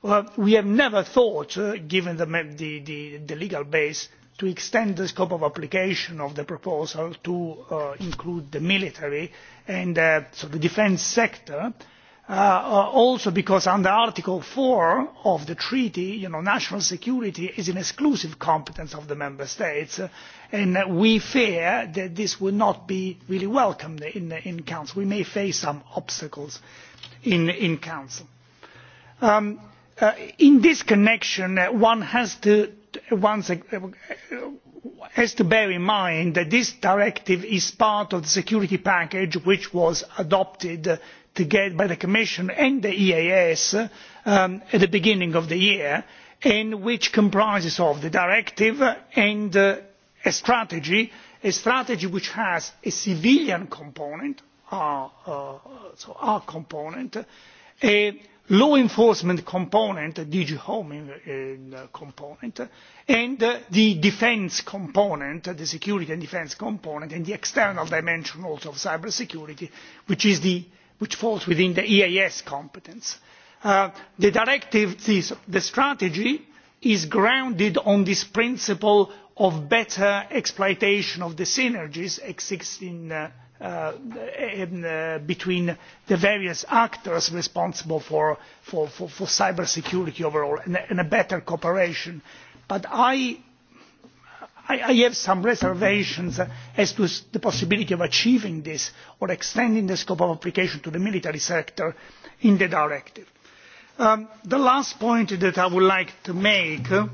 well, we have never thought uh, given the, the, the, the legal base to extend the scope of application of the proposal to uh, include the military and uh, so the defense sector, uh, uh, also because under Article 4 of the treaty, you know, national security is an exclusive competence of the member states, uh, and uh, we fear that this will not be really welcomed in, in Council. We may face some obstacles in, in Council. Um, uh, in this connection, uh, one has to once uh, has to bear in mind that this directive is part of the security package which was adopted uh, together by the Commission and the EAS um, at the beginning of the year and which comprises of the directive and uh, a strategy, a strategy which has a civilian component, our, uh, uh, so our component, a law enforcement component, DG Home uh, component, and uh, the defense component, the security and defense component, and the external dimension also of cybersecurity, which, is the, which falls within the EAS competence. Uh, the directive, the, the strategy, is grounded on this principle of better exploitation of the synergies existing uh, uh, in, uh, between the various actors responsible for, for, for, for cybersecurity overall and, and a better cooperation. But I, I, I have some reservations as to the possibility of achieving this or extending the scope of application to the military sector in the directive. Um, the last point that I would like to make, uh,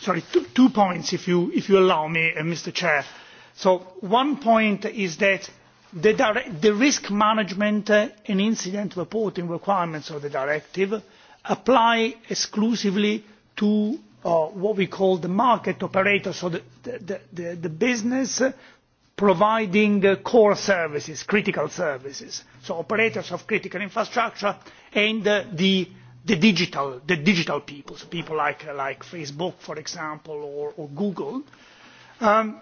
sorry, two, two points if you, if you allow me, uh, Mr. Chair. Uh, So one point is that the, direct, the risk management uh, and incident reporting requirements of the directive apply exclusively to uh, what we call the market operator, so the, the, the, the business providing uh, core services, critical services, so operators of critical infrastructure and uh, the, the, digital, the digital people, so people like, like Facebook, for example, or, or Google. Um,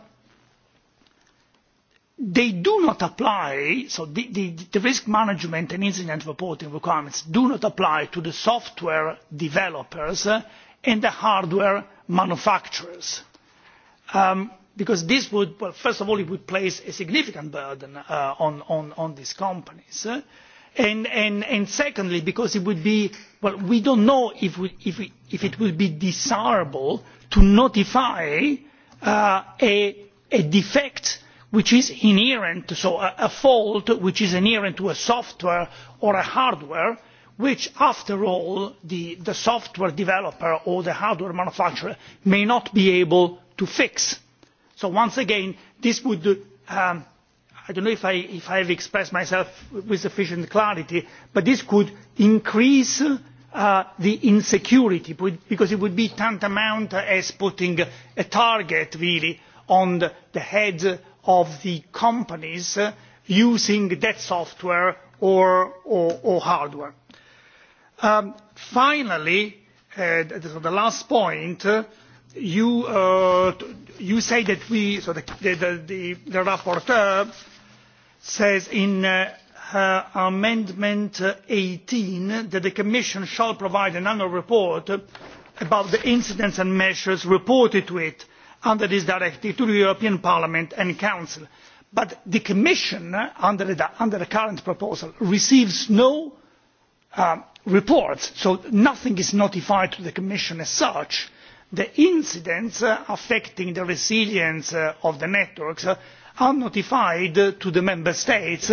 they do not apply, so the, the, the risk management and incident reporting requirements do not apply to the software developers uh, and the hardware manufacturers. Um, because this would, well, first of all, it would place a significant burden uh, on, on, on these companies. Uh, and, and, and secondly, because it would be, well, we don't know if, we, if, we, if it would be desirable to notify uh, a, a defect which is inherent, so a, a fault which is inherent to a software or a hardware, which after all the, the software developer or the hardware manufacturer may not be able to fix. So once again, this would, um, I don't know if I, if I have expressed myself with sufficient clarity, but this could increase uh, the insecurity because it would be tantamount as putting a target really on the, the heads of the companies uh, using that software or, or, or hardware. Um, finally, uh, the last point, uh, you, uh, you say that we, so the, the, the, the rapporteur says in uh, her Amendment 18 uh, that the Commission shall provide an annual report about the incidents and measures reported to it under this directive to the European Parliament and Council. But the Commission, uh, under the, under the current proposal, receives no um, reports, so nothing is notified to the Commission as such. The incidents uh, affecting the resilience uh, of the networks uh, are notified uh, to the Member States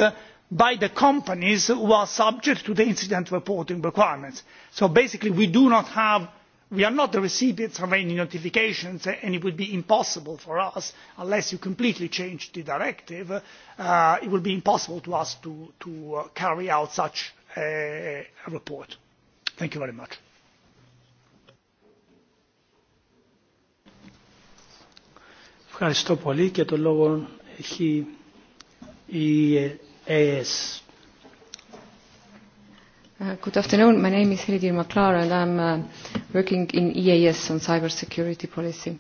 by the companies who are subject to the incident reporting requirements. So basically we do not have We are not the recipients of any notifications eh, and it would be impossible for us, unless you completely change the directive, uh, it would be impossible to us to, to uh, carry out such a a report. Thank you very much. Ευχαριστώ πολύ και το λόγο έχει η AS. Uh, good afternoon, my name is Hridir Maklar and I'm uh, working in EAS on cybersecurity policy.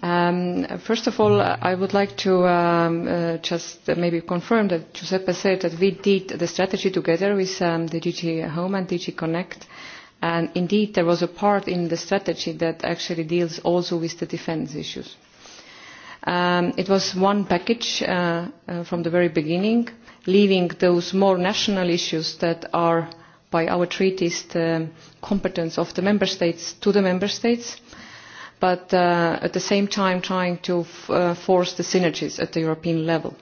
Um, first of all, I would like to um, uh, just maybe confirm that Giuseppe said that we did the strategy together with um, the DG Home and DG Connect. And indeed, there was a part in the strategy that actually deals also with the defense issues. Um, it was one package uh, uh, from the very beginning, leaving those more national issues that are by our treaties the competence of the member states to the member states but uh, at the same time trying to f uh, force the synergies at the European level.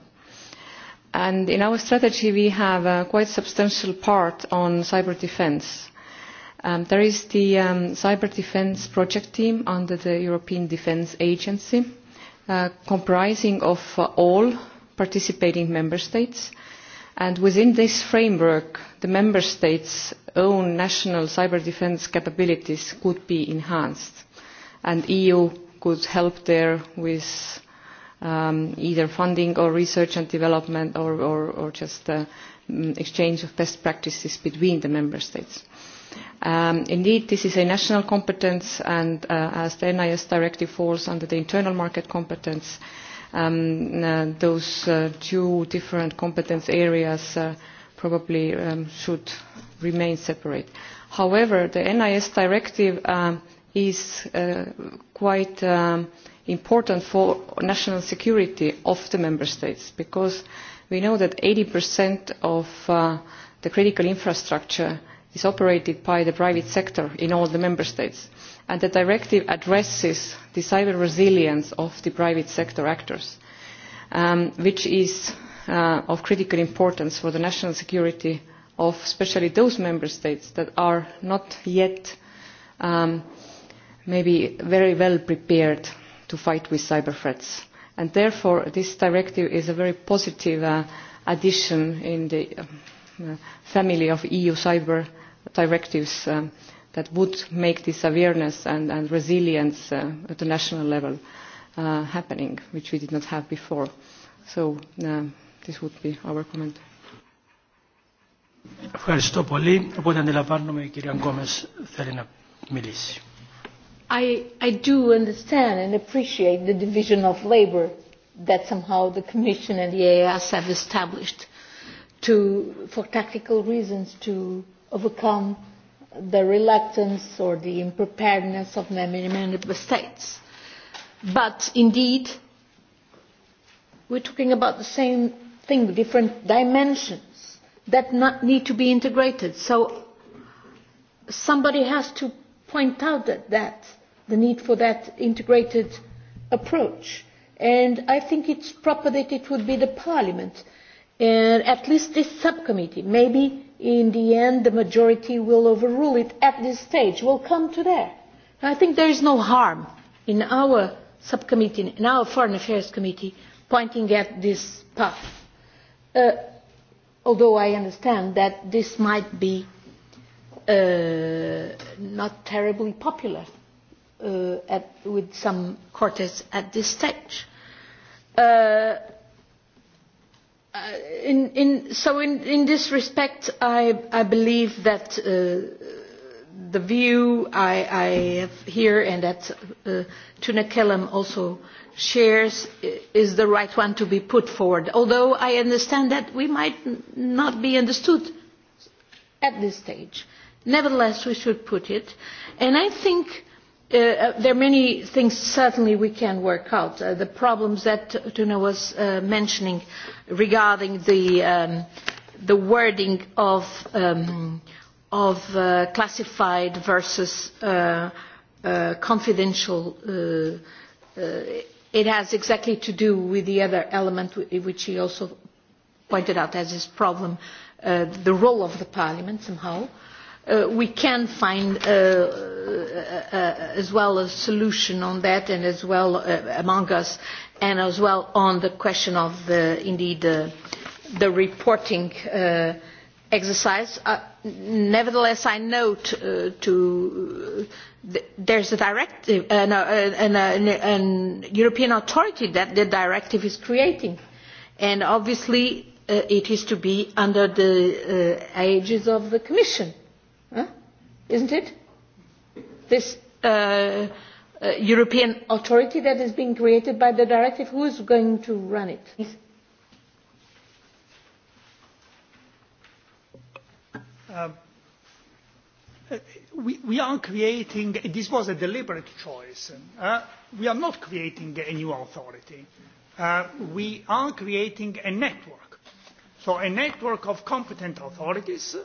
And in our strategy we have a quite substantial part on cyber defense. Um, there is the um, cyber defense project team under the European Defense Agency uh, comprising of uh, all participating member states uh, And within this framework, the Member States' own national cyber defense capabilities could be enhanced. And EU could help there with um, either funding or research and development or, or, or just uh, mm, exchange of best practices between the Member States. Um, indeed, this is a national competence and uh, as the NIS directive falls under the internal market competence, uh, um, uh, those uh, two different competence areas uh, probably um, should remain separate. However, the NIS directive um, is uh, quite um, important for national security of the member states because we know that 80% of uh, the critical infrastructure is operated by the private sector in all the member states. And the directive addresses the cyber resilience of the private sector actors, um, which is uh, of critical importance for the national security of especially those member states that are not yet um, maybe very well prepared to fight with cyber threats. And therefore, this directive is a very positive uh, addition in the um, uh, family of EU cyber directives um, that would make this awareness and, and resilience uh, at the national level uh, happening, which we did not have before. So uh, this would be our comment. Ευχαριστώ πολύ. Οπότε αντιλαμβάνομαι η κυρία Γκόμες θέλει να μιλήσει. I, I do understand and appreciate the division of labor that somehow the Commission and the AAS have established to, for tactical reasons to overcome the reluctance or the unpreparedness of many member states. But indeed, we're talking about the same thing, different dimensions that not need to be integrated. So somebody has to point out that, that the need for that integrated approach. And I think it's proper that it would be the Parliament, and at least this subcommittee, maybe in the end the majority will overrule it at this stage. We'll come to that. I think there is no harm in our subcommittee, in our Foreign Affairs Committee, pointing at this path. Uh, although I understand that this might be uh, not terribly popular uh, at, with some quarters at this stage. Uh, Uh, in, in, so in, in this respect, I, I believe that uh, the view I, I have here and that uh, Tuna Kellum also shares is the right one to be put forward, although I understand that we might not be understood at this stage. Nevertheless, we should put it. And I think Uh, uh, there are many things certainly we can work out. Uh, the problems that Tuna was uh, mentioning regarding the, um, the wording of, um, of uh, classified versus uh, uh, confidential, uh, uh, it has exactly to do with the other element which he also pointed out as his problem, uh, the role of the parliament somehow. Uh, uh, we can find uh, uh, uh, as well a solution on that and as well uh, among us and as well on the question of the, uh, indeed uh, the reporting uh, exercise. Uh, nevertheless, I note uh, to uh, th there's a directive, uh, no, an, an, an European authority that the directive is creating. And obviously, uh, it is to be under the uh, aegis of the Commission. Huh? Isn't it? This uh, uh, European authority that is being created by the directive, who is going to run it? Uh, we, we are creating, this was a deliberate choice. Uh, we are not creating a new authority. Uh, we are creating a network. So a network of competent authorities uh,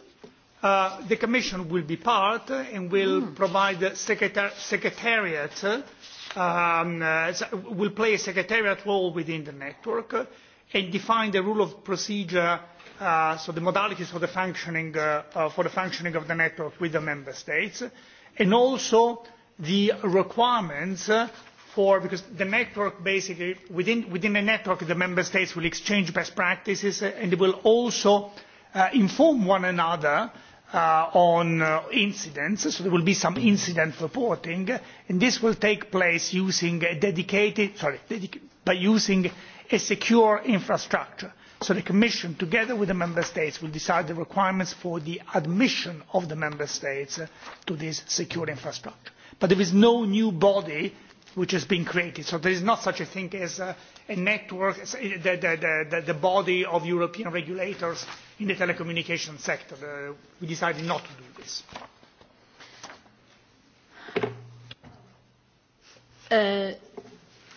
Uh, the Commission will be part and will mm. provide the secretar secretariat, uh, um, uh, will play a secretariat role within the network uh, and define the rule of procedure, uh, so the modalities for the, functioning, uh, uh, for the functioning of the network with the Member States, and also the requirements uh, for because the network basically within within the network the member states will exchange best practices and they will also uh, inform one another uh, on uh, incidents, so there will be some incident reporting, and this will take place using a dedicated, sorry, dedica by using a secure infrastructure. So the Commission, together with the Member States, will decide the requirements for the admission of the Member States uh, to this secure infrastructure. But there is no new body which has been created. So there is not such a thing as a, a network, the, the, the, the body of European regulators in the telecommunications sector. Uh, we decided not to do this. Uh,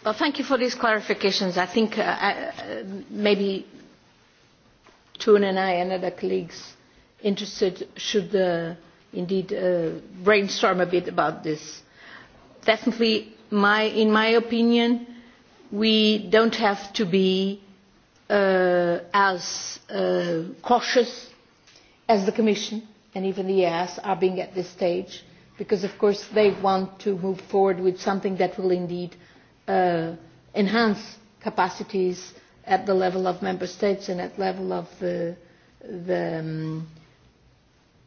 well, thank you for these clarifications. I think uh, I, uh, maybe Toon and I and other colleagues interested should uh, indeed uh, brainstorm a bit about this. Definitely my, in my opinion, we don't have to be uh, as uh, cautious as the Commission and even the EAS are being at this stage, because of course they want to move forward with something that will indeed uh, enhance capacities at the level of member states and at the level of the, the, um,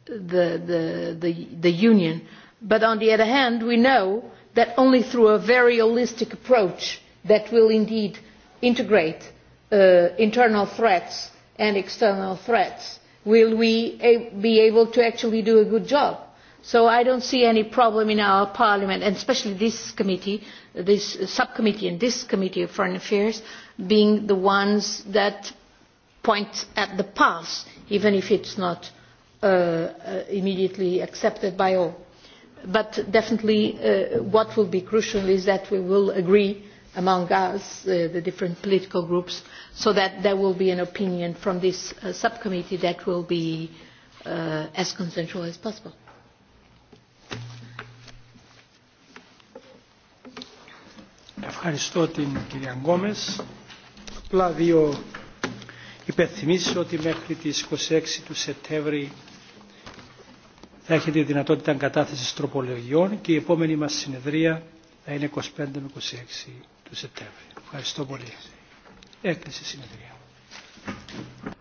the, the, the, the union. But on the other hand, we know that only through a very holistic approach that will indeed integrate uh, internal threats and external threats will we be able to actually do a good job. So I don't see any problem in our parliament, and especially this committee, this subcommittee and this committee of foreign affairs, being the ones that point at the pass, even if it's not uh, uh immediately accepted by all but definitely uh, what will be crucial is that we will agree among us, uh, the different political groups, so that there will be an opinion from this uh, subcommittee that will be uh, as consensual as possible. Ευχαριστώ την κυρία Γκόμες. Απλά δύο υπενθυμίσεις ότι μέχρι τις 26 του Σεπτέμβρη έχετε δυνατότητα κατάθεση τροπολογιών και η επόμενη μα συνεδρία θα είναι 25 με 26 του Σεπτέμβρη. Ευχαριστώ πολύ. Έκλεισε η συνεδρία.